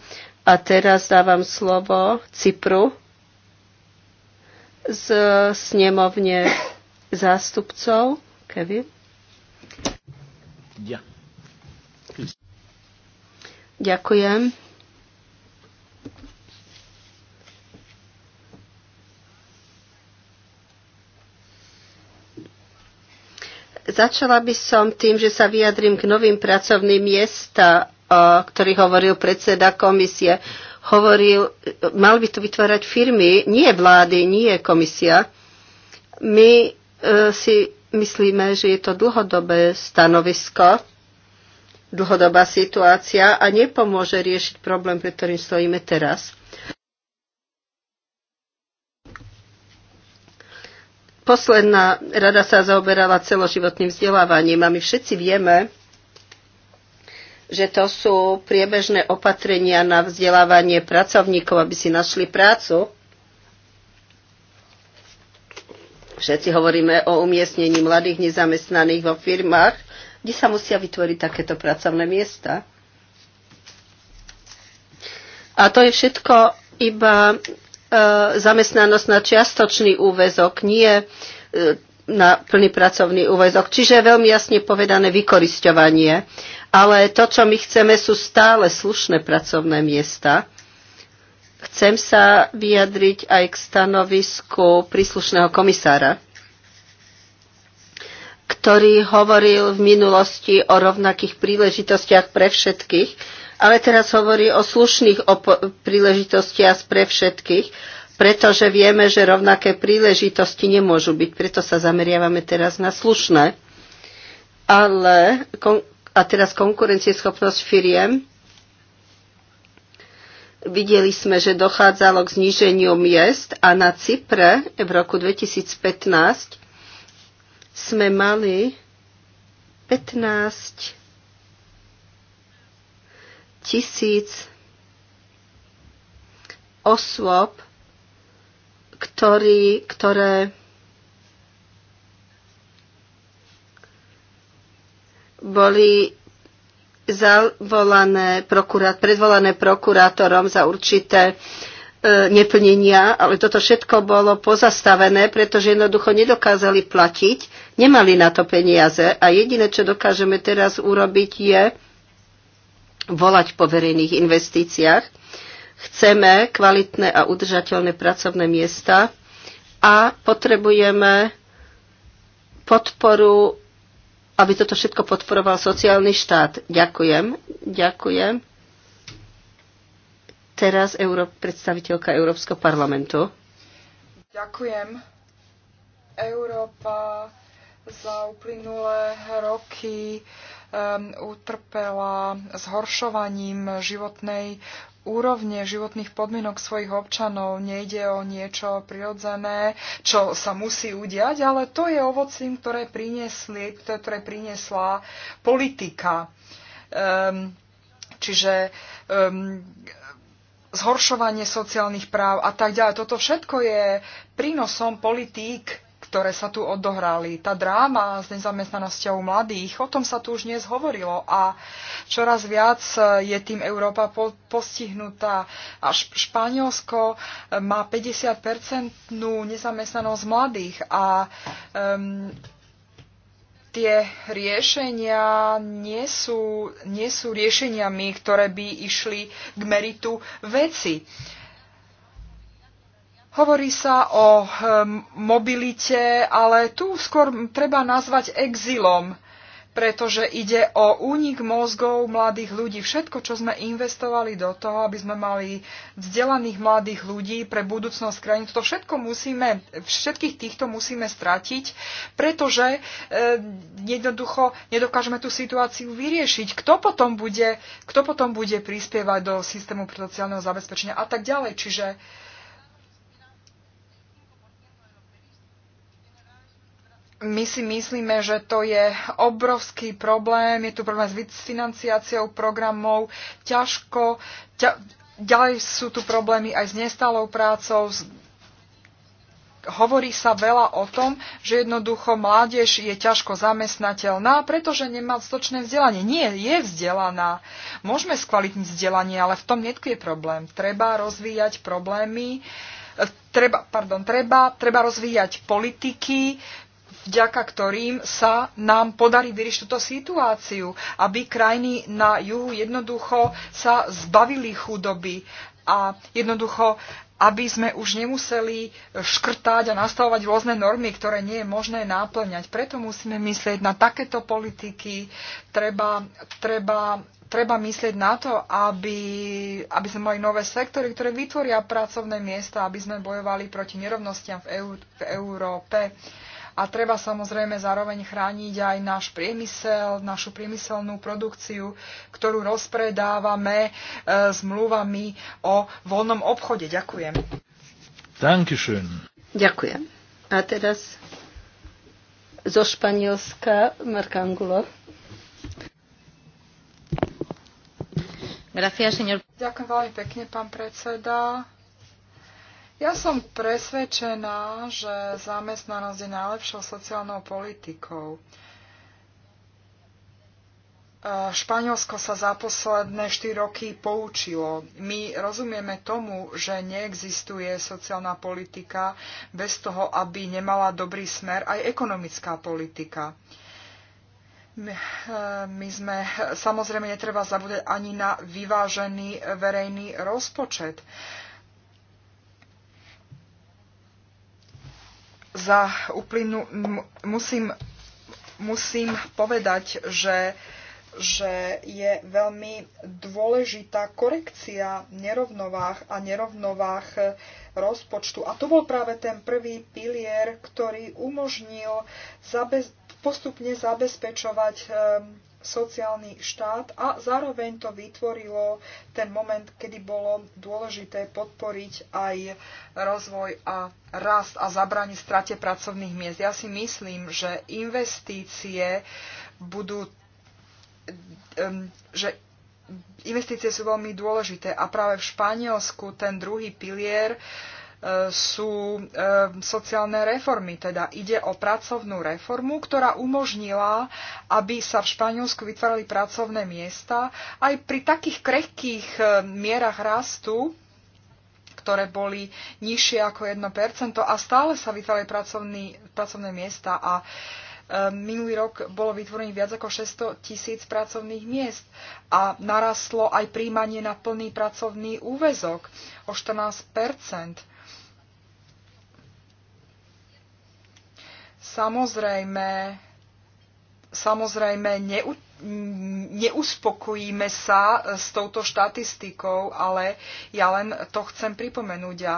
A teraz dávam slovo Cypru z snemovne zástupcov. Kevin? Ja. Ďakujem. Začala by som tým, že sa vyjadrím k novým pracovným miestam, o ktorých hovoril predseda komisie hovoril, mal by tu vytvárať firmy, nie vlády, nie komisia. My e, si myslíme, že je to dlhodobé stanovisko, dlhodobá situácia a nepomôže riešiť problém, pre ktorým stojíme teraz. Posledná rada sa zaoberala celoživotným vzdelávaním a my všetci vieme, že to sú priebežné opatrenia na vzdelávanie pracovníkov, aby si našli prácu. Všetci hovoríme o umiestnení mladých nezamestnaných vo firmách, kde sa musia vytvoriť takéto pracovné miesta. A to je všetko iba e, zamestnanosť na čiastočný úvezok, nie e, na plný pracovný úvezok. Čiže veľmi jasne povedané vykorisťovanie. Ale to, čo my chceme, sú stále slušné pracovné miesta. Chcem sa vyjadriť aj k stanovisku príslušného komisára, ktorý hovoril v minulosti o rovnakých príležitostiach pre všetkých, ale teraz hovorí o slušných príležitostiach pre všetkých, pretože vieme, že rovnaké príležitosti nemôžu byť, preto sa zameriavame teraz na slušné. Ale a teraz konkurencieschopnosť firiem. Videli sme, že dochádzalo k zníženiu miest a na Cypre v roku 2015 sme mali 15 tisíc osôb, ktorý, ktoré boli zavolané prokurát, predvolané prokurátorom za určité e, neplnenia, ale toto všetko bolo pozastavené, pretože jednoducho nedokázali platiť, nemali na to peniaze a jediné, čo dokážeme teraz urobiť, je volať po verejných investíciách. Chceme kvalitné a udržateľné pracovné miesta a potrebujeme podporu aby toto všetko podporoval sociálny štát. Ďakujem, ďakujem. Teraz Euró- predstaviteľka Európskeho parlamentu. Ďakujem. Európa za uplynulé roky um, utrpela zhoršovaním životnej úrovne životných podmienok svojich občanov. Nejde o niečo prirodzené, čo sa musí udiať, ale to je ovocím, ktoré, priniesli, ktoré priniesla politika. Um, čiže um, zhoršovanie sociálnych práv a tak ďalej. Toto všetko je prínosom politík ktoré sa tu odohrali. Tá dráma s nezamestnanosťou mladých, o tom sa tu už dnes hovorilo a čoraz viac je tým Európa postihnutá. A Španielsko e, má 50-percentnú nezamestnanosť mladých a um, tie riešenia nie sú, nie sú riešeniami, ktoré by išli k meritu veci. Uh, Hovorí sa o ehm, mobilite, ale tu skôr treba nazvať exilom, pretože ide o únik mozgov mladých ľudí. Všetko, čo sme investovali do toho, aby sme mali vzdelaných mladých ľudí pre budúcnosť krajín, to všetko musíme, všetkých týchto musíme stratiť, pretože e, jednoducho nedokážeme tú situáciu vyriešiť. Kto potom bude, kto potom bude prispievať do systému sociálneho zabezpečenia a tak ďalej. Čiže my si myslíme, že to je obrovský problém, je tu problém s financiáciou programov, ťažko, ťa, ďalej sú tu problémy aj s nestálou prácou, s, hovorí sa veľa o tom, že jednoducho mládež je ťažko zamestnateľná, pretože nemá stočné vzdelanie. Nie, je vzdelaná. Môžeme skvalitniť vzdelanie, ale v tom je problém. Treba rozvíjať problémy, e, treba, pardon, treba, treba rozvíjať politiky, vďaka ktorým sa nám podarí vyriešiť túto situáciu, aby krajiny na juhu jednoducho sa zbavili chudoby a jednoducho aby sme už nemuseli škrtať a nastavovať rôzne normy, ktoré nie je možné náplňať. Preto musíme myslieť na takéto politiky, treba, treba, treba myslieť na to, aby, aby sme mali nové sektory, ktoré vytvoria pracovné miesta, aby sme bojovali proti nerovnostiam v, EU, v Európe. A treba samozrejme zároveň chrániť aj náš priemysel, našu priemyselnú produkciu, ktorú rozpredávame s e, zmluvami o voľnom obchode. Ďakujem. Dankeschön. Ďakujem. A teraz zo Španielska Mark Angulo. Gracias, señor. Ďakujem veľmi pekne, pán predseda. Ja som presvedčená, že zamestnanosť je najlepšou sociálnou politikou. E, Španielsko sa za posledné 4 roky poučilo. My rozumieme tomu, že neexistuje sociálna politika bez toho, aby nemala dobrý smer aj ekonomická politika. My e, sme, samozrejme, netreba zabúdať ani na vyvážený verejný rozpočet. za uplynu, musím, musím povedať, že, že je veľmi dôležitá korekcia nerovnovách a nerovnovách e, rozpočtu. A to bol práve ten prvý pilier, ktorý umožnil zabez, postupne zabezpečovať e, sociálny štát a zároveň to vytvorilo ten moment, kedy bolo dôležité podporiť aj rozvoj a rast a zabrániť strate pracovných miest. Ja si myslím, že investície budú že investície sú veľmi dôležité a práve v Španielsku ten druhý pilier uh, sú e, sociálne reformy. Teda ide o pracovnú reformu, ktorá umožnila, aby sa v Španielsku vytvárali pracovné miesta aj pri takých krehkých e, mierach rastu, ktoré boli nižšie ako 1% a stále sa vytvárali pracovné miesta a e, Minulý rok bolo vytvorených viac ako 600 tisíc pracovných miest a narastlo aj príjmanie na plný pracovný úvezok o 14 Samozrejme, samozrejme neu, neuspokojíme sa s touto štatistikou, ale ja len to chcem pripomenúť. A ja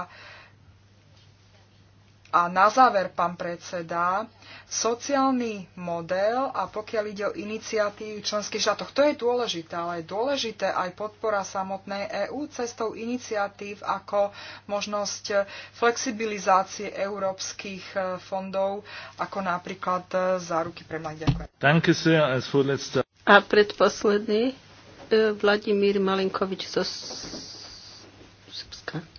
a na záver, pán predseda, sociálny model a pokiaľ ide o iniciatívy v členských štátoch, to je dôležité, ale je dôležité aj podpora samotnej EÚ cestou iniciatív ako možnosť flexibilizácie európskych e, fondov, ako napríklad e, záruky pre mladých. Ďakujem. A predposledný e, Vladimír Malinkovič zo Srbska.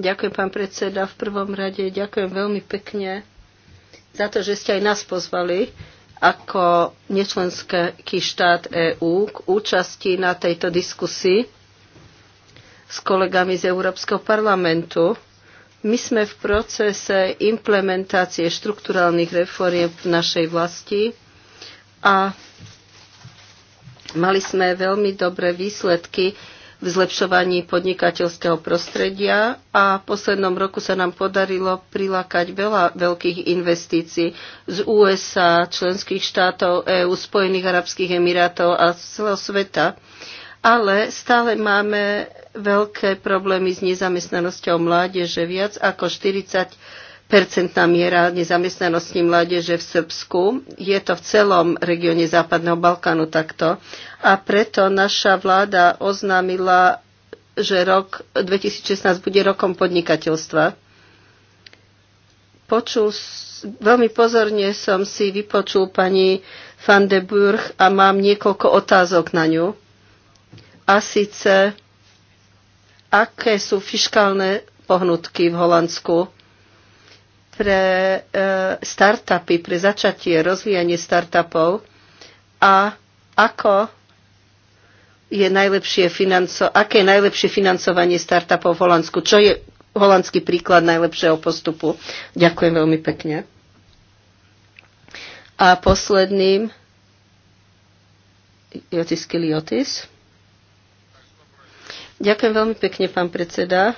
Ďakujem, pán predseda. V prvom rade ďakujem veľmi pekne za to, že ste aj nás pozvali ako nečlenský štát EÚ k účasti na tejto diskusii s kolegami z Európskeho parlamentu. My sme v procese implementácie štrukturálnych reforiem v našej vlasti a mali sme veľmi dobré výsledky v zlepšovaní podnikateľského prostredia a v poslednom roku sa nám podarilo prilákať veľa veľkých investícií z USA, členských štátov EÚ, Spojených arabských emirátov a z celého sveta. Ale stále máme veľké problémy s nezamestnanosťou mládeže. Viac ako 40 percentná miera nezamestnanosti mládeže v Srbsku. Je to v celom regióne Západného Balkánu takto. A preto naša vláda oznámila, že rok 2016 bude rokom podnikateľstva. Počul, veľmi pozorne som si vypočul pani van de Burg a mám niekoľko otázok na ňu. A síce, aké sú fiskálne pohnutky v Holandsku pre e, startupy, pre začatie, rozvíjanie startupov a ako je najlepšie financo, aké je najlepšie financovanie startupov v Holandsku, čo je holandský príklad najlepšieho postupu. Ďakujem veľmi pekne. A posledným Jotis Kiliotis. Ďakujem veľmi pekne, pán predseda.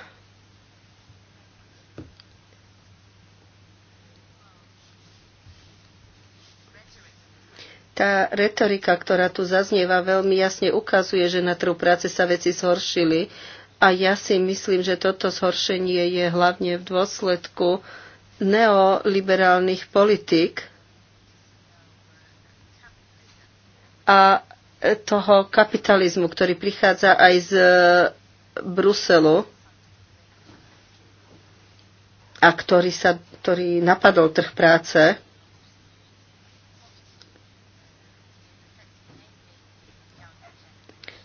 Tá retorika, ktorá tu zaznieva, veľmi jasne ukazuje, že na trhu práce sa veci zhoršili. A ja si myslím, že toto zhoršenie je hlavne v dôsledku neoliberálnych politik. a toho kapitalizmu, ktorý prichádza aj z e, Bruselu a ktorý, sa, ktorý napadol trh práce.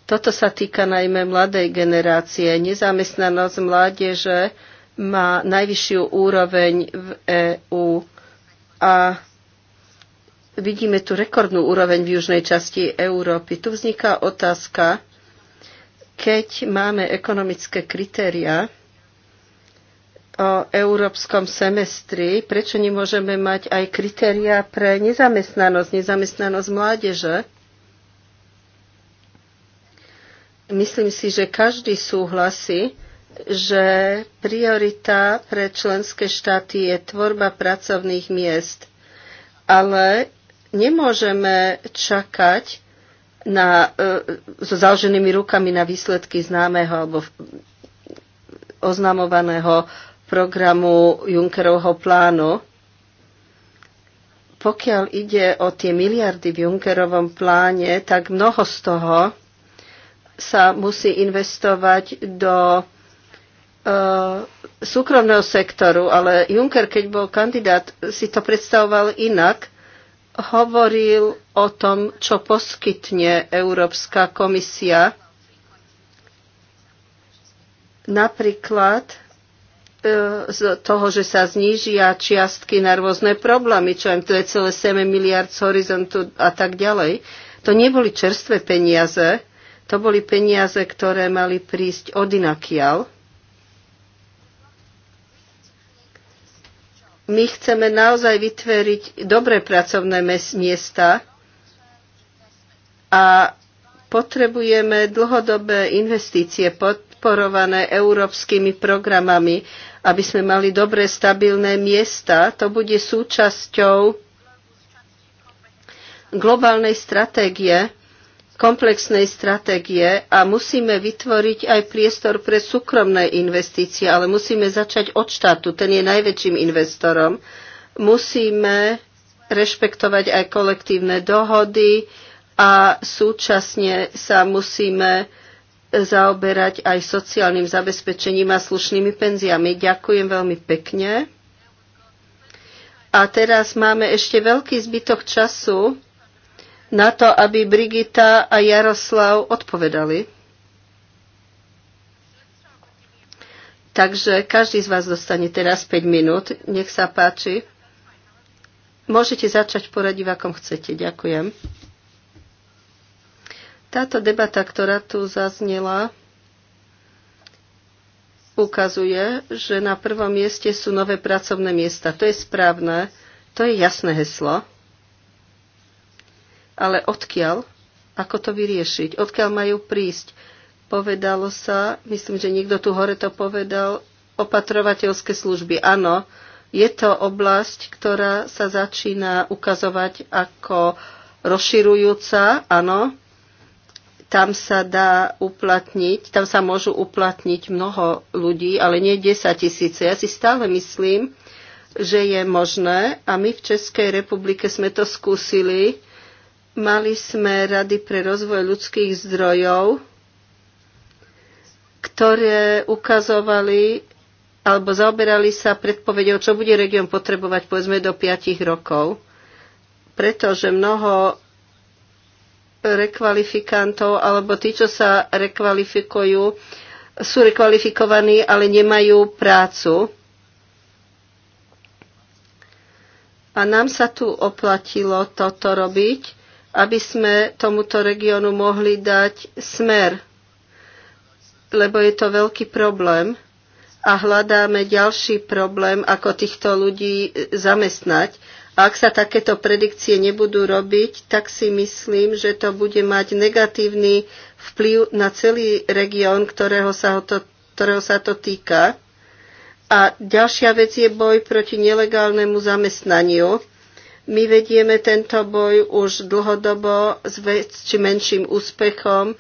Toto sa týka najmä mladej generácie. Nezamestnanosť mládeže má najvyššiu úroveň v EÚ a vidíme tu rekordnú úroveň v južnej časti Európy. Tu vzniká otázka, keď máme ekonomické kritéria o európskom semestri, prečo nemôžeme mať aj kritéria pre nezamestnanosť, nezamestnanosť mládeže? Myslím si, že každý súhlasí, že priorita pre členské štáty je tvorba pracovných miest. Ale nemôžeme čakať na, e, so založenými rukami na výsledky známeho alebo oznamovaného programu Junckerovho plánu. Pokiaľ ide o tie miliardy v Junckerovom pláne, tak mnoho z toho sa musí investovať do e, súkromného sektoru, ale Juncker, keď bol kandidát, si to predstavoval inak. Hovoril o tom, čo poskytne Európska komisia. Napríklad e, z toho, že sa znížia čiastky na rôzne problémy, čo im 7 miliard z horizontu a tak ďalej. To neboli čerstvé peniaze, to boli peniaze, ktoré mali prísť od inakiaľ. My chceme naozaj vytvoriť dobré pracovné miesta a potrebujeme dlhodobé investície podporované európskymi programami, aby sme mali dobré stabilné miesta. To bude súčasťou globálnej stratégie komplexnej stratégie a musíme vytvoriť aj priestor pre súkromné investície, ale musíme začať od štátu, ten je najväčším investorom. Musíme rešpektovať aj kolektívne dohody a súčasne sa musíme zaoberať aj sociálnym zabezpečením a slušnými penziami. Ďakujem veľmi pekne. A teraz máme ešte veľký zbytok času na to, aby Brigita a Jaroslav odpovedali. Takže každý z vás dostane teraz 5 minút. Nech sa páči. Môžete začať poradí, akom chcete. Ďakujem. Táto debata, ktorá tu zaznela, ukazuje, že na prvom mieste sú nové pracovné miesta. To je správne, to je jasné heslo. Ale odkiaľ? Ako to vyriešiť? Odkiaľ majú prísť? Povedalo sa, myslím, že niekto tu hore to povedal, opatrovateľské služby. Áno, je to oblasť, ktorá sa začína ukazovať ako rozširujúca, áno. Tam sa dá uplatniť, tam sa môžu uplatniť mnoho ľudí, ale nie 10 tisíce. Ja si stále myslím, že je možné a my v Českej republike sme to skúsili Mali sme Rady pre rozvoj ľudských zdrojov, ktoré ukazovali alebo zaoberali sa predpovedou, čo bude región potrebovať povedzme do 5 rokov, pretože mnoho rekvalifikantov alebo tí, čo sa rekvalifikujú, sú rekvalifikovaní, ale nemajú prácu. A nám sa tu oplatilo toto robiť, aby sme tomuto regiónu mohli dať smer, lebo je to veľký problém a hľadáme ďalší problém, ako týchto ľudí zamestnať. A ak sa takéto predikcie nebudú robiť, tak si myslím, že to bude mať negatívny vplyv na celý región, ktorého sa to, ktorého sa to týka. A ďalšia vec je boj proti nelegálnemu zamestnaniu my vedieme tento boj už dlhodobo s väč- či menším úspechom.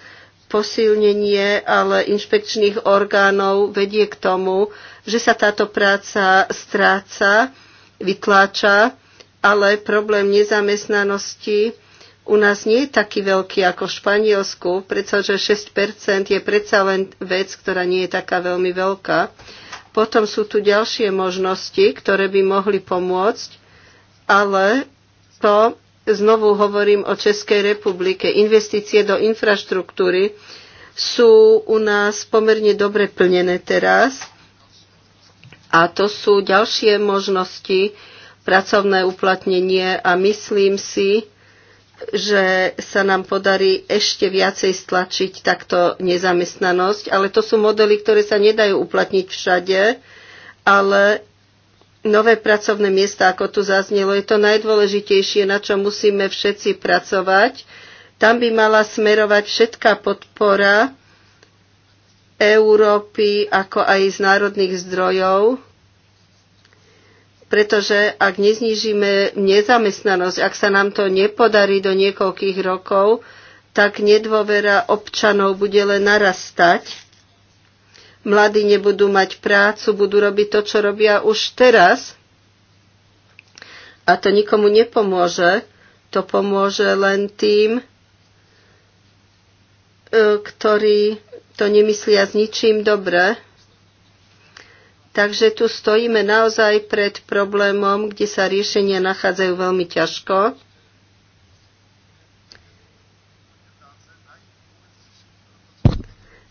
Posilnenie ale inšpekčných orgánov vedie k tomu, že sa táto práca stráca, vytláča, ale problém nezamestnanosti u nás nie je taký veľký ako v Španielsku, pretože 6% je predsa len vec, ktorá nie je taká veľmi veľká. Potom sú tu ďalšie možnosti, ktoré by mohli pomôcť ale to znovu hovorím o Českej republike. Investície do infraštruktúry sú u nás pomerne dobre plnené teraz a to sú ďalšie možnosti pracovné uplatnenie a myslím si, že sa nám podarí ešte viacej stlačiť takto nezamestnanosť, ale to sú modely, ktoré sa nedajú uplatniť všade, ale nové pracovné miesta, ako tu zaznelo, je to najdôležitejšie, na čo musíme všetci pracovať. Tam by mala smerovať všetká podpora Európy, ako aj z národných zdrojov, pretože ak neznižíme nezamestnanosť, ak sa nám to nepodarí do niekoľkých rokov, tak nedôvera občanov bude len narastať mladí nebudú mať prácu, budú robiť to, čo robia už teraz. A to nikomu nepomôže. To pomôže len tým, e, ktorí to nemyslia s ničím dobre. Takže tu stojíme naozaj pred problémom, kde sa riešenia nachádzajú veľmi ťažko.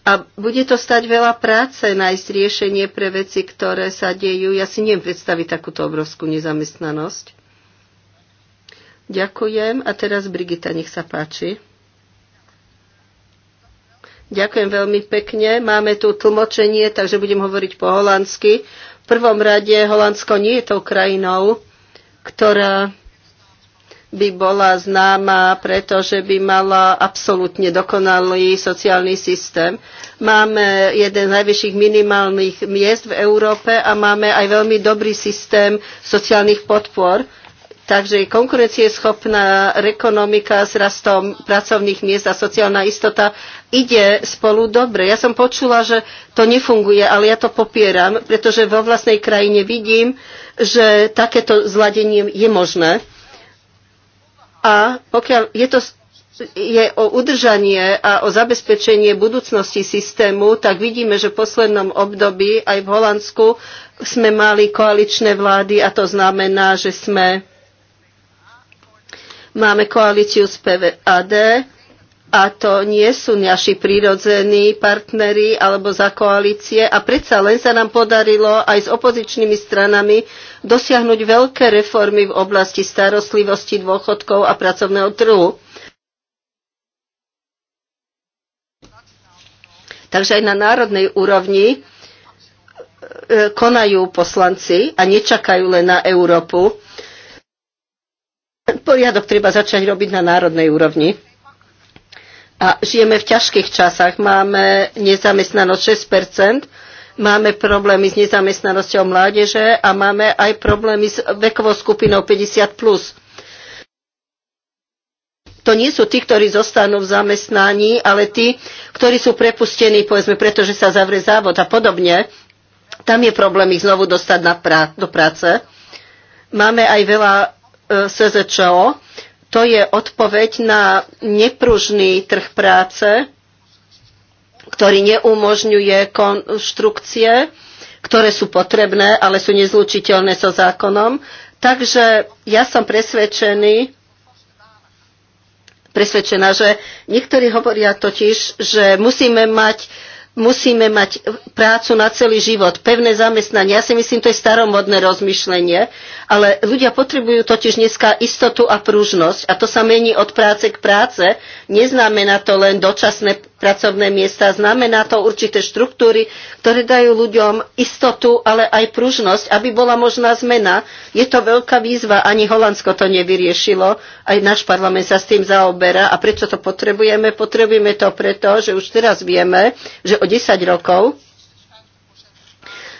A bude to stať veľa práce nájsť riešenie pre veci, ktoré sa dejú. Ja si neviem predstaviť takúto obrovskú nezamestnanosť. Ďakujem. A teraz Brigita, nech sa páči. Ďakujem veľmi pekne. Máme tu tlmočenie, takže budem hovoriť po holandsky. V prvom rade Holandsko nie je tou krajinou, ktorá by bola známa, pretože by mala absolútne dokonalý sociálny systém. Máme jeden z najvyšších minimálnych miest v Európe a máme aj veľmi dobrý systém sociálnych podpor. Takže konkurencieschopná ekonomika s rastom pracovných miest a sociálna istota ide spolu dobre. Ja som počula, že to nefunguje, ale ja to popieram, pretože vo vlastnej krajine vidím, že takéto zladenie je možné. A pokiaľ je to je o udržanie a o zabezpečenie budúcnosti systému, tak vidíme, že v poslednom období aj v Holandsku sme mali koaličné vlády a to znamená, že sme máme koalíciu z PVAD, a to nie sú naši prírodzení partnery alebo za koalície a predsa len sa nám podarilo aj s opozičnými stranami dosiahnuť veľké reformy v oblasti starostlivosti dôchodkov a pracovného trhu. Takže aj na národnej úrovni e, konajú poslanci a nečakajú len na Európu. Poriadok treba začať robiť na národnej úrovni. A žijeme v ťažkých časách. Máme nezamestnanosť 6 máme problémy s nezamestnanosťou mládeže a máme aj problémy s vekovou skupinou 50 plus. To nie sú tí, ktorí zostanú v zamestnaní, ale tí, ktorí sú prepustení, povedzme, pretože sa zavrie závod a podobne. Tam je problém ich znovu dostať na prá- do práce. Máme aj veľa e, SZČO, to je odpoveď na nepružný trh práce, ktorý neumožňuje konštrukcie, ktoré sú potrebné, ale sú nezlučiteľné so zákonom. Takže ja som presvedčený, presvedčená, že niektorí hovoria totiž, že musíme mať musíme mať prácu na celý život, pevné zamestnanie. Ja si myslím, to je staromodné rozmýšlenie, ale ľudia potrebujú totiž dneska istotu a pružnosť a to sa mení od práce k práce. Neznamená to len dočasné pracovné miesta. Znamená to určité štruktúry, ktoré dajú ľuďom istotu, ale aj pružnosť, aby bola možná zmena. Je to veľká výzva, ani Holandsko to nevyriešilo. Aj náš parlament sa s tým zaoberá. A prečo to potrebujeme? Potrebujeme to preto, že už teraz vieme, že o 10 rokov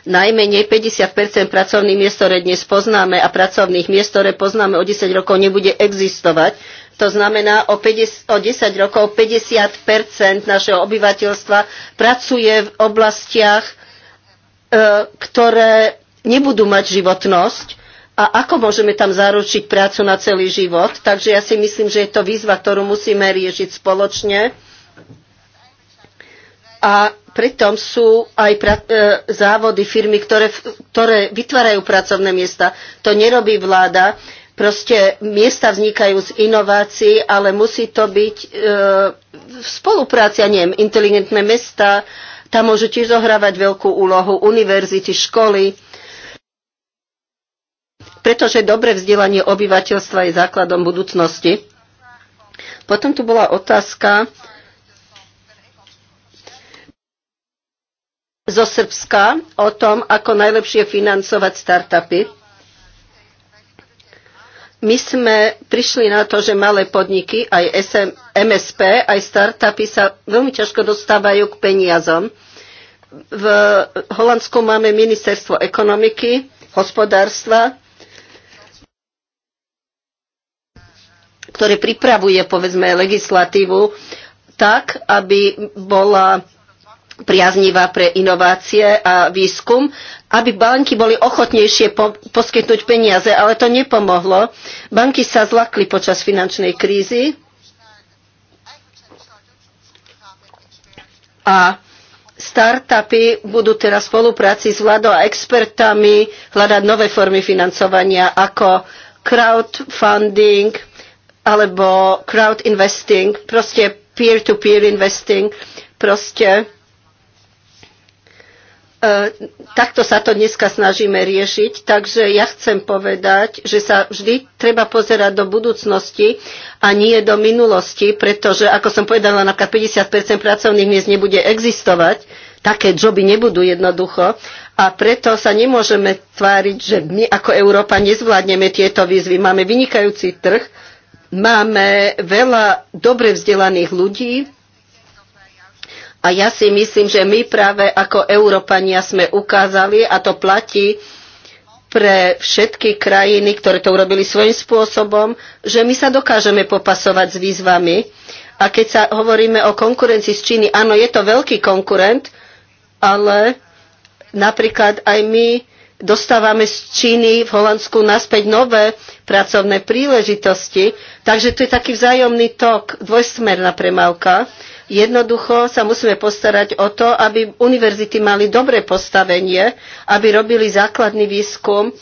najmenej 50 pracovných miest, ktoré dnes poznáme a pracovných miest, ktoré poznáme o 10 rokov, nebude existovať. To znamená, o, 50, o 10 rokov 50 našeho obyvateľstva pracuje v oblastiach, e, ktoré nebudú mať životnosť. A ako môžeme tam zaručiť prácu na celý život? Takže ja si myslím, že je to výzva, ktorú musíme riešiť spoločne. A pritom sú aj pra- e, závody, firmy, ktoré, ktoré vytvárajú pracovné miesta. To nerobí vláda. Proste miesta vznikajú z inovácií, ale musí to byť e, spolupráca, neviem, inteligentné mesta, tam môžu tiež zohrávať veľkú úlohu univerzity, školy, pretože dobre vzdelanie obyvateľstva je základom budúcnosti. Potom tu bola otázka zo Srbska o tom, ako najlepšie financovať startupy. My sme prišli na to, že malé podniky, aj SM, MSP, aj startupy sa veľmi ťažko dostávajú k peniazom. V Holandsku máme ministerstvo ekonomiky, hospodárstva, ktoré pripravuje, povedzme, legislatívu tak, aby bola priaznivá pre inovácie a výskum, aby banky boli ochotnejšie po, poskytnúť peniaze, ale to nepomohlo. Banky sa zlakli počas finančnej krízy a startupy budú teraz v spolupráci s vládou a expertami hľadať nové formy financovania ako crowdfunding alebo crowd investing, proste peer-to-peer -peer investing, proste E, takto sa to dneska snažíme riešiť, takže ja chcem povedať, že sa vždy treba pozerať do budúcnosti a nie do minulosti, pretože, ako som povedala, napríklad 50% pracovných miest nebude existovať, také joby nebudú jednoducho a preto sa nemôžeme tváriť, že my ako Európa nezvládneme tieto výzvy. Máme vynikajúci trh, máme veľa dobre vzdelaných ľudí, a ja si myslím, že my práve ako Európania sme ukázali, a to platí pre všetky krajiny, ktoré to urobili svojím spôsobom, že my sa dokážeme popasovať s výzvami. A keď sa hovoríme o konkurencii z Číny, áno, je to veľký konkurent, ale napríklad aj my dostávame z Číny v Holandsku naspäť nové pracovné príležitosti. Takže to je taký vzájomný tok, dvojsmerná premávka. Jednoducho sa musíme postarať o to, aby univerzity mali dobré postavenie, aby robili základný výskum,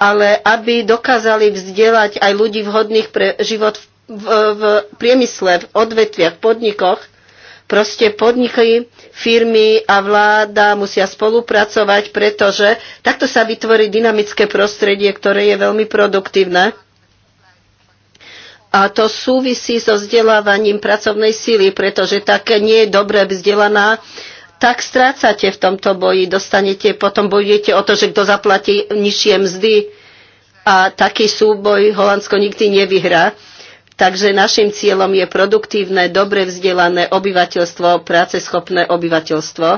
ale aby dokázali vzdelať aj ľudí vhodných pre život v, v, v priemysle, v odvetviach, v podnikoch. Proste podniky, firmy a vláda musia spolupracovať, pretože takto sa vytvorí dynamické prostredie, ktoré je veľmi produktívne. A to súvisí so vzdelávaním pracovnej síly, pretože tak nie je dobre vzdelaná, tak strácate v tomto boji. Dostanete, potom bojujete o to, že kto zaplatí nižšie mzdy. A taký súboj Holandsko nikdy nevyhrá. Takže našim cieľom je produktívne, dobre vzdelané obyvateľstvo, práceschopné obyvateľstvo.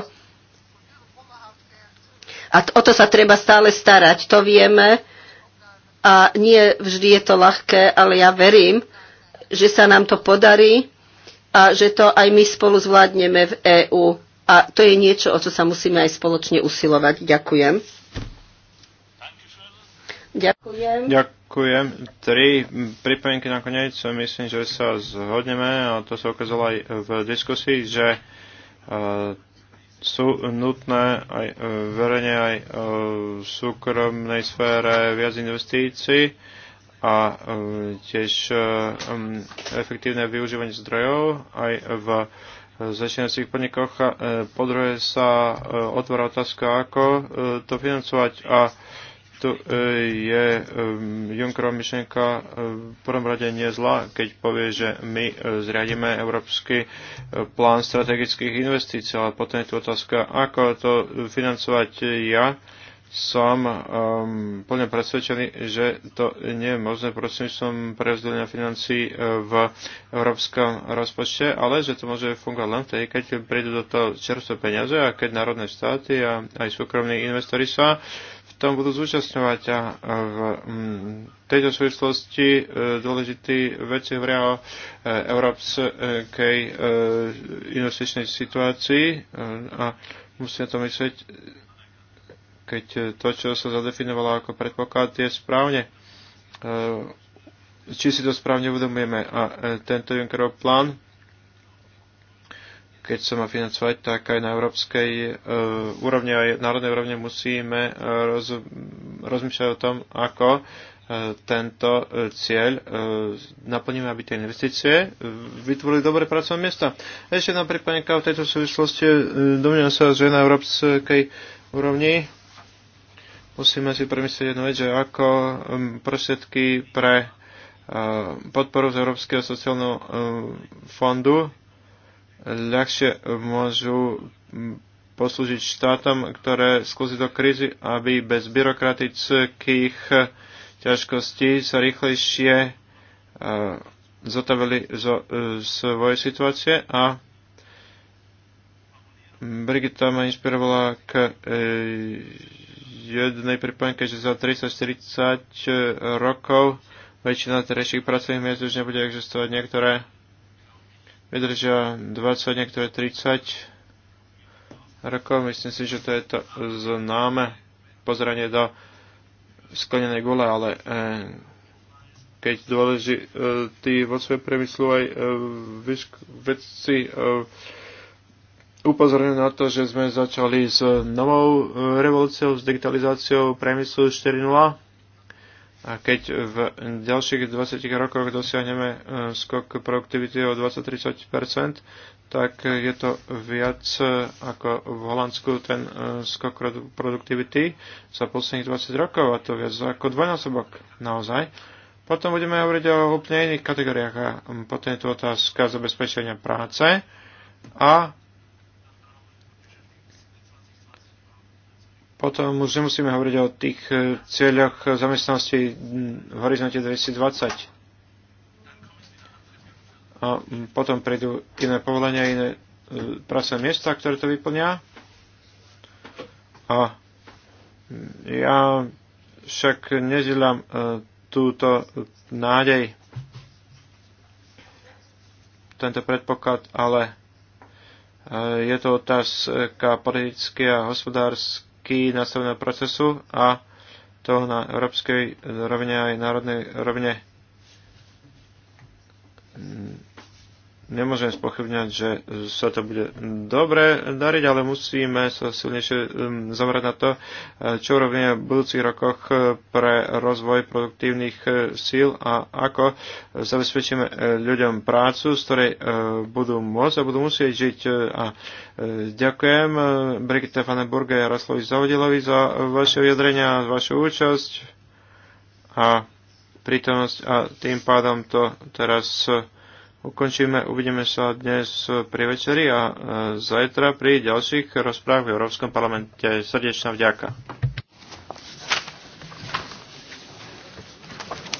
A o to sa treba stále starať, to vieme a nie vždy je to ľahké, ale ja verím, že sa nám to podarí a že to aj my spolu zvládneme v EÚ. A to je niečo, o čo sa musíme aj spoločne usilovať. Ďakujem. Ďakujem. Ďakujem. Tri pripomienky nakoniec. Myslím, že sa zhodneme a to sa ukázalo aj v diskusii, že e, sú nutné aj e, verejne, aj e, v súkromnej sfére viac investícií a e, tiež efektívne využívanie zdrojov aj v začínajúcich podnikoch. Po druhé sa otvára otázka, ako to financovať a tu e, je e, Junckerov myšlenka e, v prvom rade nie zla, keď povie, že my zriadíme európsky plán strategických investícií, ale potom je tu otázka, ako to financovať ja som um, plne presvedčený, že to nie je možné Prosím som prevzdelenia financí v európskom rozpočte, ale že to môže fungovať len vtedy, keď prídu do toho čerstvé peniaze a keď národné štáty a aj súkromní investori sa uh, tam budú zúčastňovať. A v mm, tejto súvislosti e, dôležitý veci hovoria o e, európskej e, investičnej situácii a musíme to myslieť, keď to, čo sa zadefinovalo ako predpoklad, je správne či si to správne uvedomujeme. A tento Junckerov plán keď sa má financovať, tak aj na európskej e, úrovni, aj národnej úrovne musíme e, roz, rozmýšľať o tom, ako e, tento cieľ naplníme, aby tie investície vytvorili dobré pracovné miesta. Ešte jedna pripomienka v tejto súvislosti. Domnievam sa, že na európskej úrovni musíme si premyslieť jednu vec, že ako prostriedky pre podporu z Európskeho sociálneho fondu ľahšie môžu poslúžiť štátom, ktoré skúsi do krízy, aby bez byrokratických ťažkostí sa rýchlejšie e, zotavili zo e, svojej situácie a Brigita ma inšpirovala k e, jednej pripojenke, že za 340 rokov väčšina terejších pracovných miest už nebude existovať niektoré vydržia 20, niektoré 30 rokov. Myslím si, že to je to známe pozranie do sklenenej gule, ale e, keď tí vo svojom priemyslu aj e, vedci e, upozorňujú na to, že sme začali s novou revolúciou, s digitalizáciou priemyslu a keď v ďalších 20 rokoch dosiahneme e, skok produktivity o 20-30%, tak je to viac e, ako v Holandsku ten e, skok produktivity za posledných 20 rokov a to viac ako dvojnásobok naozaj. Potom budeme hovoriť o úplne iných kategóriách a potom je tu otázka zabezpečenia práce a Potom už nemusíme hovoriť o tých e, cieľoch zamestnanosti v horizonte 2020. A potom prídu iné povolenia, iné e, pracovné miesta, ktoré to vyplňa. A ja však nezdielam e, túto nádej, tento predpoklad, ale je to otázka politické a hospodárske prvky nastaveného procesu a to na európskej rovine aj národnej rovine nemôžem spochybňať, že sa to bude dobre dariť, ale musíme sa silnejšie um, zamerať na to, čo urobíme v budúcich rokoch uh, pre rozvoj produktívnych uh, síl a ako zabezpečíme uh, ľuďom prácu, z ktorej budú môcť a budú musieť žiť. A ďakujem Brigitte Faneburge a Jaroslovi Zavodilovi za vaše vyjadrenia, za vašu účasť a prítomnosť a tým pádom to teraz ukončíme. Uvidíme sa dnes pri večeri a e, zajtra pri ďalších rozprávach v Európskom parlamente. Srdečná vďaka.